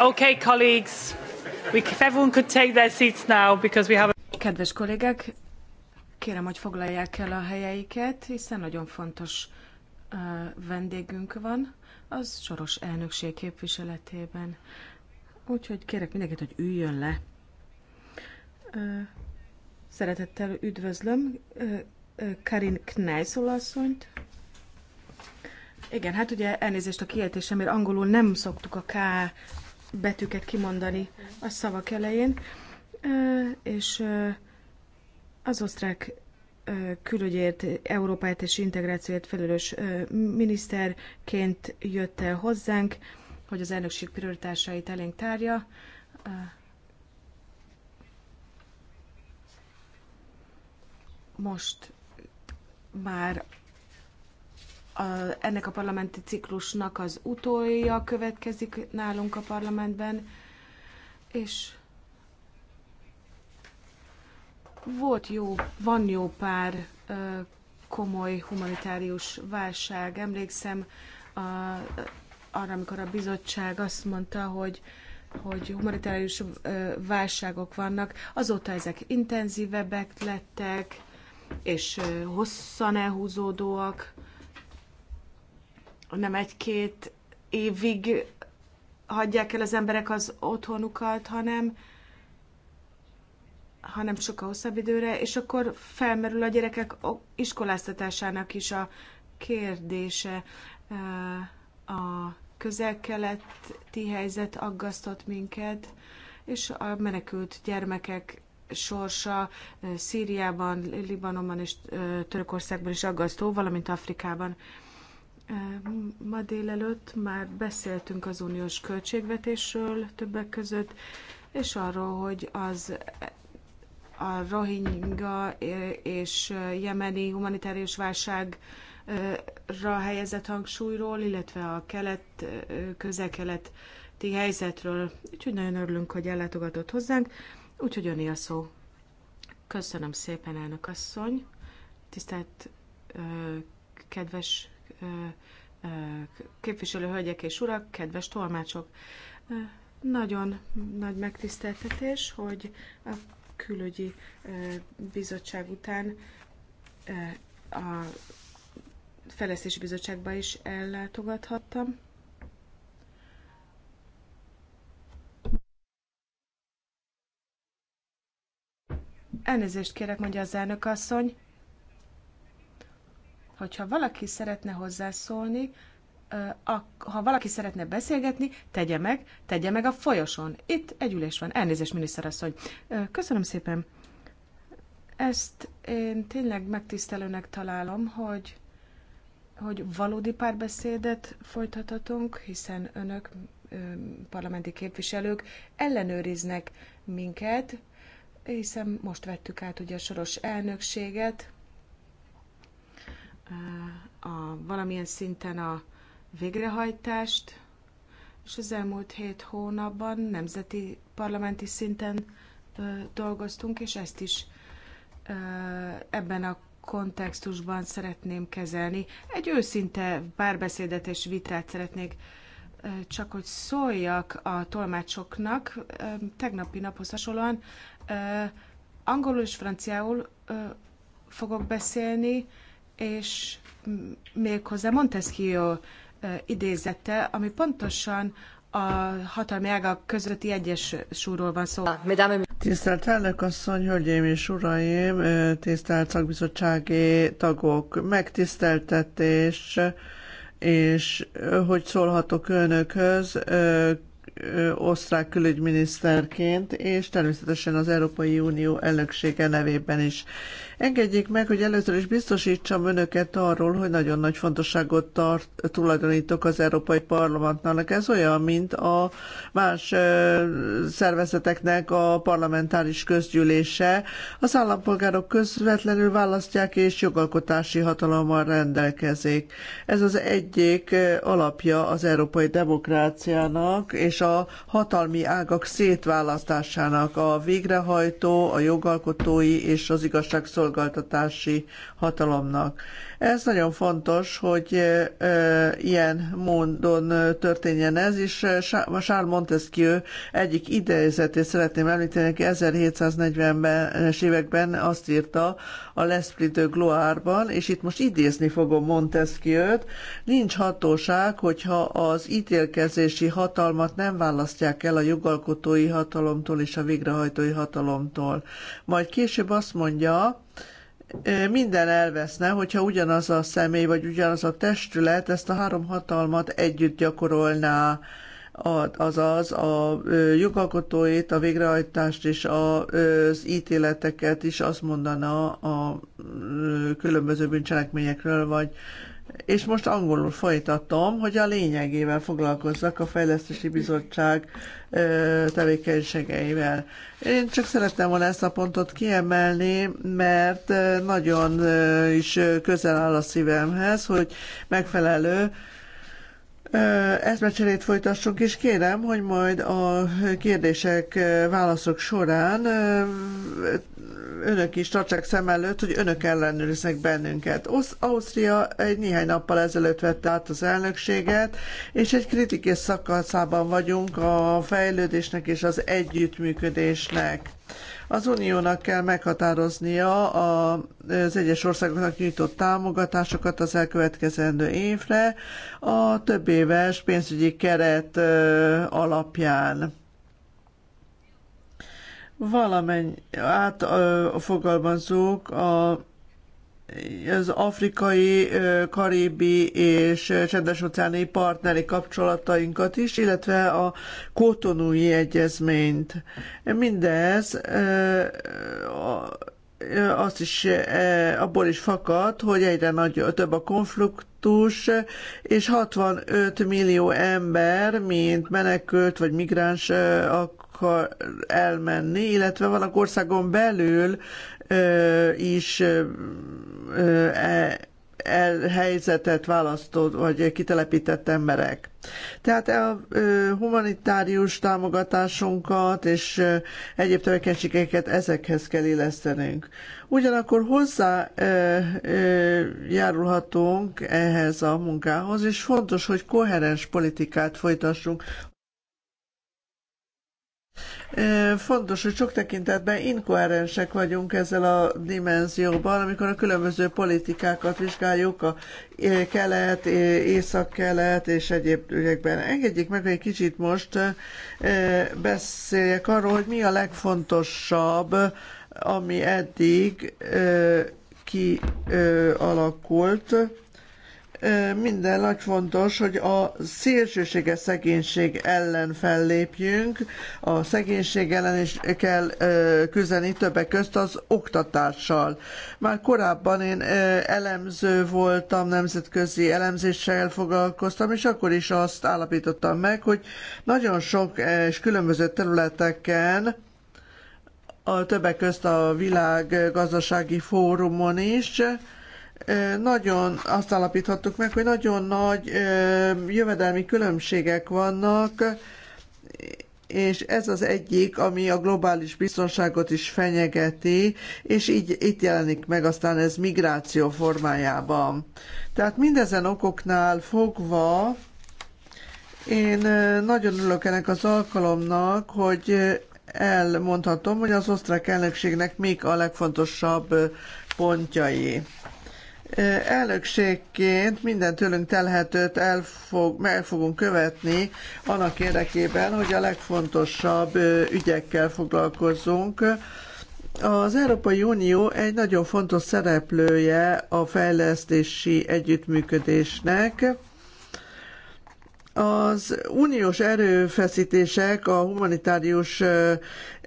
Okay, colleagues, we, if everyone could take their seats now, because we have. Kedves kollégák, kérem, hogy foglalják el a helyeiket, hiszen nagyon fontos uh, vendégünk van az soros elnökség képviseletében. Úgyhogy kérek mindenkit, hogy üljön le. Uh, szeretettel üdvözlöm uh, uh Karin Kneisol asszonyt. Igen, hát ugye elnézést a kiejtésemért, angolul nem szoktuk a K betűket kimondani a szavak elején, és az osztrák külügyért, Európáért és integrációért felelős miniszterként jött el hozzánk, hogy az elnökség prioritásait elénk tárja. Most már a, ennek a parlamenti ciklusnak az utolja következik nálunk a parlamentben, és volt jó, van jó pár ö, komoly humanitárius válság. Emlékszem a, arra, amikor a bizottság azt mondta, hogy hogy humanitárius ö, válságok vannak. Azóta ezek intenzívebbek lettek, és ö, hosszan elhúzódóak. Ö, nem egy-két évig hagyják el az emberek az otthonukat, hanem hanem sokkal hosszabb időre, és akkor felmerül a gyerekek iskoláztatásának is a kérdése. A közel-keleti helyzet aggasztott minket, és a menekült gyermekek sorsa Szíriában, Libanonban és Törökországban is aggasztó, valamint Afrikában. Ma délelőtt már beszéltünk az uniós költségvetésről többek között, és arról, hogy az a rohingya és jemeni humanitárius válságra helyezett hangsúlyról, illetve a kelet, közel-keleti helyzetről. Úgyhogy nagyon örülünk, hogy ellátogatott hozzánk. Úgyhogy öné a szó. Köszönöm szépen, elnök asszony. Tisztelt kedves képviselő hölgyek és urak, kedves tolmácsok! Nagyon nagy megtiszteltetés, hogy a külügyi bizottság után a Felesztési bizottságba is ellátogathattam. Elnézést kérek, mondja az elnök asszony hogyha valaki szeretne hozzászólni, ha valaki szeretne beszélgetni, tegye meg, tegye meg a folyosón. Itt egy ülés van. Elnézést, miniszterasszony. Köszönöm szépen. Ezt én tényleg megtisztelőnek találom, hogy, hogy valódi párbeszédet folytathatunk, hiszen önök, parlamenti képviselők ellenőriznek minket, hiszen most vettük át ugye a soros elnökséget, a, valamilyen szinten a végrehajtást, és az elmúlt hét hónapban nemzeti parlamenti szinten dolgoztunk, és ezt is ebben a kontextusban szeretném kezelni. Egy őszinte párbeszédet és vitát szeretnék csak hogy szóljak a tolmácsoknak, tegnapi naphoz hasonlóan angolul és franciául fogok beszélni, és méghozzá Montesquieu idézette, ami pontosan a hatalmi ágak közötti egyesúról van szó. Tisztelt elnök asszony, hölgyeim és uraim, tisztelt szakbizottsági tagok, megtiszteltetés, és hogy szólhatok önökhöz, osztrák külügyminiszterként, és természetesen az Európai Unió elnöksége nevében is. Engedjék meg, hogy először is biztosítsam önöket arról, hogy nagyon nagy fontosságot tart, tulajdonítok az Európai Parlamentnak. Ez olyan, mint a más szervezeteknek a parlamentáris közgyűlése. Az állampolgárok közvetlenül választják és jogalkotási hatalommal rendelkezik. Ez az egyik alapja az európai demokráciának, és a hatalmi ágak szétválasztásának a végrehajtó, a jogalkotói és az igazságszolgáltatási hatalomnak. Ez nagyon fontos, hogy ilyen módon történjen ez, és Charles Montesquieu egyik idézetét szeretném említeni, aki 1740-es években azt írta a L'Esprit de Gloire-ban, és itt most idézni fogom Montesquieu-t, nincs hatóság, hogyha az ítélkezési hatalmat nem választják el a jogalkotói hatalomtól és a végrehajtói hatalomtól. Majd később azt mondja, minden elveszne, hogyha ugyanaz a személy vagy ugyanaz a testület ezt a három hatalmat együtt gyakorolná, azaz a jogalkotóit, a végrehajtást és az ítéleteket is azt mondana a különböző bűncselekményekről vagy és most angolul folytatom, hogy a lényegével foglalkozzak a Fejlesztési Bizottság tevékenységeivel. Én csak szerettem volna ezt a pontot kiemelni, mert nagyon is közel áll a szívemhez, hogy megfelelő eszmecserét folytassunk, és kérem, hogy majd a kérdések, válaszok során önök is tartsák szem előtt, hogy önök ellenőriznek bennünket. Ausztria egy néhány nappal ezelőtt vette át az elnökséget, és egy kritikus szakaszában vagyunk a fejlődésnek és az együttműködésnek az uniónak kell meghatároznia az egyes országoknak nyújtott támogatásokat az elkövetkezendő évre a több éves pénzügyi keret alapján valamennyi átfogalmazzuk a az afrikai, karibi és csendes-óceáni partneri kapcsolatainkat is, illetve a kotonúi egyezményt. Mindez azt is abból is fakad, hogy egyre nagy, több a konfliktus, és 65 millió ember, mint menekült vagy migráns akar elmenni, illetve vannak országon belül is E, el, helyzetet választó vagy kitelepített emberek. Tehát a humanitárius támogatásunkat és egyéb tevékenységeket ezekhez kell illesztenünk. Ugyanakkor hozzájárulhatunk ehhez a munkához, és fontos, hogy koherens politikát folytassunk Fontos, hogy sok tekintetben inkoherensek vagyunk ezzel a dimenzióban, amikor a különböző politikákat vizsgáljuk, a kelet, észak-kelet és egyéb ügyekben. Engedjék meg, hogy egy kicsit most beszéljek arról, hogy mi a legfontosabb, ami eddig kialakult minden nagy fontos, hogy a szélsőséges szegénység ellen fellépjünk, a szegénység ellen is kell küzdeni többek közt az oktatással. Már korábban én elemző voltam, nemzetközi elemzéssel foglalkoztam, és akkor is azt állapítottam meg, hogy nagyon sok és különböző területeken a többek közt a világ gazdasági fórumon is, nagyon azt állapíthattuk meg, hogy nagyon nagy jövedelmi különbségek vannak, és ez az egyik, ami a globális biztonságot is fenyegeti, és így itt jelenik meg aztán ez migráció formájában. Tehát mindezen okoknál fogva én nagyon örülök ennek az alkalomnak, hogy elmondhatom, hogy az osztrák elnökségnek még a legfontosabb pontjai. Elnökségként minden tőlünk telhetőt el, fog, meg fogunk követni annak érdekében, hogy a legfontosabb ügyekkel foglalkozzunk. Az Európai Unió egy nagyon fontos szereplője a fejlesztési együttműködésnek. Az uniós erőfeszítések a humanitárius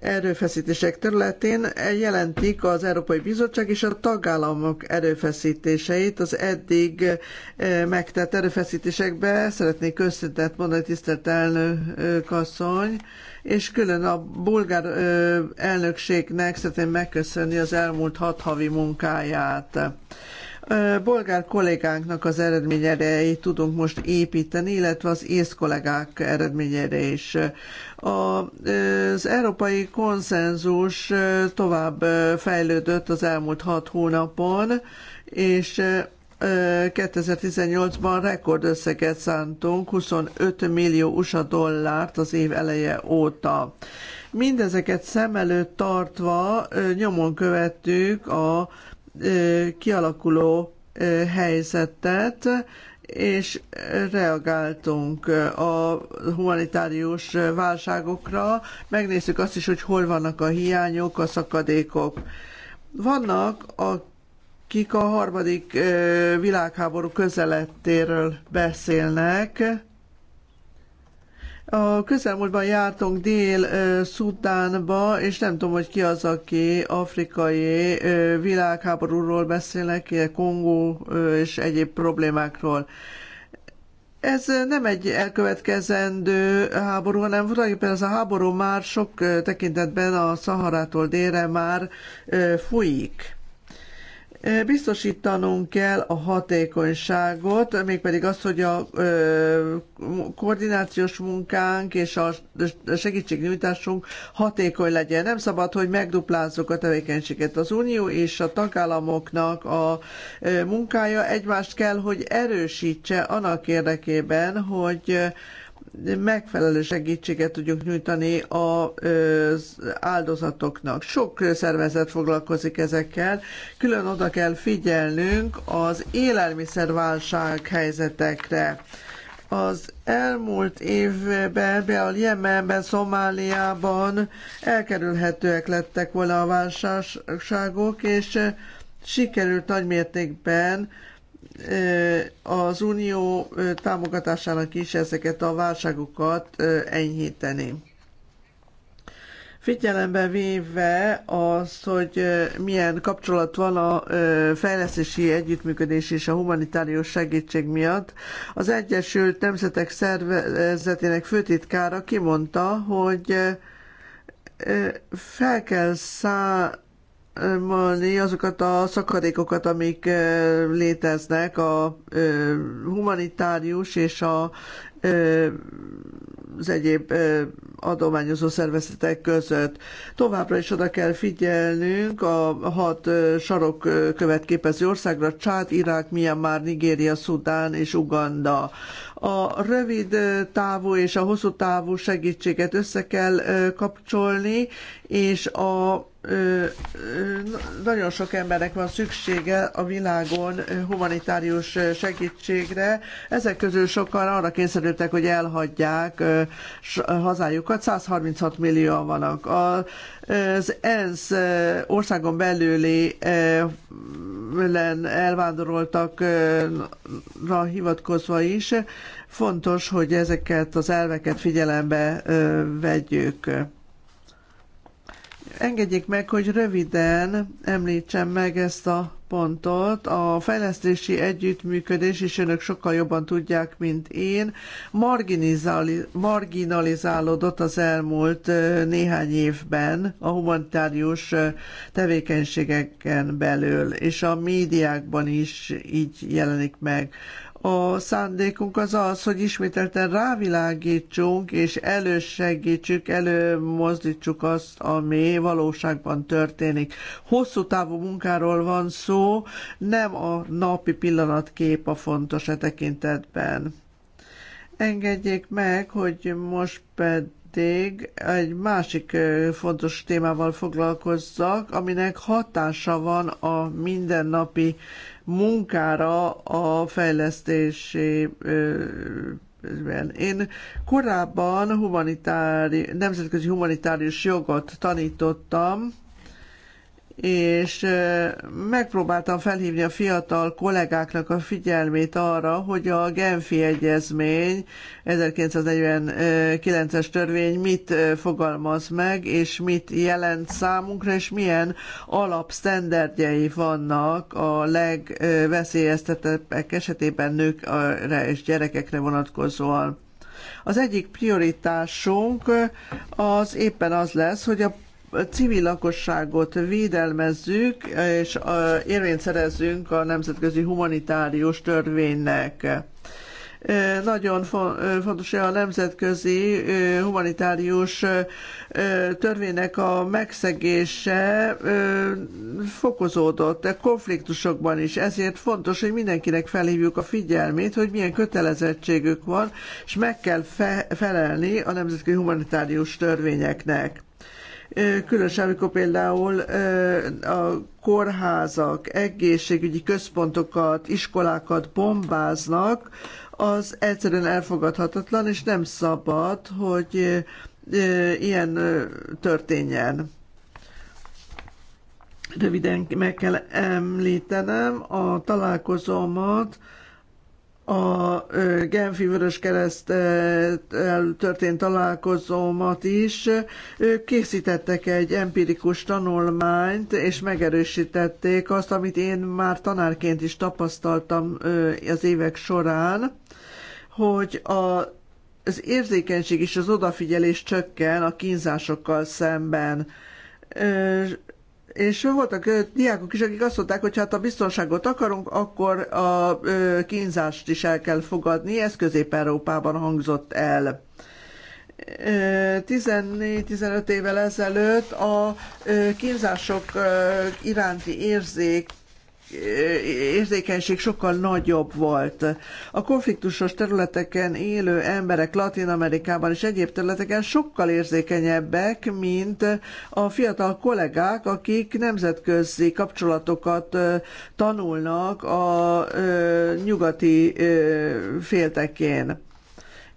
erőfeszítések területén jelentik az Európai Bizottság és a tagállamok erőfeszítéseit. Az eddig eh, megtett erőfeszítésekbe szeretnék köszöntet mondani, tisztelt elnök asszony, és külön a bulgár eh, elnökségnek szeretném megköszönni az elmúlt hat havi munkáját bolgár kollégánknak az eredményeire tudunk most építeni, illetve az ész kollégák eredményére is. Az európai konszenzus tovább fejlődött az elmúlt hat hónapon, és 2018-ban rekordösszeget szántunk, 25 millió USA dollárt az év eleje óta. Mindezeket szem előtt tartva nyomon követtük a kialakuló helyzetet, és reagáltunk a humanitárius válságokra, megnéztük azt is, hogy hol vannak a hiányok, a szakadékok. Vannak, akik a harmadik világháború közelettéről beszélnek, a közelmúltban jártunk Dél-Szudánba, és nem tudom, hogy ki az, aki afrikai világháborúról beszélnek, Kongó és egyéb problémákról. Ez nem egy elkövetkezendő háború, hanem tulajdonképpen ez a háború már sok tekintetben a Szaharától délre már folyik. Biztosítanunk kell a hatékonyságot, mégpedig azt, hogy a koordinációs munkánk és a segítségnyújtásunk hatékony legyen. Nem szabad, hogy megduplázzuk a tevékenységet. Az Unió és a tagállamoknak a munkája egymást kell, hogy erősítse annak érdekében, hogy megfelelő segítséget tudjuk nyújtani az áldozatoknak. Sok szervezet foglalkozik ezekkel, külön oda kell figyelnünk az élelmiszerválság helyzetekre. Az elmúlt évben, például Jemenben, Szomáliában elkerülhetőek lettek volna a válságok, és sikerült nagymértékben az unió támogatásának is ezeket a válságokat enyhíteni. Figyelembe véve az, hogy milyen kapcsolat van a fejlesztési együttműködés és a humanitárius segítség miatt, az Egyesült Nemzetek Szervezetének főtitkára kimondta, hogy fel kell szá mondani azokat a szakadékokat, amik léteznek a humanitárius és a az egyéb adományozó szervezetek között. Továbbra is oda kell figyelnünk a hat sarok követképező országra, Csád, Irák, Myanmar, Nigéria, Szudán és Uganda. A rövid távú és a hosszú távú segítséget össze kell kapcsolni, és a nagyon sok embernek van szüksége a világon humanitárius segítségre. Ezek közül sokan arra kényszerültek, hogy elhagyják hazájukat. 136 millióan vannak. A az ENSZ országon belüli elvándoroltakra hivatkozva is fontos, hogy ezeket az elveket figyelembe vegyük engedjék meg, hogy röviden említsem meg ezt a pontot. A fejlesztési együttműködés és önök sokkal jobban tudják, mint én. Marginalizálódott az elmúlt néhány évben a humanitárius tevékenységeken belül, és a médiákban is így jelenik meg a szándékunk az az, hogy ismételten rávilágítsunk és elősegítsük, előmozdítsuk azt, ami valóságban történik. Hosszú távú munkáról van szó, nem a napi pillanatkép a fontos e tekintetben. Engedjék meg, hogy most pedig pedig egy másik fontos témával foglalkozzak, aminek hatása van a mindennapi munkára a fejlesztésében. Én korábban humanitári, nemzetközi humanitárius jogot tanítottam, és megpróbáltam felhívni a fiatal kollégáknak a figyelmét arra, hogy a Genfi Egyezmény 1949-es törvény mit fogalmaz meg, és mit jelent számunkra, és milyen alapsztenderdjei vannak a legveszélyeztetebbek esetében nőkre és gyerekekre vonatkozóan. Az egyik prioritásunk az éppen az lesz, hogy a civil lakosságot védelmezzük, és érvényt szerezzünk a nemzetközi humanitárius törvénynek. Nagyon fontos, hogy a nemzetközi humanitárius törvénynek a megszegése fokozódott a konfliktusokban is. Ezért fontos, hogy mindenkinek felhívjuk a figyelmét, hogy milyen kötelezettségük van, és meg kell felelni a nemzetközi humanitárius törvényeknek különösen amikor például a kórházak, egészségügyi központokat, iskolákat bombáznak, az egyszerűen elfogadhatatlan, és nem szabad, hogy ilyen történjen. Röviden meg kell említenem a találkozómat, a Genfi Vörös Keresztel történt találkozómat is, ők készítettek egy empirikus tanulmányt, és megerősítették azt, amit én már tanárként is tapasztaltam az évek során, hogy a az érzékenység és az odafigyelés csökken a kínzásokkal szemben és voltak diákok is, akik azt mondták, hogy hát a biztonságot akarunk, akkor a kínzást is el kell fogadni, ez Közép-Európában hangzott el. 14-15 évvel ezelőtt a kínzások iránti érzék érzékenység sokkal nagyobb volt. A konfliktusos területeken élő emberek Latin-Amerikában és egyéb területeken sokkal érzékenyebbek, mint a fiatal kollégák, akik nemzetközi kapcsolatokat tanulnak a nyugati féltekén.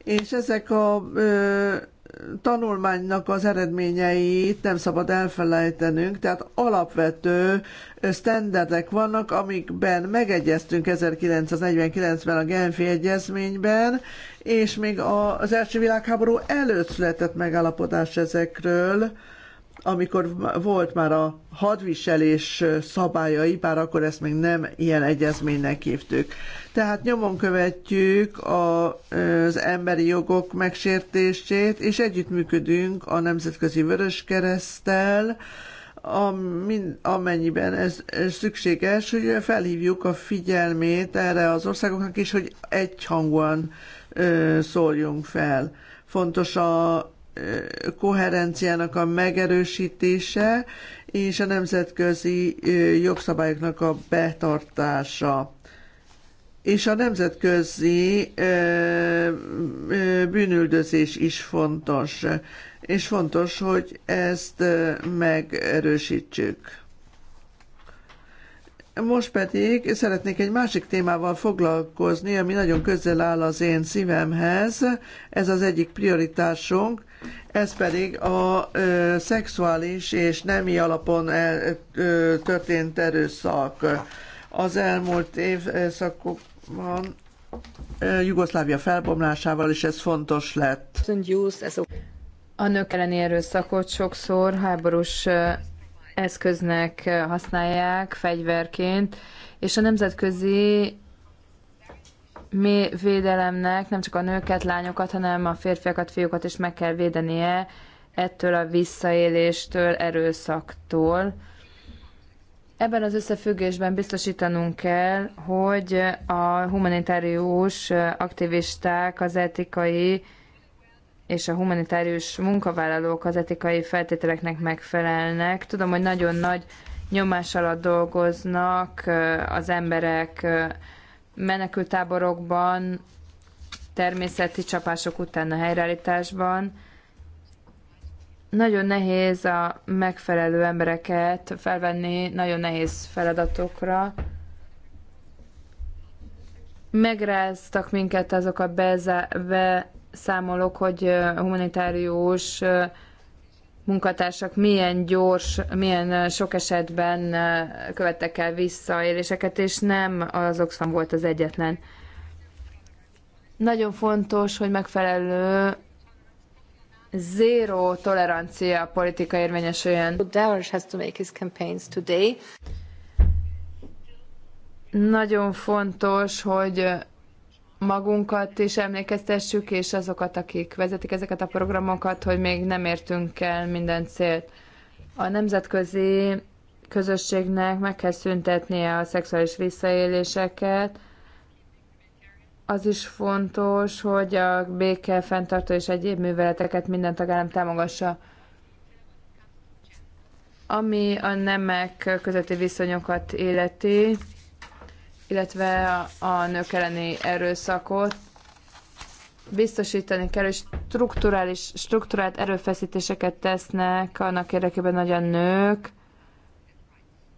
És ezek a tanulmánynak az eredményeit nem szabad elfelejtenünk, tehát alapvető sztenderdek vannak, amikben megegyeztünk 1949-ben a Genfi Egyezményben, és még az első világháború előtt született megállapodás ezekről, amikor volt már a hadviselés szabályai, bár akkor ezt még nem ilyen egyezménynek hívtük. Tehát nyomon követjük a, az emberi jogok megsértését, és együttműködünk a Nemzetközi vörös Vöröskeresztel, amennyiben ez szükséges, hogy felhívjuk a figyelmét erre az országoknak is, hogy egyhangúan szóljunk fel. Fontos a koherenciának a megerősítése és a nemzetközi jogszabályoknak a betartása és a nemzetközi bűnüldözés is fontos, és fontos, hogy ezt megerősítsük. Most pedig szeretnék egy másik témával foglalkozni, ami nagyon közel áll az én szívemhez. Ez az egyik prioritásunk, ez pedig a ö, szexuális és nemi alapon el, ö, történt erőszak. Az elmúlt évszakokban Jugoszlávia felbomlásával is ez fontos lett. A nők elleni erőszakot sokszor háborús eszköznek használják, fegyverként, és a nemzetközi mi védelemnek nem csak a nőket, lányokat, hanem a férfiakat, fiúkat is meg kell védenie ettől a visszaéléstől, erőszaktól. Ebben az összefüggésben biztosítanunk kell, hogy a humanitárius aktivisták, az etikai és a humanitárius munkavállalók az etikai feltételeknek megfelelnek. Tudom, hogy nagyon nagy nyomás alatt dolgoznak az emberek menekültáborokban, természeti csapások után a helyreállításban. Nagyon nehéz a megfelelő embereket felvenni nagyon nehéz feladatokra. Megráztak minket azok a beszámolók, hogy humanitárius munkatársak milyen gyors, milyen sok esetben követtek el visszaéléseket, és nem az Oxfam volt az egyetlen. Nagyon fontos, hogy megfelelő zéró tolerancia politika érvényesüljön. Nagyon fontos, hogy magunkat is emlékeztessük, és azokat, akik vezetik ezeket a programokat, hogy még nem értünk el minden célt. A nemzetközi közösségnek meg kell szüntetnie a szexuális visszaéléseket. Az is fontos, hogy a béke fenntartó és egyéb műveleteket minden tagállam támogassa. Ami a nemek közötti viszonyokat életi, illetve a nők elleni erőszakot. Biztosítani kell, és strukturális, strukturált erőfeszítéseket tesznek annak érdekében, hogy a nők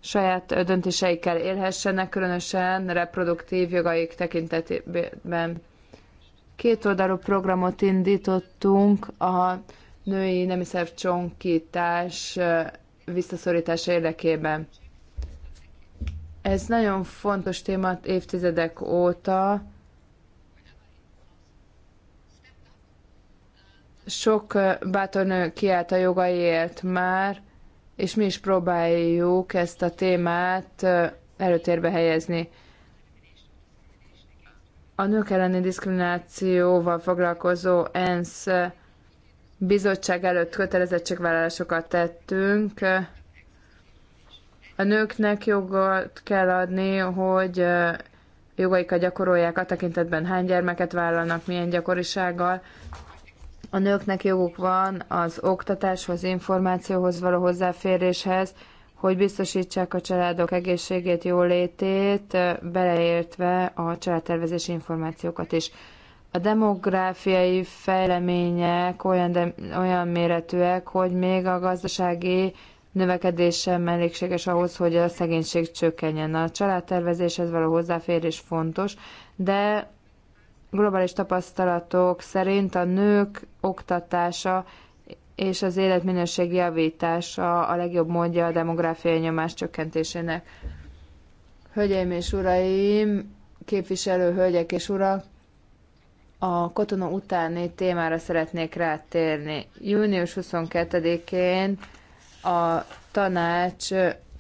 saját döntéseikkel élhessenek, különösen reproduktív jogaik tekintetében. Két oldalú programot indítottunk a női nemi szervcsonkítás visszaszorítása érdekében. Ez nagyon fontos téma évtizedek óta. Sok bátor nő kiállt a jogaiért már, és mi is próbáljuk ezt a témát előtérbe helyezni. A nők elleni diszkriminációval foglalkozó ENSZ bizottság előtt kötelezettségvállalásokat tettünk. A nőknek jogot kell adni, hogy jogaikat gyakorolják a tekintetben, hány gyermeket vállalnak, milyen gyakorisággal. A nőknek joguk van az oktatáshoz, információhoz való hozzáféréshez, hogy biztosítsák a családok egészségét, jólétét, beleértve a családtervezési információkat is. A demográfiai fejlemények olyan, de, olyan méretűek, hogy még a gazdasági növekedése mellékséges ahhoz, hogy a szegénység csökkenjen. A családtervezéshez való hozzáférés fontos, de globális tapasztalatok szerint a nők oktatása és az életminőség javítása a legjobb módja a demográfiai nyomás csökkentésének. Hölgyeim és uraim, képviselő hölgyek és urak, a Kotonó utáni témára szeretnék rátérni. Június 22-én a tanács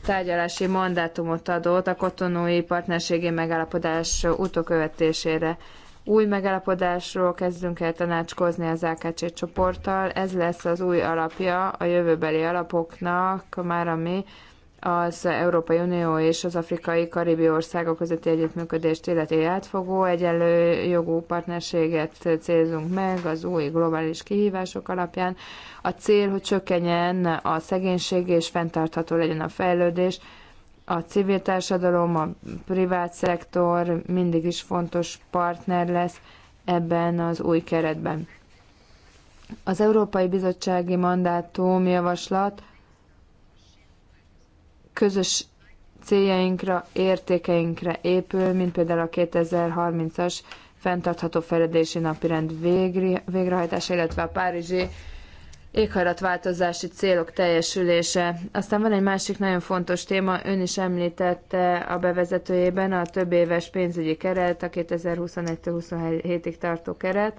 tárgyalási mandátumot adott a kotonói partnerségi megállapodás utókövetésére. Új megállapodásról kezdünk el tanácskozni az AKC csoporttal. Ez lesz az új alapja a jövőbeli alapoknak, már ami az Európai Unió és az afrikai karibi országok közötti együttműködést illeti átfogó egyenlő jogú partnerséget célzunk meg az új globális kihívások alapján. A cél, hogy csökkenjen a szegénység és fenntartható legyen a fejlődés. A civil társadalom, a privát szektor mindig is fontos partner lesz ebben az új keretben. Az Európai Bizottsági Mandátum javaslat közös céljainkra, értékeinkre épül, mint például a 2030-as fenntartható fejlődési napirend végri, végrehajtása, illetve a párizsi éghajlatváltozási célok teljesülése. Aztán van egy másik nagyon fontos téma, ön is említette a bevezetőjében a több éves pénzügyi keret, a 2021-27-ig tartó keret.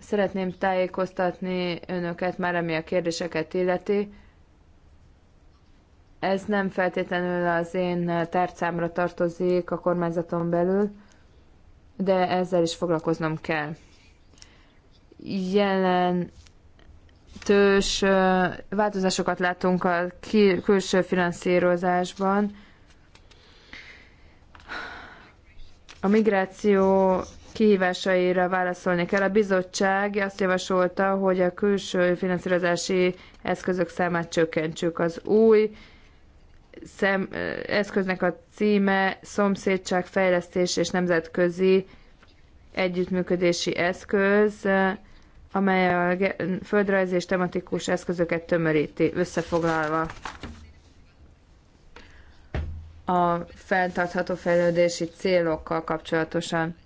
Szeretném tájékoztatni önöket már, ami a kérdéseket illeti, ez nem feltétlenül az én tárcámra tartozik a kormányzaton belül, de ezzel is foglalkoznom kell. Jelen tős változásokat látunk a külső finanszírozásban. A migráció kihívásaira válaszolni kell. A bizottság azt javasolta, hogy a külső finanszírozási eszközök számát csökkentsük. Az új szem, eszköznek a címe Szomszédság, Fejlesztés és Nemzetközi Együttműködési Eszköz, amely a földrajzi és tematikus eszközöket tömöríti, összefoglalva a fenntartható fejlődési célokkal kapcsolatosan.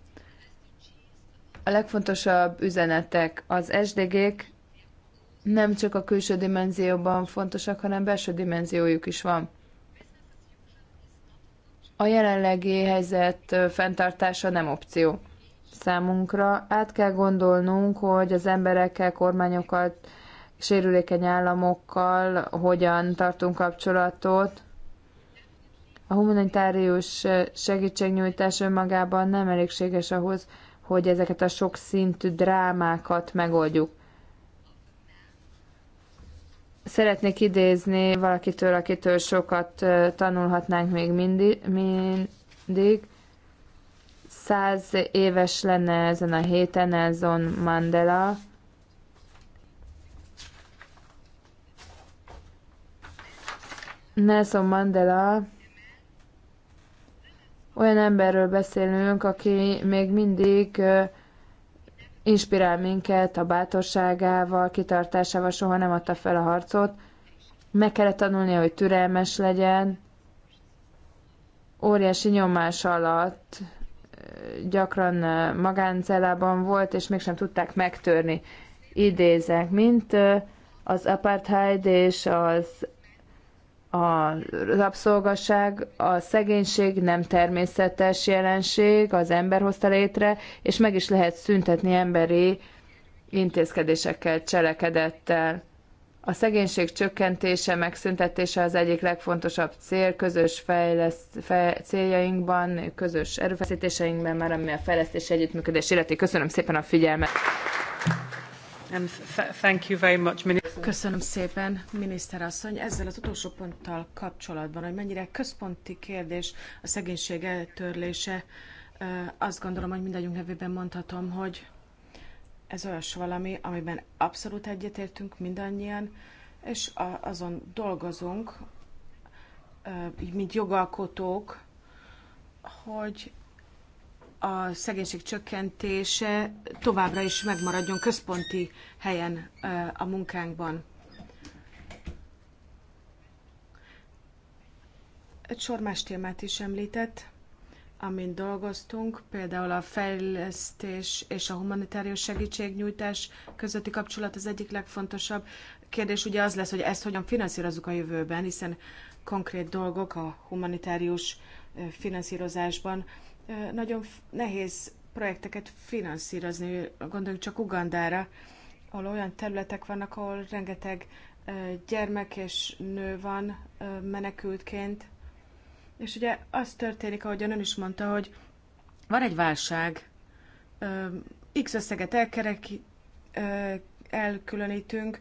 A legfontosabb üzenetek az SDG-k nem csak a külső dimenzióban fontosak, hanem belső dimenziójuk is van. A jelenlegi helyzet fenntartása nem opció számunkra. Át kell gondolnunk, hogy az emberekkel, kormányokkal, sérülékeny államokkal hogyan tartunk kapcsolatot. A humanitárius segítségnyújtás önmagában nem elégséges ahhoz, hogy ezeket a sokszintű drámákat megoldjuk. Szeretnék idézni valakitől, akitől sokat tanulhatnánk még mindig. Száz éves lenne ezen a héten Nelson Mandela. Nelson Mandela olyan emberről beszélünk, aki még mindig inspirál minket a bátorságával, kitartásával, soha nem adta fel a harcot. Meg kellett tanulnia, hogy türelmes legyen. Óriási nyomás alatt gyakran magáncellában volt, és mégsem tudták megtörni. Idézek, mint az apartheid és az a rabszolgaság, a szegénység nem természetes jelenség, az ember hozta létre, és meg is lehet szüntetni emberi intézkedésekkel, cselekedettel. A szegénység csökkentése, megszüntetése az egyik legfontosabb cél közös fejleszt, fej, céljainkban, közös erőfeszítéseinkben, már ami a fejlesztés együttműködés illeti. Köszönöm szépen a figyelmet! Köszönöm szépen, miniszterasszony. Ezzel az utolsó ponttal kapcsolatban, hogy mennyire központi kérdés a szegénység eltörlése, azt gondolom, hogy mindannyiunk nevében mondhatom, hogy ez olyas valami, amiben abszolút egyetértünk mindannyian, és azon dolgozunk, mint jogalkotók, hogy a szegénység csökkentése továbbra is megmaradjon központi helyen a munkánkban. Egy sor más témát is említett, amin dolgoztunk, például a fejlesztés és a humanitárius segítségnyújtás közötti kapcsolat az egyik legfontosabb. Kérdés ugye az lesz, hogy ezt hogyan finanszírozzuk a jövőben, hiszen konkrét dolgok a humanitárius finanszírozásban nagyon nehéz projekteket finanszírozni. Gondoljunk csak Ugandára, ahol olyan területek vannak, ahol rengeteg gyermek és nő van menekültként. És ugye az történik, ahogy ön is mondta, hogy van egy válság, X összeget elkerek, elkülönítünk,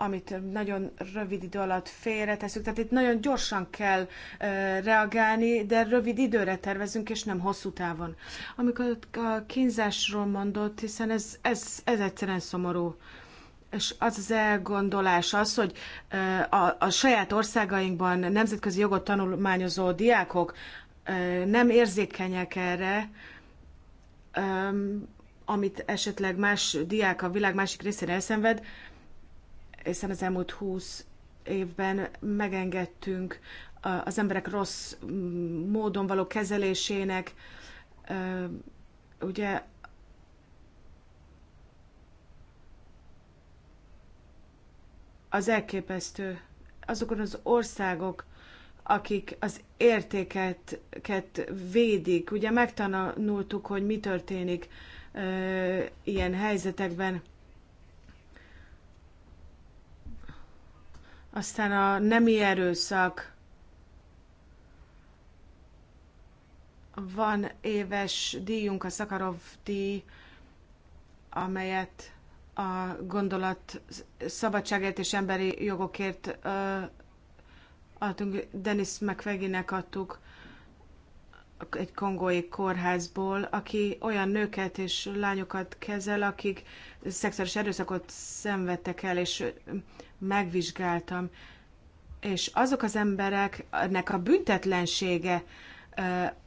amit nagyon rövid idő alatt félreteszünk. Tehát itt nagyon gyorsan kell reagálni, de rövid időre tervezünk, és nem hosszú távon. Amikor a kínzásról mondott, hiszen ez, ez, ez egyszerűen szomorú. És az az elgondolás az, hogy a, a saját országainkban nemzetközi jogot tanulmányozó diákok nem érzékenyek erre, amit esetleg más diák a világ másik részén elszenved, hiszen az elmúlt 20 évben megengedtünk az emberek rossz mm, módon való kezelésének, ugye az elképesztő azokon az országok, akik az értéket védik. Ugye megtanultuk, hogy mi történik ilyen helyzetekben. Aztán a nemi erőszak. Van éves díjunk, a Szakarov díj, amelyet a gondolat szabadságért és emberi jogokért uh, adtunk, Denis McVeginek adtuk egy kongói kórházból, aki olyan nőket és lányokat kezel, akik szexuális erőszakot szenvedtek el, és megvizsgáltam, és azok az embereknek a büntetlensége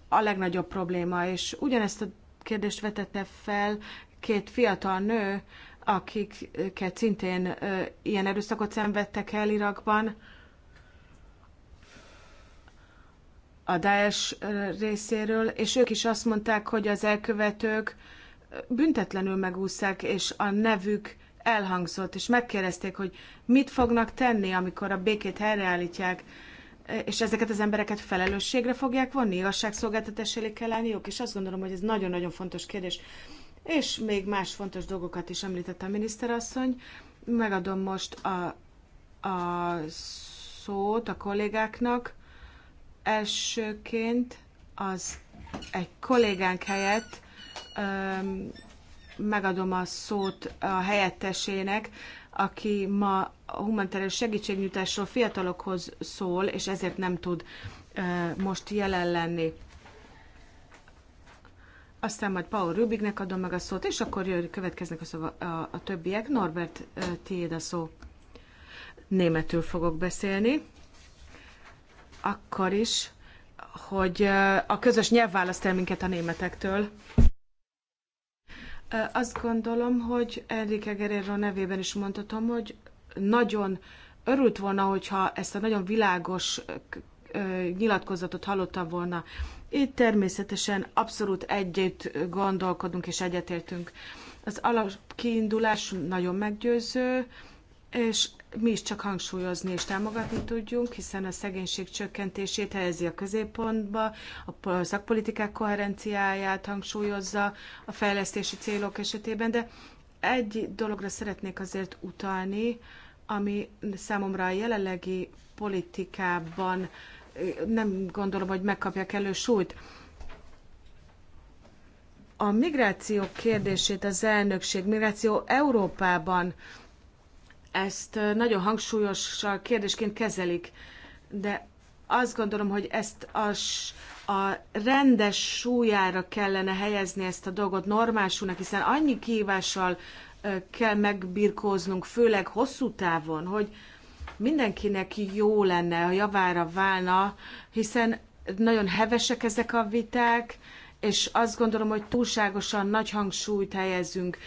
a legnagyobb probléma, és ugyanezt a kérdést vetette fel két fiatal nő, akiket szintén ilyen erőszakot szenvedtek el Irakban, a Daesh részéről, és ők is azt mondták, hogy az elkövetők büntetlenül megúszák és a nevük elhangzott, és megkérdezték, hogy mit fognak tenni, amikor a békét helyreállítják, és ezeket az embereket felelősségre fogják vonni, igazságszolgáltatás elé kell állniuk, és azt gondolom, hogy ez nagyon-nagyon fontos kérdés. És még más fontos dolgokat is említett a miniszterasszony. Megadom most a, a szót a kollégáknak. Elsőként az egy kollégánk helyett um, megadom a szót a helyettesének, aki ma a humanitárius segítségnyújtásról fiatalokhoz szól, és ezért nem tud most jelen lenni. Aztán majd Paul Rubiknek adom meg a szót, és akkor jön, következnek a, szava, a, a többiek. Norbert, tiéd a szó. Németül fogok beszélni. Akkor is, hogy a közös nyelv választ el minket a németektől. Azt gondolom, hogy Enrique Guerrero nevében is mondhatom, hogy nagyon örült volna, hogyha ezt a nagyon világos nyilatkozatot hallottam volna. Itt természetesen abszolút együtt gondolkodunk és egyetértünk. Az alapkiindulás nagyon meggyőző, és mi is csak hangsúlyozni és támogatni tudjunk, hiszen a szegénység csökkentését helyezi a középpontba, a szakpolitikák koherenciáját hangsúlyozza a fejlesztési célok esetében, de egy dologra szeretnék azért utalni, ami számomra a jelenlegi politikában nem gondolom, hogy megkapják elő súlyt. A migráció kérdését az elnökség, migráció Európában ezt nagyon hangsúlyos kérdésként kezelik, de azt gondolom, hogy ezt a, a rendes súlyára kellene helyezni ezt a dolgot normálsúnak, hiszen annyi kívással kell megbirkóznunk, főleg hosszú távon, hogy mindenkinek jó lenne, a javára válna, hiszen nagyon hevesek ezek a viták, és azt gondolom, hogy túlságosan nagy hangsúlyt helyezünk,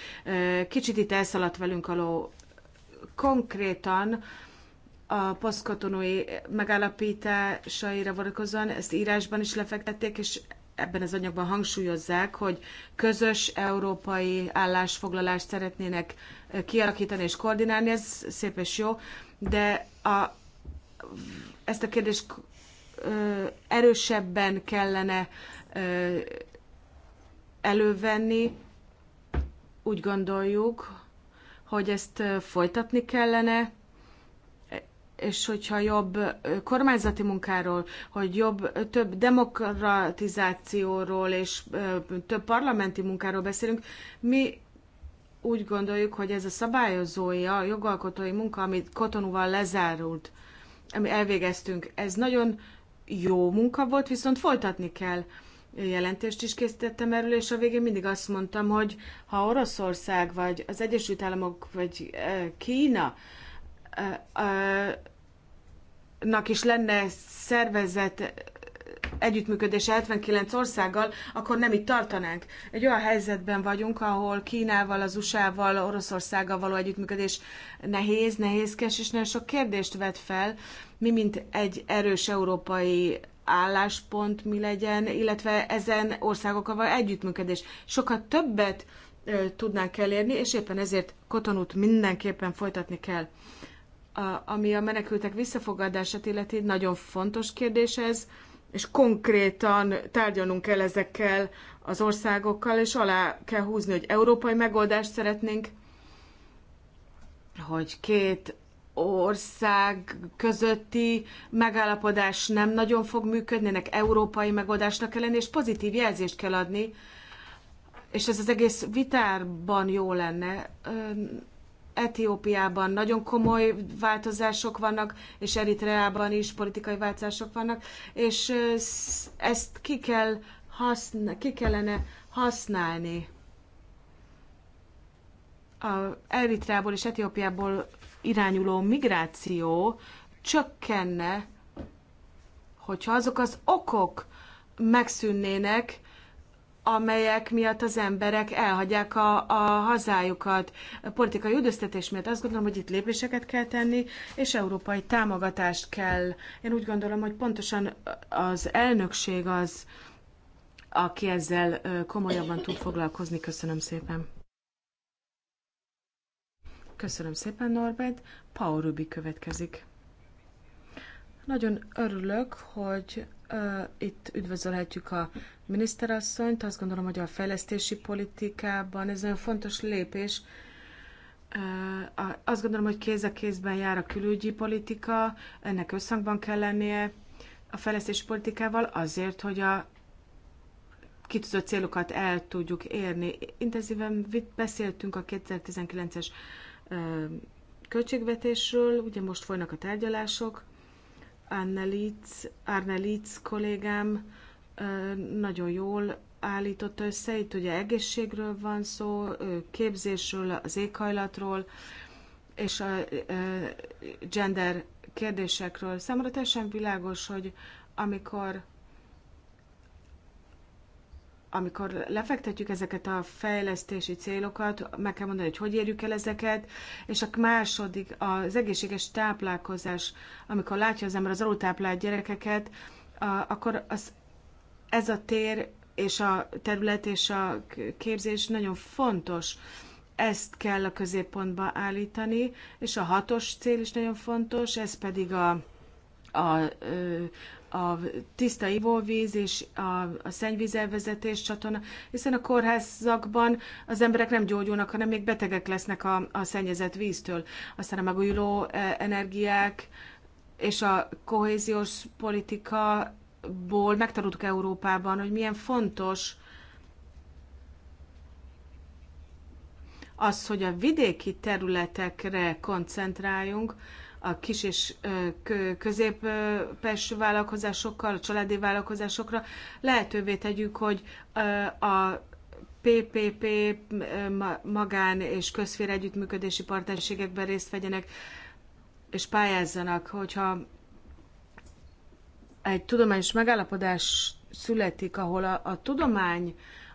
kicsit itt elszaladt velünk ló, konkrétan a poszkotonói megállapításaira vonatkozóan ezt írásban is lefektették, és ebben az anyagban hangsúlyozzák, hogy közös európai állásfoglalást szeretnének eh, kialakítani és koordinálni, ez szép és jó, de a, ezt a kérdést eh, erősebben kellene ö, eh, elővenni, úgy gondoljuk, hogy ezt folytatni kellene, e, és hogyha jobb kormányzati munkáról, hogy jobb, több demokratizációról és több parlamenti munkáról beszélünk, mi úgy gondoljuk, hogy ez a szabályozói, a jogalkotói munka, amit Kotonúval lezárult, ami elvégeztünk, ez nagyon jó munka volt, viszont folytatni kell jelentést is készítettem erről, és a végén mindig azt mondtam, hogy ha Oroszország, vagy az Egyesült Államok, vagy Kína nak is lenne szervezet együttműködése 79 országgal, akkor nem itt tartanánk. Egy olyan helyzetben vagyunk, ahol Kínával, az USA-val, Oroszországgal való együttműködés nehéz, nehézkes, és nagyon sok kérdést vet fel. Mi, mint egy erős európai álláspont mi legyen, illetve ezen országokkal való együttműködés. Sokat többet tudnánk elérni, és éppen ezért kotonút mindenképpen folytatni kell. A, ami a menekültek visszafogadását illeti, nagyon fontos kérdés ez, és konkrétan tárgyalnunk kell ezekkel az országokkal, és alá kell húzni, hogy európai megoldást szeretnénk, hogy két ország közötti megállapodás nem nagyon fog működni, ennek európai megoldásnak kell lenni, és pozitív jelzést kell adni, és ez az egész vitárban jó lenne. Etiópiában nagyon komoly változások vannak, és Eritreában is politikai változások vannak, és ezt ki, kell haszn- ki kellene használni. A Eritreából és Etiópiából irányuló migráció csökkenne, hogyha azok az okok megszűnnének, amelyek miatt az emberek elhagyják a, a hazájukat. A politikai üdöztetés miatt azt gondolom, hogy itt lépéseket kell tenni, és európai támogatást kell. Én úgy gondolom, hogy pontosan az elnökség az, aki ezzel komolyabban tud foglalkozni. Köszönöm szépen. Köszönöm szépen, Norbert. Paul Rubi következik. Nagyon örülök, hogy uh, itt üdvözölhetjük a miniszterasszonyt. Azt gondolom, hogy a fejlesztési politikában ez nagyon fontos lépés. Uh, azt gondolom, hogy kéz a kézben jár a külügyi politika, ennek összhangban kell lennie a fejlesztési politikával azért, hogy a kitűzött célokat el tudjuk érni. Intenzíven beszéltünk a 2019-es költségvetésről, ugye most folynak a tárgyalások, Arne Litz kollégám nagyon jól állította össze, itt ugye egészségről van szó, képzésről, az éghajlatról, és a gender kérdésekről. Számomra teljesen világos, hogy amikor amikor lefektetjük ezeket a fejlesztési célokat, meg kell mondani, hogy hogy érjük el ezeket, és a második, az egészséges táplálkozás, amikor látja az ember az alultáplált gyerekeket, akkor az, ez a tér és a terület és a képzés nagyon fontos. Ezt kell a középpontba állítani, és a hatos cél is nagyon fontos, ez pedig a, a, a tiszta ivóvíz és a, a szennyvízelvezetés csatorna, hiszen a kórházakban az emberek nem gyógyulnak, hanem még betegek lesznek a, a szennyezett víztől. Aztán a megújuló e, energiák és a kohéziós politikaból megtanultuk Európában, hogy milyen fontos az, hogy a vidéki területekre koncentráljunk, a kis és középes vállalkozásokkal, a családi vállalkozásokra lehetővé tegyük, hogy a PPP magán és közfér együttműködési partnerségekben részt vegyenek, és pályázzanak, hogyha egy tudományos megállapodás születik, ahol a, a tudomány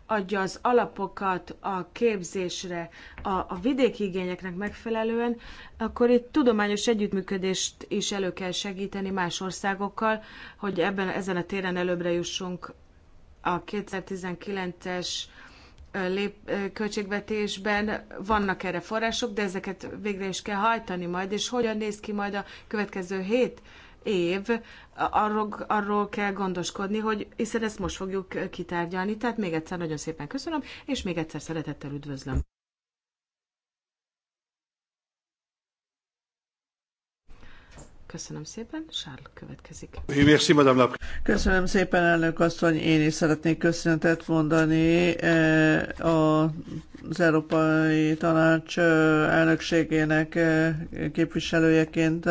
adja az alapokat a képzésre, a, a vidéki igényeknek megfelelően, akkor itt tudományos együttműködést is elő kell segíteni más országokkal, hogy ebben ezen a téren előbbre jussunk a 2019-es lép, költségvetésben vannak erre források, de ezeket végre is kell hajtani majd, és hogyan néz ki majd a következő hét év, arról, arról kell gondoskodni, hogy hiszen ezt most fogjuk kitárgyalni, tehát még egyszer nagyon szépen köszönöm, és még egyszer szeretettel üdvözlöm. Köszönöm szépen, Sárl következik. Köszönöm szépen, elnök asszony, én is szeretnék köszönetet mondani eh, az Európai Tanács eh, elnökségének eh, képviselőjeként.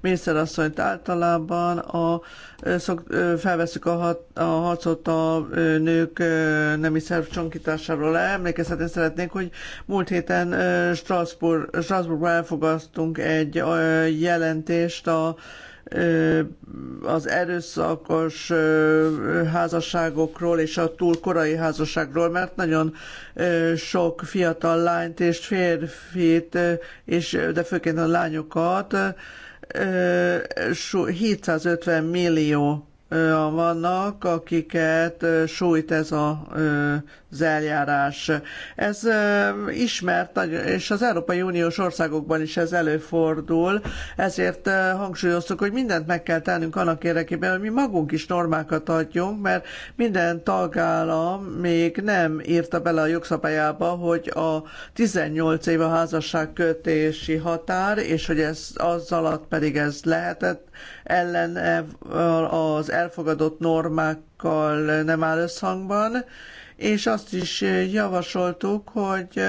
Miniszterasszonyt általában a, szok, felveszük a, hat, a harcot a nők nemi szerv csonkításáról. Emlékezhetni szeretnék, hogy múlt héten Strasbourg, Strasbourgban elfogadtunk egy jelentést a az erőszakos házasságokról és a túl korai házasságról, mert nagyon sok fiatal lányt és férfit, és, de főként a lányokat 750 millió vannak, akiket sújt ez a az eljárás. Ez ismert, és az Európai Uniós országokban is ez előfordul, ezért hangsúlyoztuk, hogy mindent meg kell tennünk annak érdekében, hogy mi magunk is normákat adjunk, mert minden tagállam még nem írta bele a jogszabályába, hogy a 18 év a házasságkötési határ, és hogy ez az alatt pedig ez lehetett, ellen az elfogadott normákkal nem áll összhangban, és azt is javasoltuk, hogy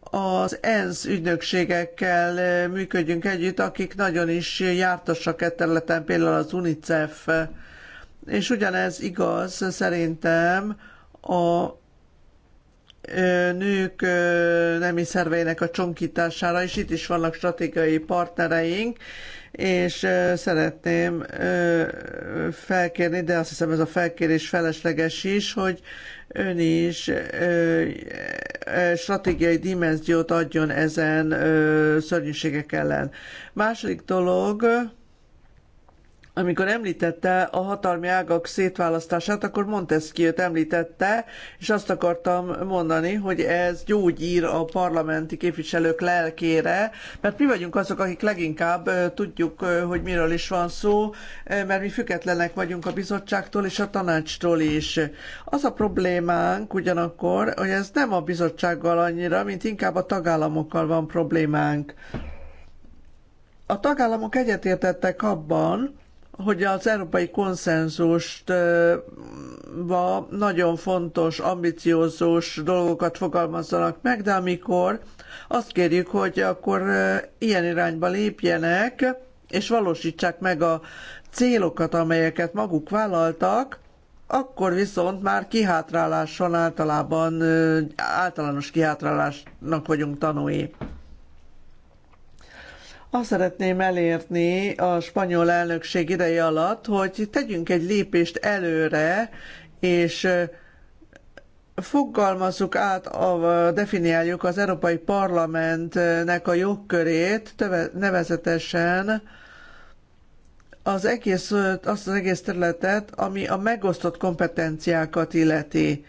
az ENSZ ügynökségekkel működjünk együtt, akik nagyon is jártasak e területen, például az UNICEF. És ugyanez igaz szerintem a nők nemi szerveinek a csonkítására, és itt is vannak stratégiai partnereink, és szeretném felkérni, de azt hiszem ez a felkérés felesleges is, hogy ön is stratégiai dimenziót adjon ezen szörnyűségek ellen. Második dolog, amikor említette a hatalmi ágak szétválasztását, akkor Montesquieu-t említette, és azt akartam mondani, hogy ez gyógyír a parlamenti képviselők lelkére, mert mi vagyunk azok, akik leginkább tudjuk, hogy miről is van szó, mert mi függetlenek vagyunk a bizottságtól és a tanácstól is. Az a problémánk ugyanakkor, hogy ez nem a bizottsággal annyira, mint inkább a tagállamokkal van problémánk. A tagállamok egyetértettek abban, hogy az európai konszenzust nagyon fontos, ambiciózus dolgokat fogalmazzanak meg, de amikor azt kérjük, hogy akkor ilyen irányba lépjenek, és valósítsák meg a célokat, amelyeket maguk vállaltak, akkor viszont már kihátráláson általában általános kihátrálásnak vagyunk tanúi. Azt szeretném elérni a spanyol elnökség ideje alatt, hogy tegyünk egy lépést előre, és fogalmazzuk át, definiáljuk az Európai Parlamentnek a jogkörét, nevezetesen az egész, azt az egész területet, ami a megosztott kompetenciákat illeti.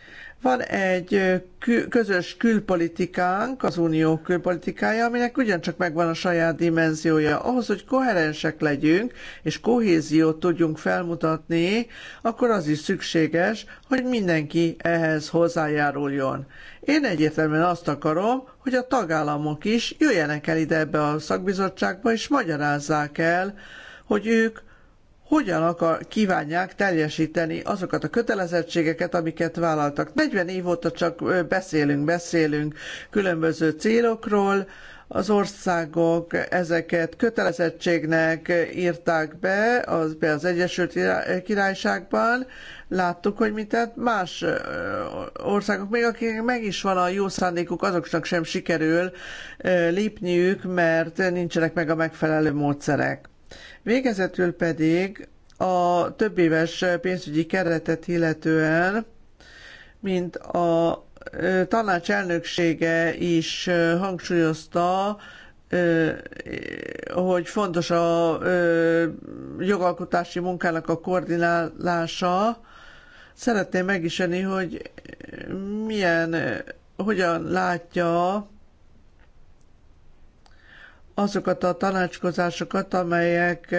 Van egy közös külpolitikánk, az unió külpolitikája, aminek ugyancsak megvan a saját dimenziója. Ahhoz, hogy koherensek legyünk, és kohéziót tudjunk felmutatni, akkor az is szükséges, hogy mindenki ehhez hozzájáruljon. Én egyértelműen azt akarom, hogy a tagállamok is jöjjenek el ide ebbe a szakbizottságba, és magyarázzák el, hogy ők hogyan akar, kívánják teljesíteni azokat a kötelezettségeket, amiket vállaltak. 40 év óta csak beszélünk, beszélünk különböző célokról, az országok ezeket kötelezettségnek írták be az, be az Egyesült Királyságban. Láttuk, hogy mit tett más országok, még akik meg is van a jó szándékuk, azoknak sem sikerül lépniük, mert nincsenek meg a megfelelő módszerek. Végezetül pedig a több éves pénzügyi keretet illetően, mint a tanács elnöksége is hangsúlyozta, hogy fontos a jogalkotási munkának a koordinálása. Szeretném megismerni, hogy milyen, hogyan látja azokat a tanácskozásokat, amelyek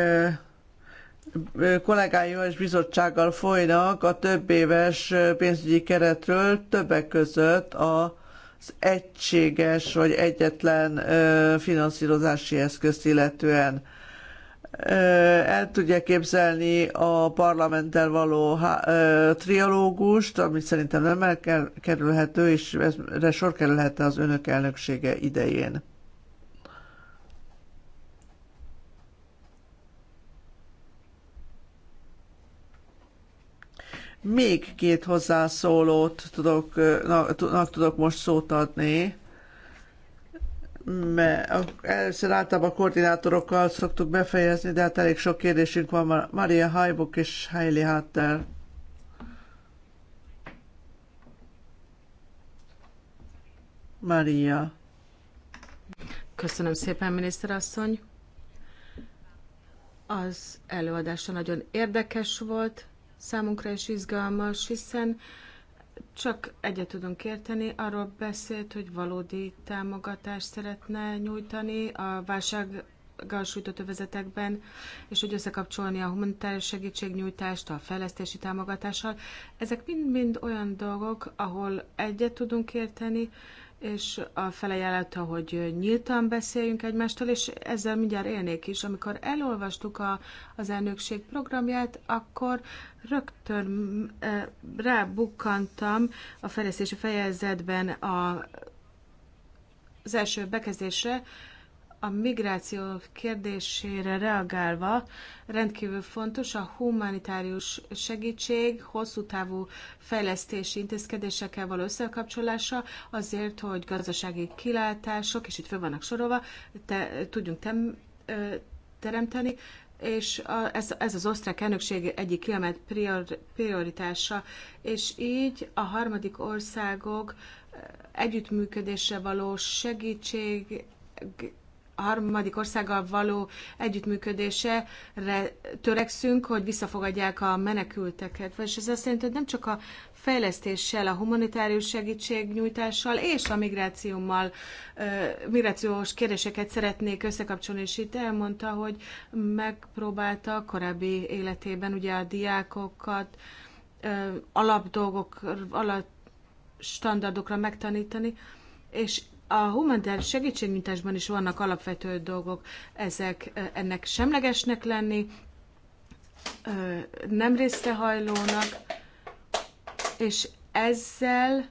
kollégáival és bizottsággal folynak a több éves pénzügyi keretről, többek között az egységes vagy egyetlen finanszírozási eszközt illetően el tudja képzelni a parlamenttel való trialógust, amit szerintem nem elkerülhető, és erre sor kerülhetne az önök elnöksége idején. Még két hozzászólót tudok, na, tudok most szót adni. Először általában a koordinátorokkal szoktuk befejezni, de hát elég sok kérdésünk van. Maria Hajbuk és Hailey Hatter. Maria. Köszönöm szépen, miniszterasszony. Az előadása nagyon érdekes volt, számunkra is izgalmas, hiszen csak egyet tudunk érteni, arról beszélt, hogy valódi támogatást szeretne nyújtani a válság sújtott övezetekben, és hogy összekapcsolni a humanitárius segítségnyújtást a fejlesztési támogatással. Ezek mind-mind olyan dolgok, ahol egyet tudunk érteni, és a felejelelte, hogy nyíltan beszéljünk egymástól, és ezzel mindjárt élnék is. Amikor elolvastuk a, az elnökség programját, akkor rögtön e, rábukkantam a fejlesztési fejezetben a, az első bekezdésre, a migráció kérdésére reagálva rendkívül fontos a humanitárius segítség hosszú távú fejlesztési intézkedésekkel való összekapcsolása azért, hogy gazdasági kilátások, és itt fel vannak sorolva, te, tudjunk tem, teremteni, és a, ez, ez az osztrák elnökség egyik kiemelt prior, prioritása, és így a harmadik országok együttműködésre való segítség harmadik országgal való együttműködésre törekszünk, hogy visszafogadják a menekülteket. És ez azt jelenti, hogy nem csak a fejlesztéssel, a humanitárius segítségnyújtással és a migrációmmal, migrációs kérdéseket szeretnék összekapcsolni, és itt elmondta, hogy megpróbálta korábbi életében ugye a diákokat alapdolgok, alap standardokra megtanítani, és a humanitárius segítségnyújtásban is vannak alapvető dolgok, ezek ennek semlegesnek lenni, nem részrehajlónak, és ezzel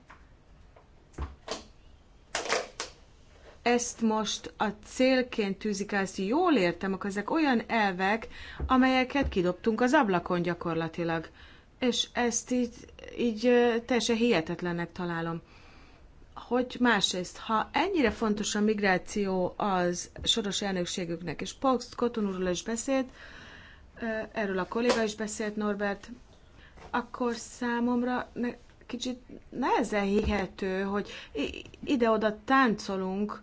ezt most a célként tűzik el, ezt jól értem, akkor ezek olyan elvek, amelyeket kidobtunk az ablakon gyakorlatilag. És ezt így, így teljesen hihetetlennek találom hogy másrészt, ha ennyire fontos a migráció az soros elnökségüknek, és Pax Kotonúról is beszélt, erről a kolléga is beszélt Norbert, akkor számomra kicsit nehezen hihető, hogy ide-oda táncolunk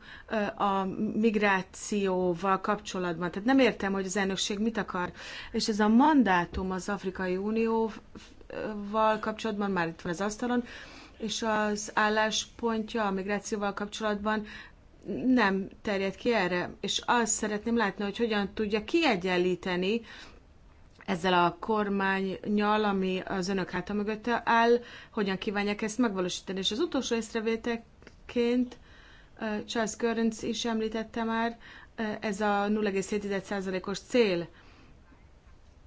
a migrációval kapcsolatban. Tehát nem értem, hogy az elnökség mit akar. És ez a mandátum az Afrikai Unióval kapcsolatban már itt van az asztalon, és az álláspontja a migrációval kapcsolatban nem terjed ki erre, és azt szeretném látni, hogy hogyan tudja kiegyenlíteni ezzel a kormánynyal, ami az önök háta mögött áll, hogyan kívánják ezt megvalósítani. És az utolsó észrevételként Charles Görönc is említette már, ez a 0,7%-os cél,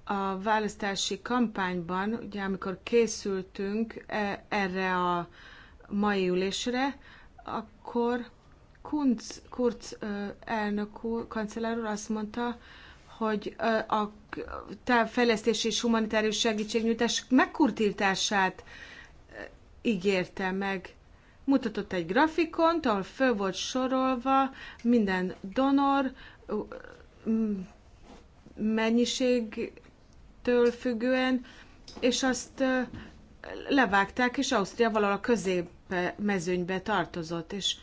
a választási kampányban, ugye amikor készültünk e, erre a mai ülésre, akkor Kunc, Kurz elnök úr, kancellár úr azt mondta, hogy a távfejlesztési és humanitárius segítségnyújtás megkurtítását ígérte meg. Mutatott egy grafikont, ahol föl volt sorolva minden donor, mennyiség, helyzettől függően, és azt levágták, és Ausztria valahol a közép mezőnybe tartozott, és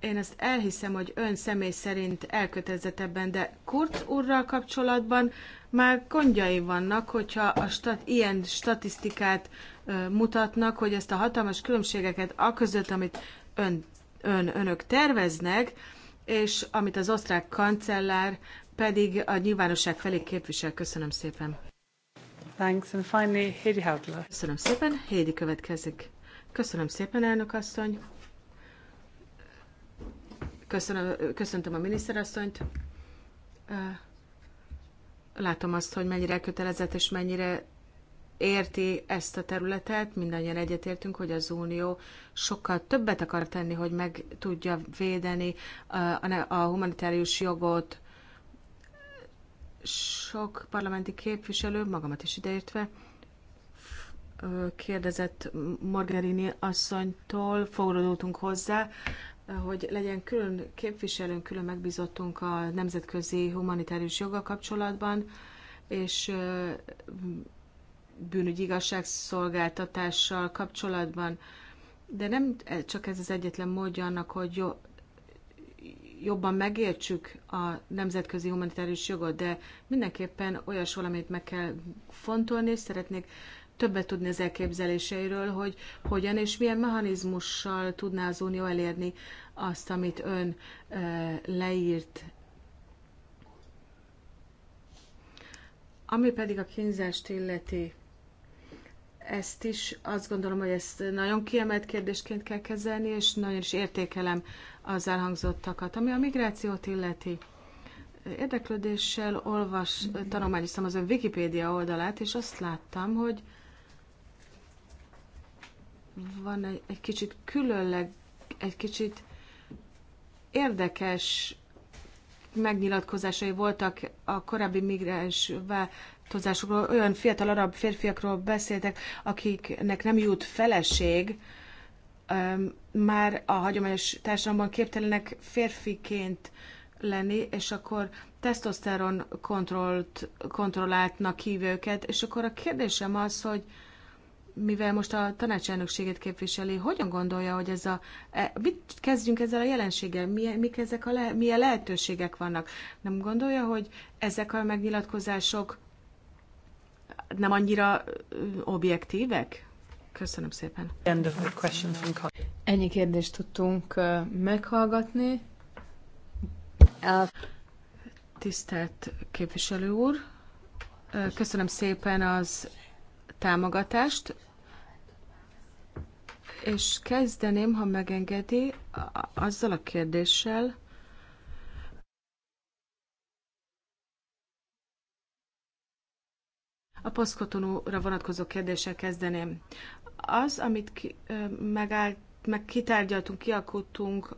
én ezt elhiszem, hogy ön személy szerint elkötelezett ebben, de kurt úrral kapcsolatban már gondjai vannak, hogyha a stat- ilyen statisztikát ö, mutatnak, hogy ezt a hatalmas különbségeket a között, amit ön, ön, önök terveznek, és amit az osztrák kancellár pedig a nyilvánosság felé képvisel. Köszönöm szépen. Thanks, and finally Heidi Hautala. Köszönöm szépen, Heidi következik. Köszönöm szépen, elnök asszony. Köszönöm, köszöntöm a miniszterasszonyt. Látom azt, hogy mennyire elkötelezett és mennyire érti ezt a területet, mindannyian egyetértünk, hogy az Unió sokkal többet akar tenni, hogy meg tudja védeni a humanitárius jogot, sok parlamenti képviselő, magamat is ideértve, kérdezett Margarini asszonytól, fordultunk hozzá, hogy legyen külön képviselőnk, külön megbízottunk a nemzetközi humanitárius joga kapcsolatban, és bűnügyi igazságszolgáltatással kapcsolatban. De nem e, csak ez az egyetlen módja annak, hogy jobban megértsük a nemzetközi humanitárius jogot, de mindenképpen olyas valamit meg kell fontolni, és szeretnék többet tudni az elképzeléseiről, hogy hogyan és milyen mechanizmussal tudná az Unió elérni azt, amit ön leírt. Ami pedig a kínzást illeti, ezt is azt gondolom, hogy ezt nagyon kiemelt kérdésként kell kezelni, és nagyon is értékelem az elhangzottakat. Ami a migrációt illeti, érdeklődéssel olvas, tanulmányoztam az ön Wikipédia oldalát, és azt láttam, hogy van egy, egy kicsit különleg, egy kicsit érdekes megnyilatkozásai voltak a korábbi migráns változásokról, olyan fiatal arab férfiakról beszéltek, akiknek nem jut feleség, már a hagyományos társadalomban képtelenek férfiként lenni, és akkor tesztoszteron kontrollt, kontrolláltnak hívja őket, és akkor a kérdésem az, hogy mivel most a tanácselnökséget képviseli, hogyan gondolja, hogy ez a... E, mit kezdjünk ezzel a jelenséggel? Milyen, mik ezek a le, milyen lehetőségek vannak? Nem gondolja, hogy ezek a megnyilatkozások nem annyira objektívek? Köszönöm szépen. Ennyi kérdést tudtunk meghallgatni. Uh, Tisztelt képviselő úr, köszönöm szépen az támogatást, és kezdeném, ha megengedi, azzal a kérdéssel, A poszkotonúra vonatkozó kérdéssel kezdeném. Az, amit ki, megállt, meg kitárgyaltunk, kialkottunk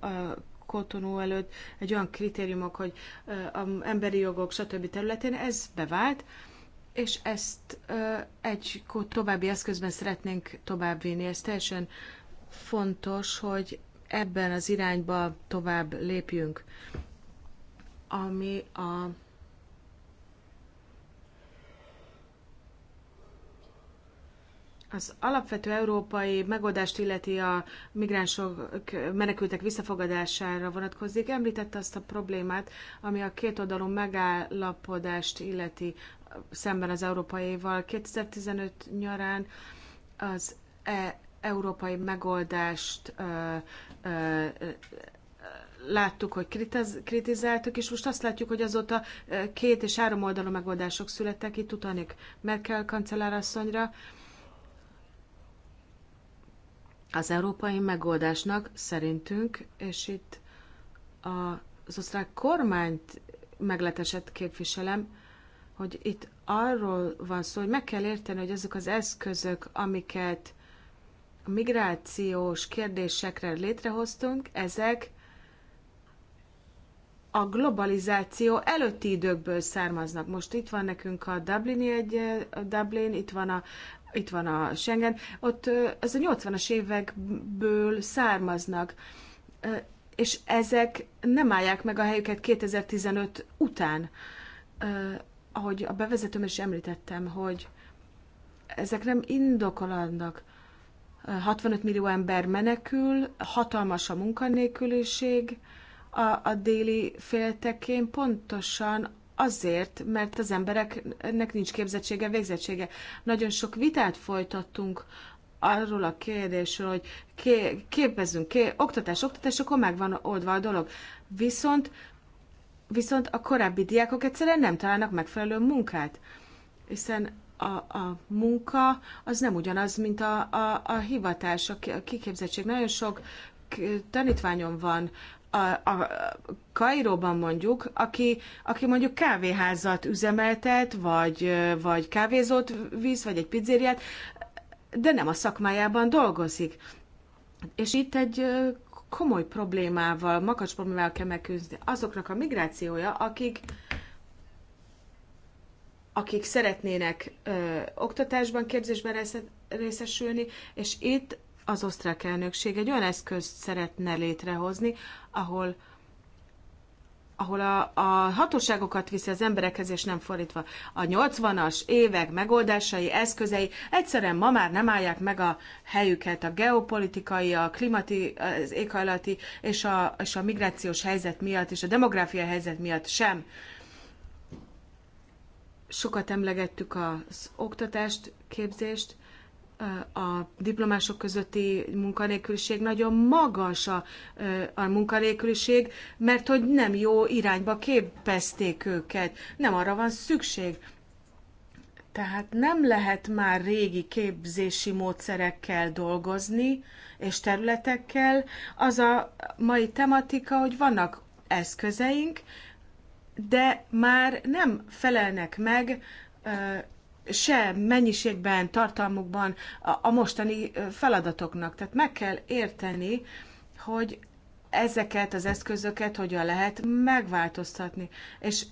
Kotonó előtt egy olyan kritériumok, hogy a emberi jogok, stb. területén, ez bevált, és ezt egy további eszközben szeretnénk továbbvinni. Ez teljesen fontos, hogy ebben az irányba tovább lépjünk, ami a az alapvető európai megoldást illeti a migránsok menekültek visszafogadására vonatkozik. Említette azt a problémát, ami a két oldalú megállapodást illeti szemben az európaival. 2015 nyarán az e európai megoldást ö, ö, láttuk, hogy kritiz, kritizáltuk, és most azt látjuk, hogy azóta két és három oldalú megoldások születtek, itt utalnék Merkel kancellárasszonyra, asszonyra, az európai megoldásnak szerintünk, és itt az osztrák kormányt megleteset képviselem, hogy itt arról van szó, hogy meg kell érteni, hogy azok az eszközök, amiket a migrációs kérdésekre létrehoztunk, ezek a globalizáció előtti időkből származnak. Most itt van nekünk a Dublini egy, a Dublin, itt van a itt van a Schengen, ott ez a 80-as évekből származnak, és ezek nem állják meg a helyüket 2015 után. Ahogy a bevezetőm is említettem, hogy ezek nem indokolandak. 65 millió ember menekül, hatalmas a munkanélküliség, a, a déli féltekén pontosan azért, mert az embereknek nincs képzettsége, végzettsége. Nagyon sok vitát folytattunk arról a kérdésről, hogy ké, képezünk, ké, oktatás, oktatás, akkor meg van oldva a dolog. Viszont, viszont a korábbi diákok egyszerűen nem találnak megfelelő munkát, hiszen a, a munka az nem ugyanaz, mint a, a, a hivatás, a kiképzettség. Nagyon sok tanítványom van, a, a Kairóban mondjuk, aki, aki mondjuk kávéházat üzemeltet, vagy, vagy kávézót visz, vagy egy pizzériát, de nem a szakmájában dolgozik. És itt egy komoly problémával, makacs problémával kell megküzdni. Azoknak a migrációja, akik, akik szeretnének ö, oktatásban, képzésben részesülni, és itt az osztrák elnökség egy olyan eszközt szeretne létrehozni, ahol ahol a, a hatóságokat viszi az emberekhez, és nem fordítva. A 80-as évek megoldásai, eszközei egyszerűen ma már nem állják meg a helyüket. A geopolitikai, a klimati, az éghajlati és a, és a migrációs helyzet miatt, és a demográfia helyzet miatt sem. Sokat emlegettük az oktatást, képzést, a diplomások közötti munkanélküliség nagyon magas a, a munkanélküliség, mert hogy nem jó irányba képezték őket, nem arra van szükség. Tehát nem lehet már régi képzési módszerekkel dolgozni, és területekkel. Az a mai tematika, hogy vannak eszközeink, de már nem felelnek meg se mennyiségben, tartalmukban a mostani feladatoknak. Tehát meg kell érteni, hogy ezeket az eszközöket hogyan lehet megváltoztatni. És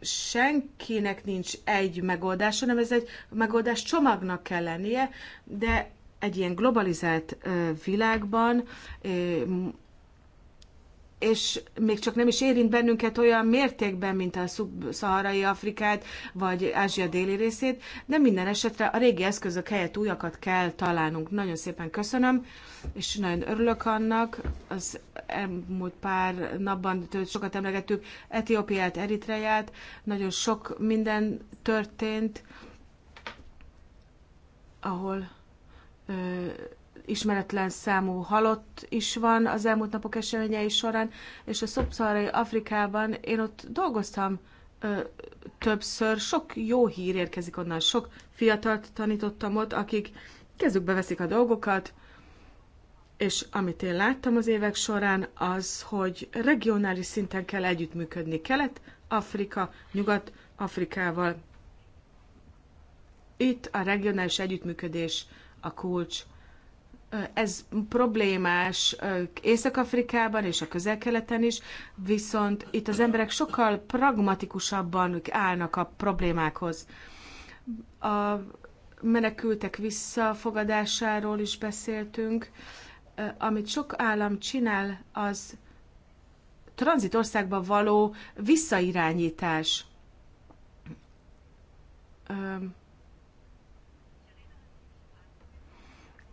senkinek nincs egy megoldás, hanem ez egy megoldás csomagnak kell lennie, de egy ilyen globalizált világban és még csak nem is érint bennünket olyan mértékben, mint a szaharai Afrikát, vagy Ázsia déli részét, de minden esetre a régi eszközök helyett újakat kell találnunk. Nagyon szépen köszönöm, és nagyon örülök annak. Az elmúlt pár napban sokat emlegettük Etiópiát, Eritreját, nagyon sok minden történt, ahol ö, ismeretlen számú halott is van az elmúlt napok eseményei során, és a szobszarai Afrikában én ott dolgoztam ö, többször, sok jó hír érkezik onnan, sok fiatalt tanítottam ott, akik kezükbe veszik a dolgokat, és amit én láttam az évek során, az, hogy regionális szinten kell együttműködni Kelet-Afrika, Nyugat-Afrikával. Itt a regionális együttműködés a kulcs ez problémás Észak-Afrikában és a közel-keleten is, viszont itt az emberek sokkal pragmatikusabban állnak a problémákhoz. A menekültek visszafogadásáról is beszéltünk. Amit sok állam csinál, az tranzitországban való visszairányítás.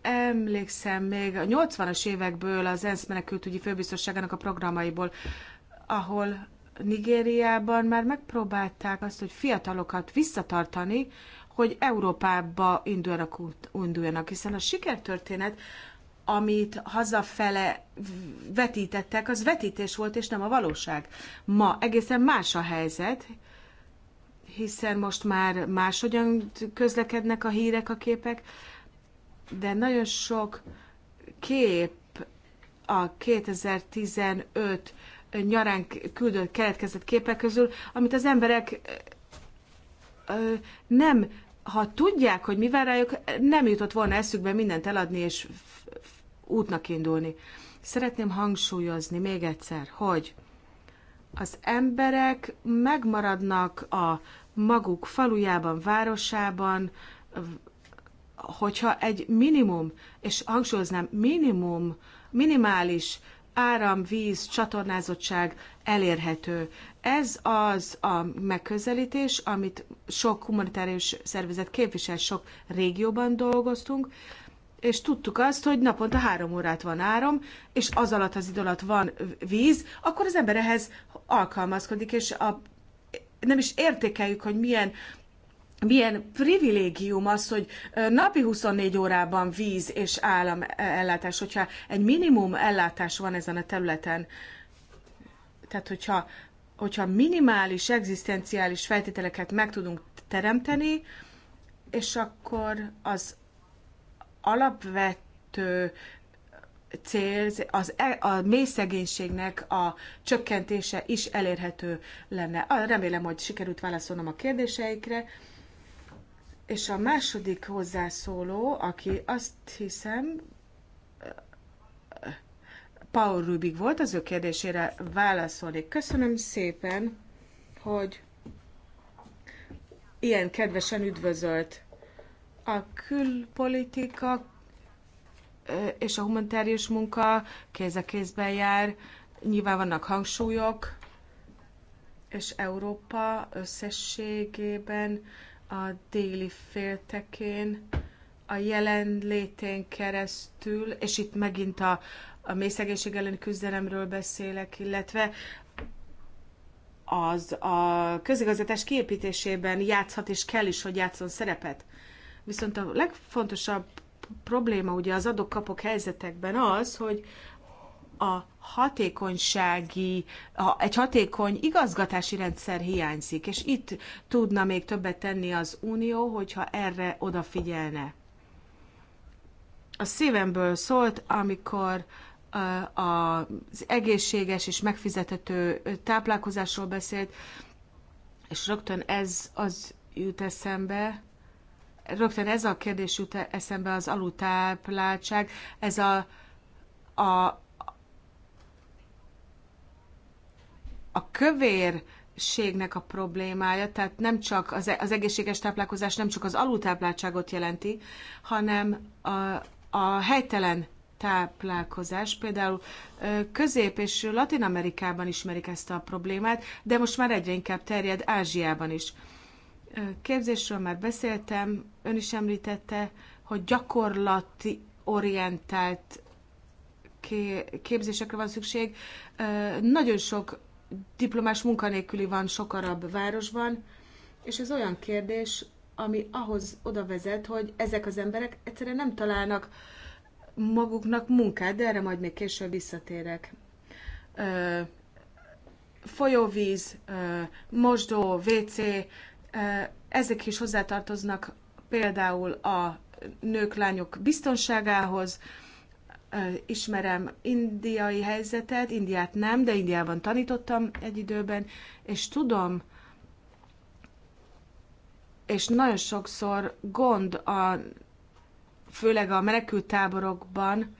emlékszem még a 80-as évekből az ENSZ menekültügyi főbiztosságának a programaiból, ahol Nigériában már megpróbálták azt, hogy fiatalokat visszatartani, hogy Európába induljanak, induljanak hiszen a sikertörténet, amit hazafele vetítettek, az vetítés volt, és nem a valóság. Ma egészen más a helyzet, hiszen most már máshogyan közlekednek a hírek, a képek, de nagyon sok kép a 2015 nyarán küldött, keletkezett képek közül, amit az emberek nem, ha tudják, hogy mi vár rájuk, nem jutott volna eszükbe mindent eladni és útnak indulni. Szeretném hangsúlyozni még egyszer, hogy az emberek megmaradnak a maguk falujában, városában, hogyha egy minimum, és hangsúlyoznám, minimum, minimális áram, víz, csatornázottság elérhető. Ez az a megközelítés, amit sok humanitárius szervezet képvisel, sok régióban dolgoztunk, és tudtuk azt, hogy naponta három órát van áram, és az alatt az idő alatt van víz, akkor az ember ehhez alkalmazkodik, és a, nem is értékeljük, hogy milyen milyen privilégium az, hogy napi 24 órában víz és állam e, ellátás, hogyha egy minimum ellátás van ezen a területen, tehát hogyha, hogyha minimális, egzisztenciális feltételeket meg tudunk teremteni, és akkor az alapvető cél, az, e, a mély szegénységnek a csökkentése is elérhető lenne. Remélem, hogy sikerült válaszolnom a kérdéseikre. És a második hozzászóló, aki azt hiszem Paul Rubik volt, az ő kérdésére válaszolni. Köszönöm szépen, hogy ilyen kedvesen üdvözölt a külpolitika és a humanitárius munka kéz a kézben jár. Nyilván vannak hangsúlyok, és Európa összességében a déli féltekén, a jelenlétén keresztül, és itt megint a, a mélyszegénység elleni küzdelemről beszélek, illetve az a közigazgatás kiépítésében játszhat és kell is, hogy játszon szerepet. Viszont a legfontosabb probléma ugye az adok-kapok helyzetekben az, hogy a hatékonysági, a, egy hatékony igazgatási rendszer hiányzik, és itt tudna még többet tenni az Unió, hogyha erre odafigyelne. A szívemből szólt, amikor az egészséges és megfizethető táplálkozásról beszélt, és rögtön ez az jut eszembe, rögtön ez a kérdés jut eszembe az alultápláltság, ez a, a a kövér ségnek a problémája, tehát nem csak az, e- az egészséges táplálkozás nem csak az alultápláltságot jelenti, hanem a, a helytelen táplálkozás. Például Közép- és Latin Amerikában ismerik ezt a problémát, de most már egyre inkább terjed Ázsiában is. Képzésről már beszéltem, ön is említette, hogy gyakorlati orientált képzésekre van szükség. Nagyon sok diplomás munkanélküli van sok arab városban, és ez olyan kérdés, ami ahhoz oda vezet, hogy ezek az emberek egyszerűen nem találnak maguknak munkát, de erre majd még később visszatérek. Ö, folyóvíz, ö, mosdó, WC, ö, ezek is hozzátartoznak például a nők, lányok biztonságához, ö, ismerem indiai helyzetet, Indiát nem, de Indiában tanítottam egy időben, és tudom, és nagyon sokszor gond, a, főleg a menekült táborokban,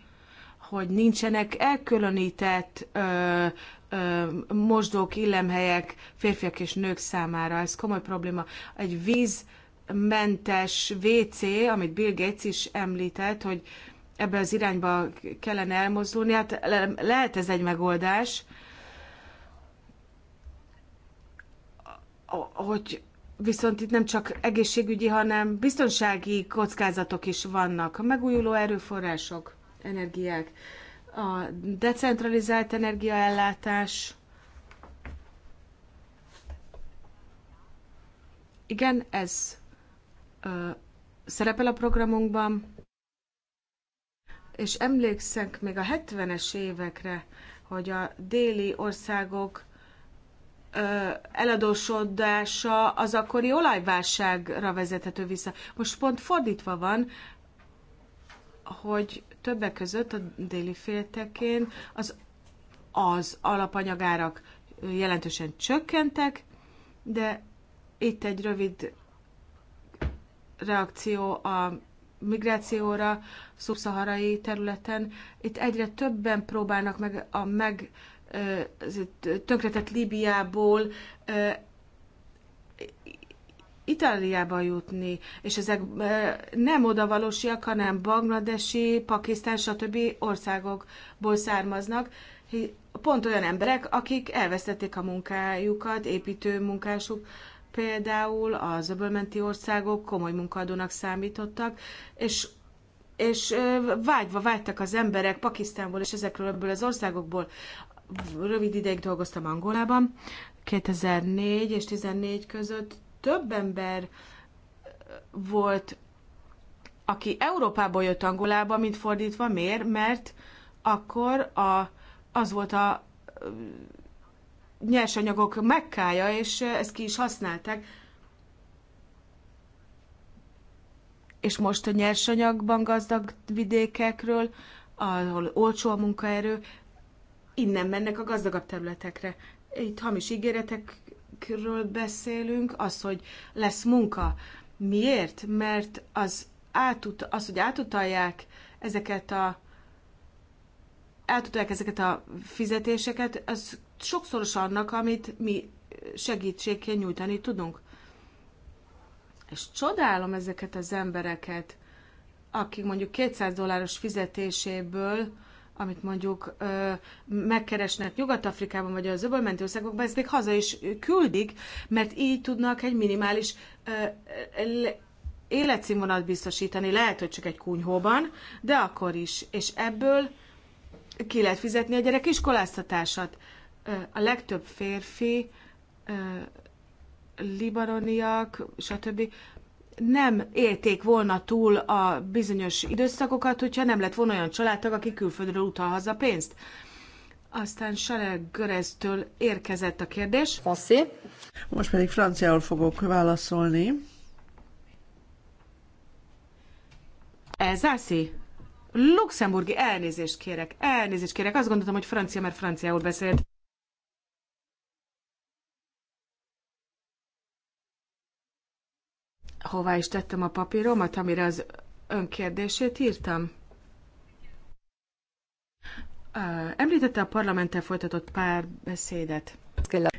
hogy nincsenek elkülönített ö, ö, mosdók, illemhelyek férfiak és nők számára. Ez komoly probléma. Egy vízmentes WC, amit Bill Gates is említett, hogy ebbe az irányba kellene elmozdulni. Hát le, lehet ez egy megoldás, hogy viszont itt nem csak egészségügyi, hanem biztonsági kockázatok is vannak. A megújuló erőforrások, energiák, a decentralizált energiaellátás. Igen, ez ö, szerepel a programunkban és emlékszek még a 70-es évekre, hogy a déli országok ö, eladósodása az akkori olajválságra vezethető vissza. Most pont fordítva van, hogy többek között a déli féltekén az, az alapanyagárak jelentősen csökkentek, de itt egy rövid reakció a migrációra, szubszaharai területen. Itt egyre többen próbálnak meg a meg tönkretett Líbiából Itáliába jutni, és ezek nem odavalósiak, hanem bangladesi, pakisztán, stb. országokból származnak, pont olyan emberek, akik elvesztették a munkájukat, építő munkásuk, például az öbölmenti országok komoly munkaadónak számítottak, és és vágyva vágytak az emberek Pakisztánból és ezekről ebből az országokból. Rövid ideig dolgoztam Angolában, 2004 és 2014 között több ember volt, aki Európából jött Angolába, mint fordítva. Miért? Mert akkor a, az volt a nyersanyagok mekkája, és ezt ki is használták. És most a nyersanyagban gazdag vidékekről, ahol olcsó a munkaerő, innen mennek a gazdagabb területekre. Itt hamis ígéretekről beszélünk, az, hogy lesz munka. Miért? Mert az, átut, az hogy átutalják ezeket a átutalják ezeket a fizetéseket, az sokszoros annak, amit mi segítségként nyújtani tudunk. És csodálom ezeket az embereket, akik mondjuk 200 dolláros fizetéséből, amit mondjuk ö, megkeresnek Nyugat-Afrikában vagy az öbölmenti országokban, ezt még haza is küldik, mert így tudnak egy minimális ö, le, életszínvonalat biztosítani, lehet, hogy csak egy kunyhóban, de akkor is. És ebből ki lehet fizetni a gyerek iskoláztatását a legtöbb férfi, libaroniak, stb. nem élték volna túl a bizonyos időszakokat, hogyha nem lett volna olyan családtag, aki külföldről utal haza pénzt. Aztán Sarel Göreztől érkezett a kérdés. Foszi. Most pedig franciául fogok válaszolni. Ászi? Luxemburgi elnézést kérek, elnézést kérek. Azt gondoltam, hogy francia, mert franciául beszélt. Hová is tettem a papíromat, amire az önkérdését írtam? Említette a parlamenttel folytatott párbeszédet.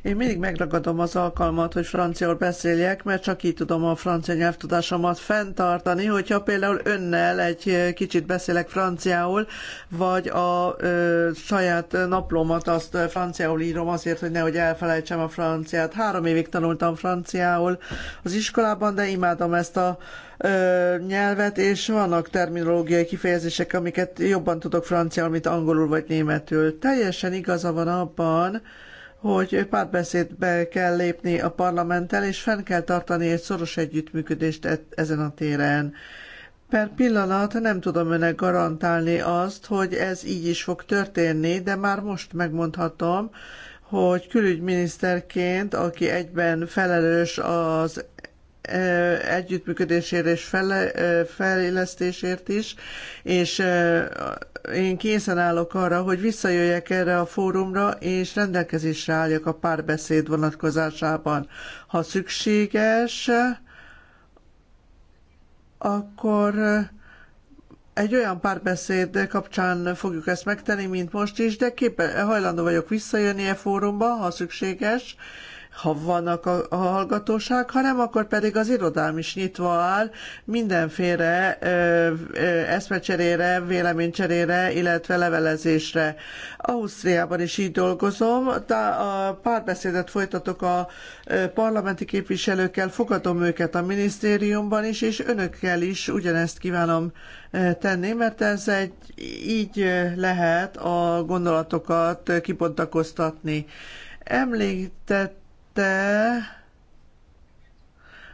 Én mindig megragadom az alkalmat, hogy franciaul beszéljek, mert csak így tudom a francia nyelvtudásomat fenntartani, hogyha például önnel egy kicsit beszélek franciául, vagy a ö, saját naplómat azt franciául írom azért, hogy nehogy elfelejtsem a franciát. Három évig tanultam franciául az iskolában, de imádom ezt a ö, nyelvet, és vannak terminológiai kifejezések, amiket jobban tudok franciául, mint angolul vagy németül. Teljesen igaza van abban, hogy párbeszédbe kell lépni a parlamenttel, és fenn kell tartani egy szoros együttműködést e- ezen a téren. Per pillanat nem tudom önnek garantálni azt, hogy ez így is fog történni, de már most megmondhatom, hogy külügyminiszterként, aki egyben felelős az együttműködésért és fele, fejlesztésért is, és én készen állok arra, hogy visszajöjjek erre a fórumra, és rendelkezésre álljak a párbeszéd vonatkozásában. Ha szükséges, akkor egy olyan párbeszéd kapcsán fogjuk ezt megtenni, mint most is, de képe, hajlandó vagyok visszajönni e fórumba, ha szükséges, ha vannak a, a hallgatóság, hanem akkor pedig az irodám is nyitva áll mindenféle ö, ö, eszmecserére, véleménycserére, illetve levelezésre. Ausztriában is így dolgozom, de a párbeszédet folytatok a parlamenti képviselőkkel, fogadom őket a minisztériumban is, és önökkel is ugyanezt kívánom tenni, mert ez egy így lehet a gondolatokat kibontakoztatni. Említett említette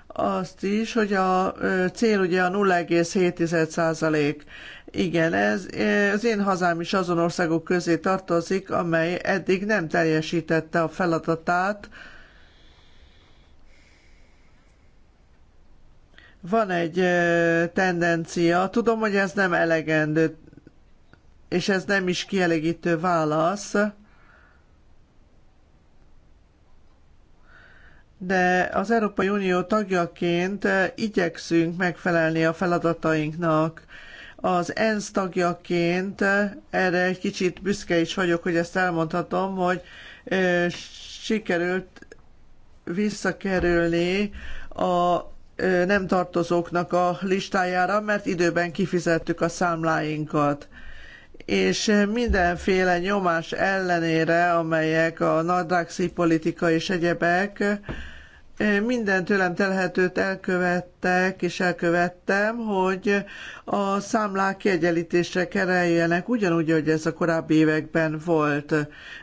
azt is, hogy a cél ugye a 0,7 százalék. Igen, ez, az én hazám is azon országok közé tartozik, amely eddig nem teljesítette a feladatát. Van egy tendencia, tudom, hogy ez nem elegendő, és ez nem is kielégítő válasz, de az Európai Unió tagjaként eh, igyekszünk megfelelni a feladatainknak. Az ENSZ tagjaként eh, erre egy kicsit büszke is vagyok, hogy ezt elmondhatom, hogy eh, sikerült visszakerülni a nem tartozóknak a listájára, mert időben kifizettük a számláinkat és mindenféle nyomás ellenére, amelyek a nadrágszi politika és egyebek, minden tőlem telhetőt elkövettek, és elkövettem, hogy a számlák kiegyenlítésre kereljenek, ugyanúgy, ahogy ez a korábbi években volt.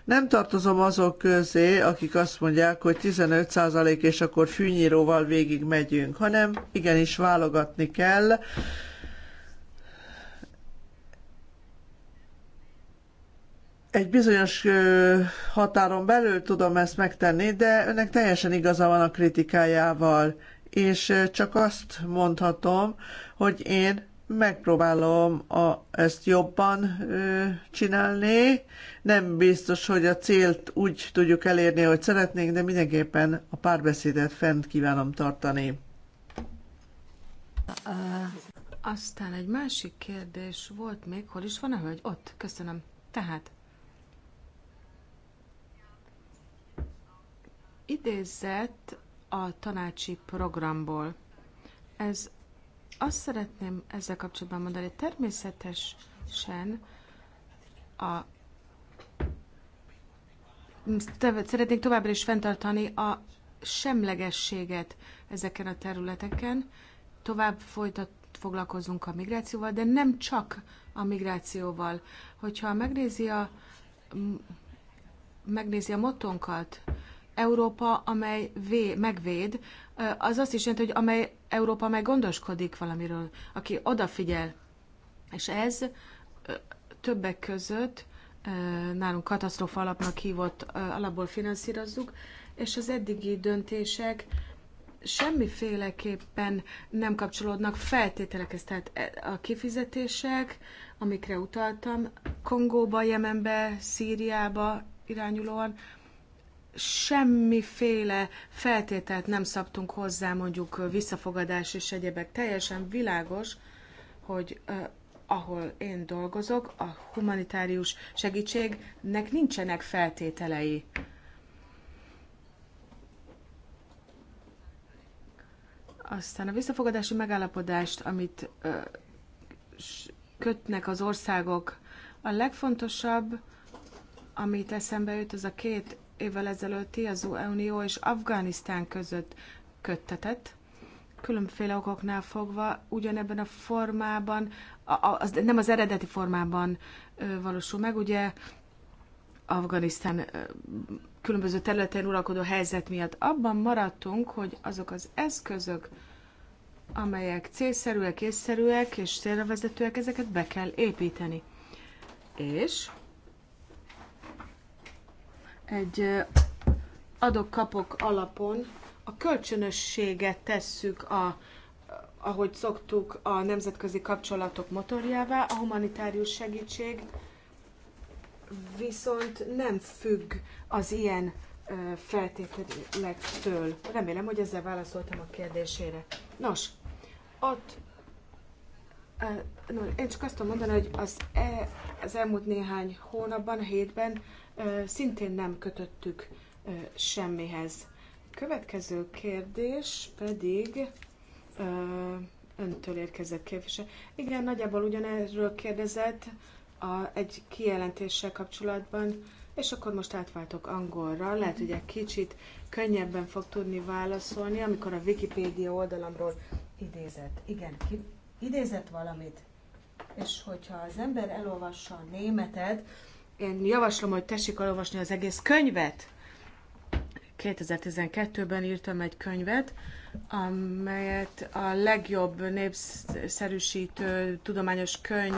Nem tartozom azok közé, akik azt mondják, hogy 15% és akkor fűnyíróval végig megyünk, hanem igenis válogatni kell, egy bizonyos határon belül tudom ezt megtenni, de önnek teljesen igaza van a kritikájával, és csak azt mondhatom, hogy én megpróbálom a, ezt jobban ö, csinálni. Nem biztos, hogy a célt úgy tudjuk elérni, hogy szeretnénk, de mindenképpen a párbeszédet fent kívánom tartani. Aztán egy másik kérdés volt még, hol is van a hölgy? Ott, köszönöm. Tehát idézett a tanácsi programból. Ez azt szeretném ezzel kapcsolatban mondani, természetesen a szeretnénk továbbra is fenntartani a semlegességet ezeken a területeken. Tovább folytat, foglalkozunk a migrációval, de nem csak a migrációval. Hogyha megnézi a, megnézi a motónkat, Európa, amely vé, megvéd, az azt is jelenti, hogy amely Európa, amely gondoskodik valamiről, aki odafigyel. És ez többek között nálunk katasztrófa alapnak hívott alapból finanszírozzuk, és az eddigi döntések semmiféleképpen nem kapcsolódnak feltételekhez. Tehát e, a kifizetések, amikre utaltam, Kongóba, Jemenbe, Szíriába irányulóan, semmiféle feltételt nem szabtunk hozzá, mondjuk visszafogadás és egyebek. Teljesen világos, hogy ahol én dolgozok, a humanitárius segítségnek nincsenek feltételei. Aztán a visszafogadási megállapodást, amit kötnek az országok, a legfontosabb, amit eszembe jut, az a két évvel ezelőtti az Unió és Afganisztán között köttetett, különféle okoknál fogva ugyanebben a formában, az, nem az eredeti formában valósul meg, ugye Afganisztán különböző területen uralkodó helyzet miatt abban maradtunk, hogy azok az eszközök, amelyek célszerűek, észszerűek és célra vezetőek, ezeket be kell építeni. És egy adok-kapok alapon a kölcsönösséget tesszük a, ahogy szoktuk, a nemzetközi kapcsolatok motorjává, a humanitárius segítség viszont nem függ az ilyen feltételektől. Remélem, hogy ezzel válaszoltam a kérdésére. Nos, ott én csak azt tudom mondani, hogy az, e, az elmúlt néhány hónapban, hétben szintén nem kötöttük semmihez. Következő kérdés pedig öntől érkezett képviselő. Igen, nagyjából ugyanerről kérdezett a, egy kijelentéssel kapcsolatban, és akkor most átváltok angolra, lehet, hogy egy kicsit könnyebben fog tudni válaszolni, amikor a Wikipédia oldalamról idézett. Igen, ki, idézett valamit, és hogyha az ember elolvassa a németet, én javaslom, hogy tessék olvasni az egész könyvet. 2012-ben írtam egy könyvet, amelyet a legjobb népszerűsítő tudományos könyv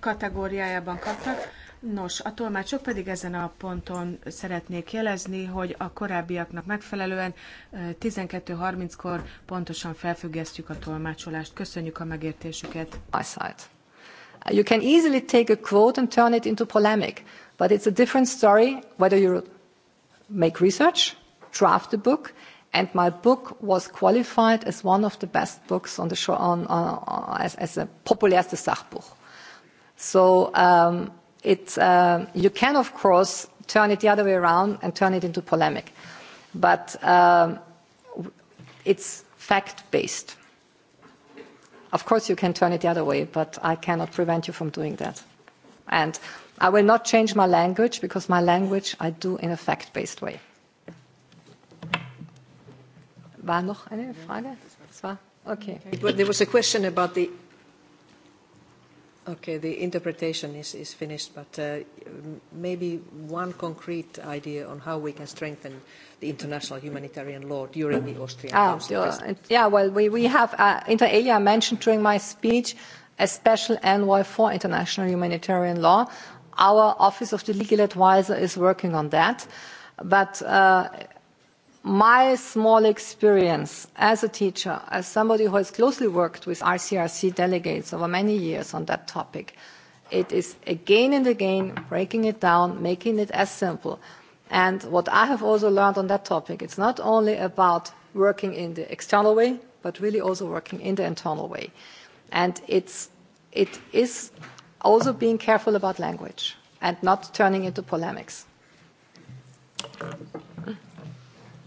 kategóriájában kaptak. Nos, a tolmácsok pedig ezen a ponton szeretnék jelezni, hogy a korábbiaknak megfelelően 12.30-kor pontosan felfüggesztjük a tolmácsolást. Köszönjük a megértésüket! Ajszalt! You can easily take a quote and turn it into polemic, but it's a different story whether you make research, draft a book, and my book was qualified as one of the best books on the show, on, on, as, as a populärste Sachbuch. So um, uh, you can, of course, turn it the other way around and turn it into polemic. But um, it's fact-based. Of course, you can turn it the other way, but I cannot prevent you from doing that. And I will not change my language because my language I do in a fact-based way. War noch eine Frage? okay. There was a question about the Okay, the interpretation is, is finished, but uh, maybe one concrete idea on how we can strengthen the international humanitarian law during the Austrian ah, Council. Yeah, yeah, well, we, we have, uh, inter alia I mentioned during my speech, a special envoy for international humanitarian law. Our Office of the Legal Advisor is working on that. But uh, my small experience as a teacher, as somebody who has closely worked with ICRC delegates over many years on that topic, it is again and again breaking it down, making it as simple. And what I have also learned on that topic, it's not only about working in the external way, but really also working in the internal way. And it's, it is also being careful about language and not turning into polemics.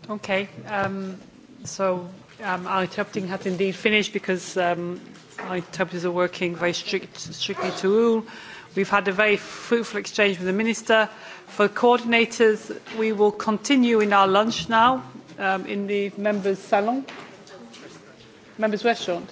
Okay. Um, so um, our interpreting has indeed finished because um, our interpreters are working very strict, strictly to rule. We've had a very fruitful exchange with the Minister. For coordinators, we will continue in our lunch now um, in the members' salon, members' restaurant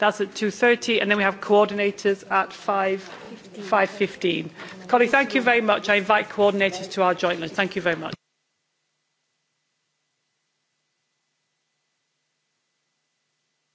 That's at 2.30, and then we have coordinators at 5.15. Colleagues, thank you very much. I invite coordinators to our joint lunch. Thank you very much.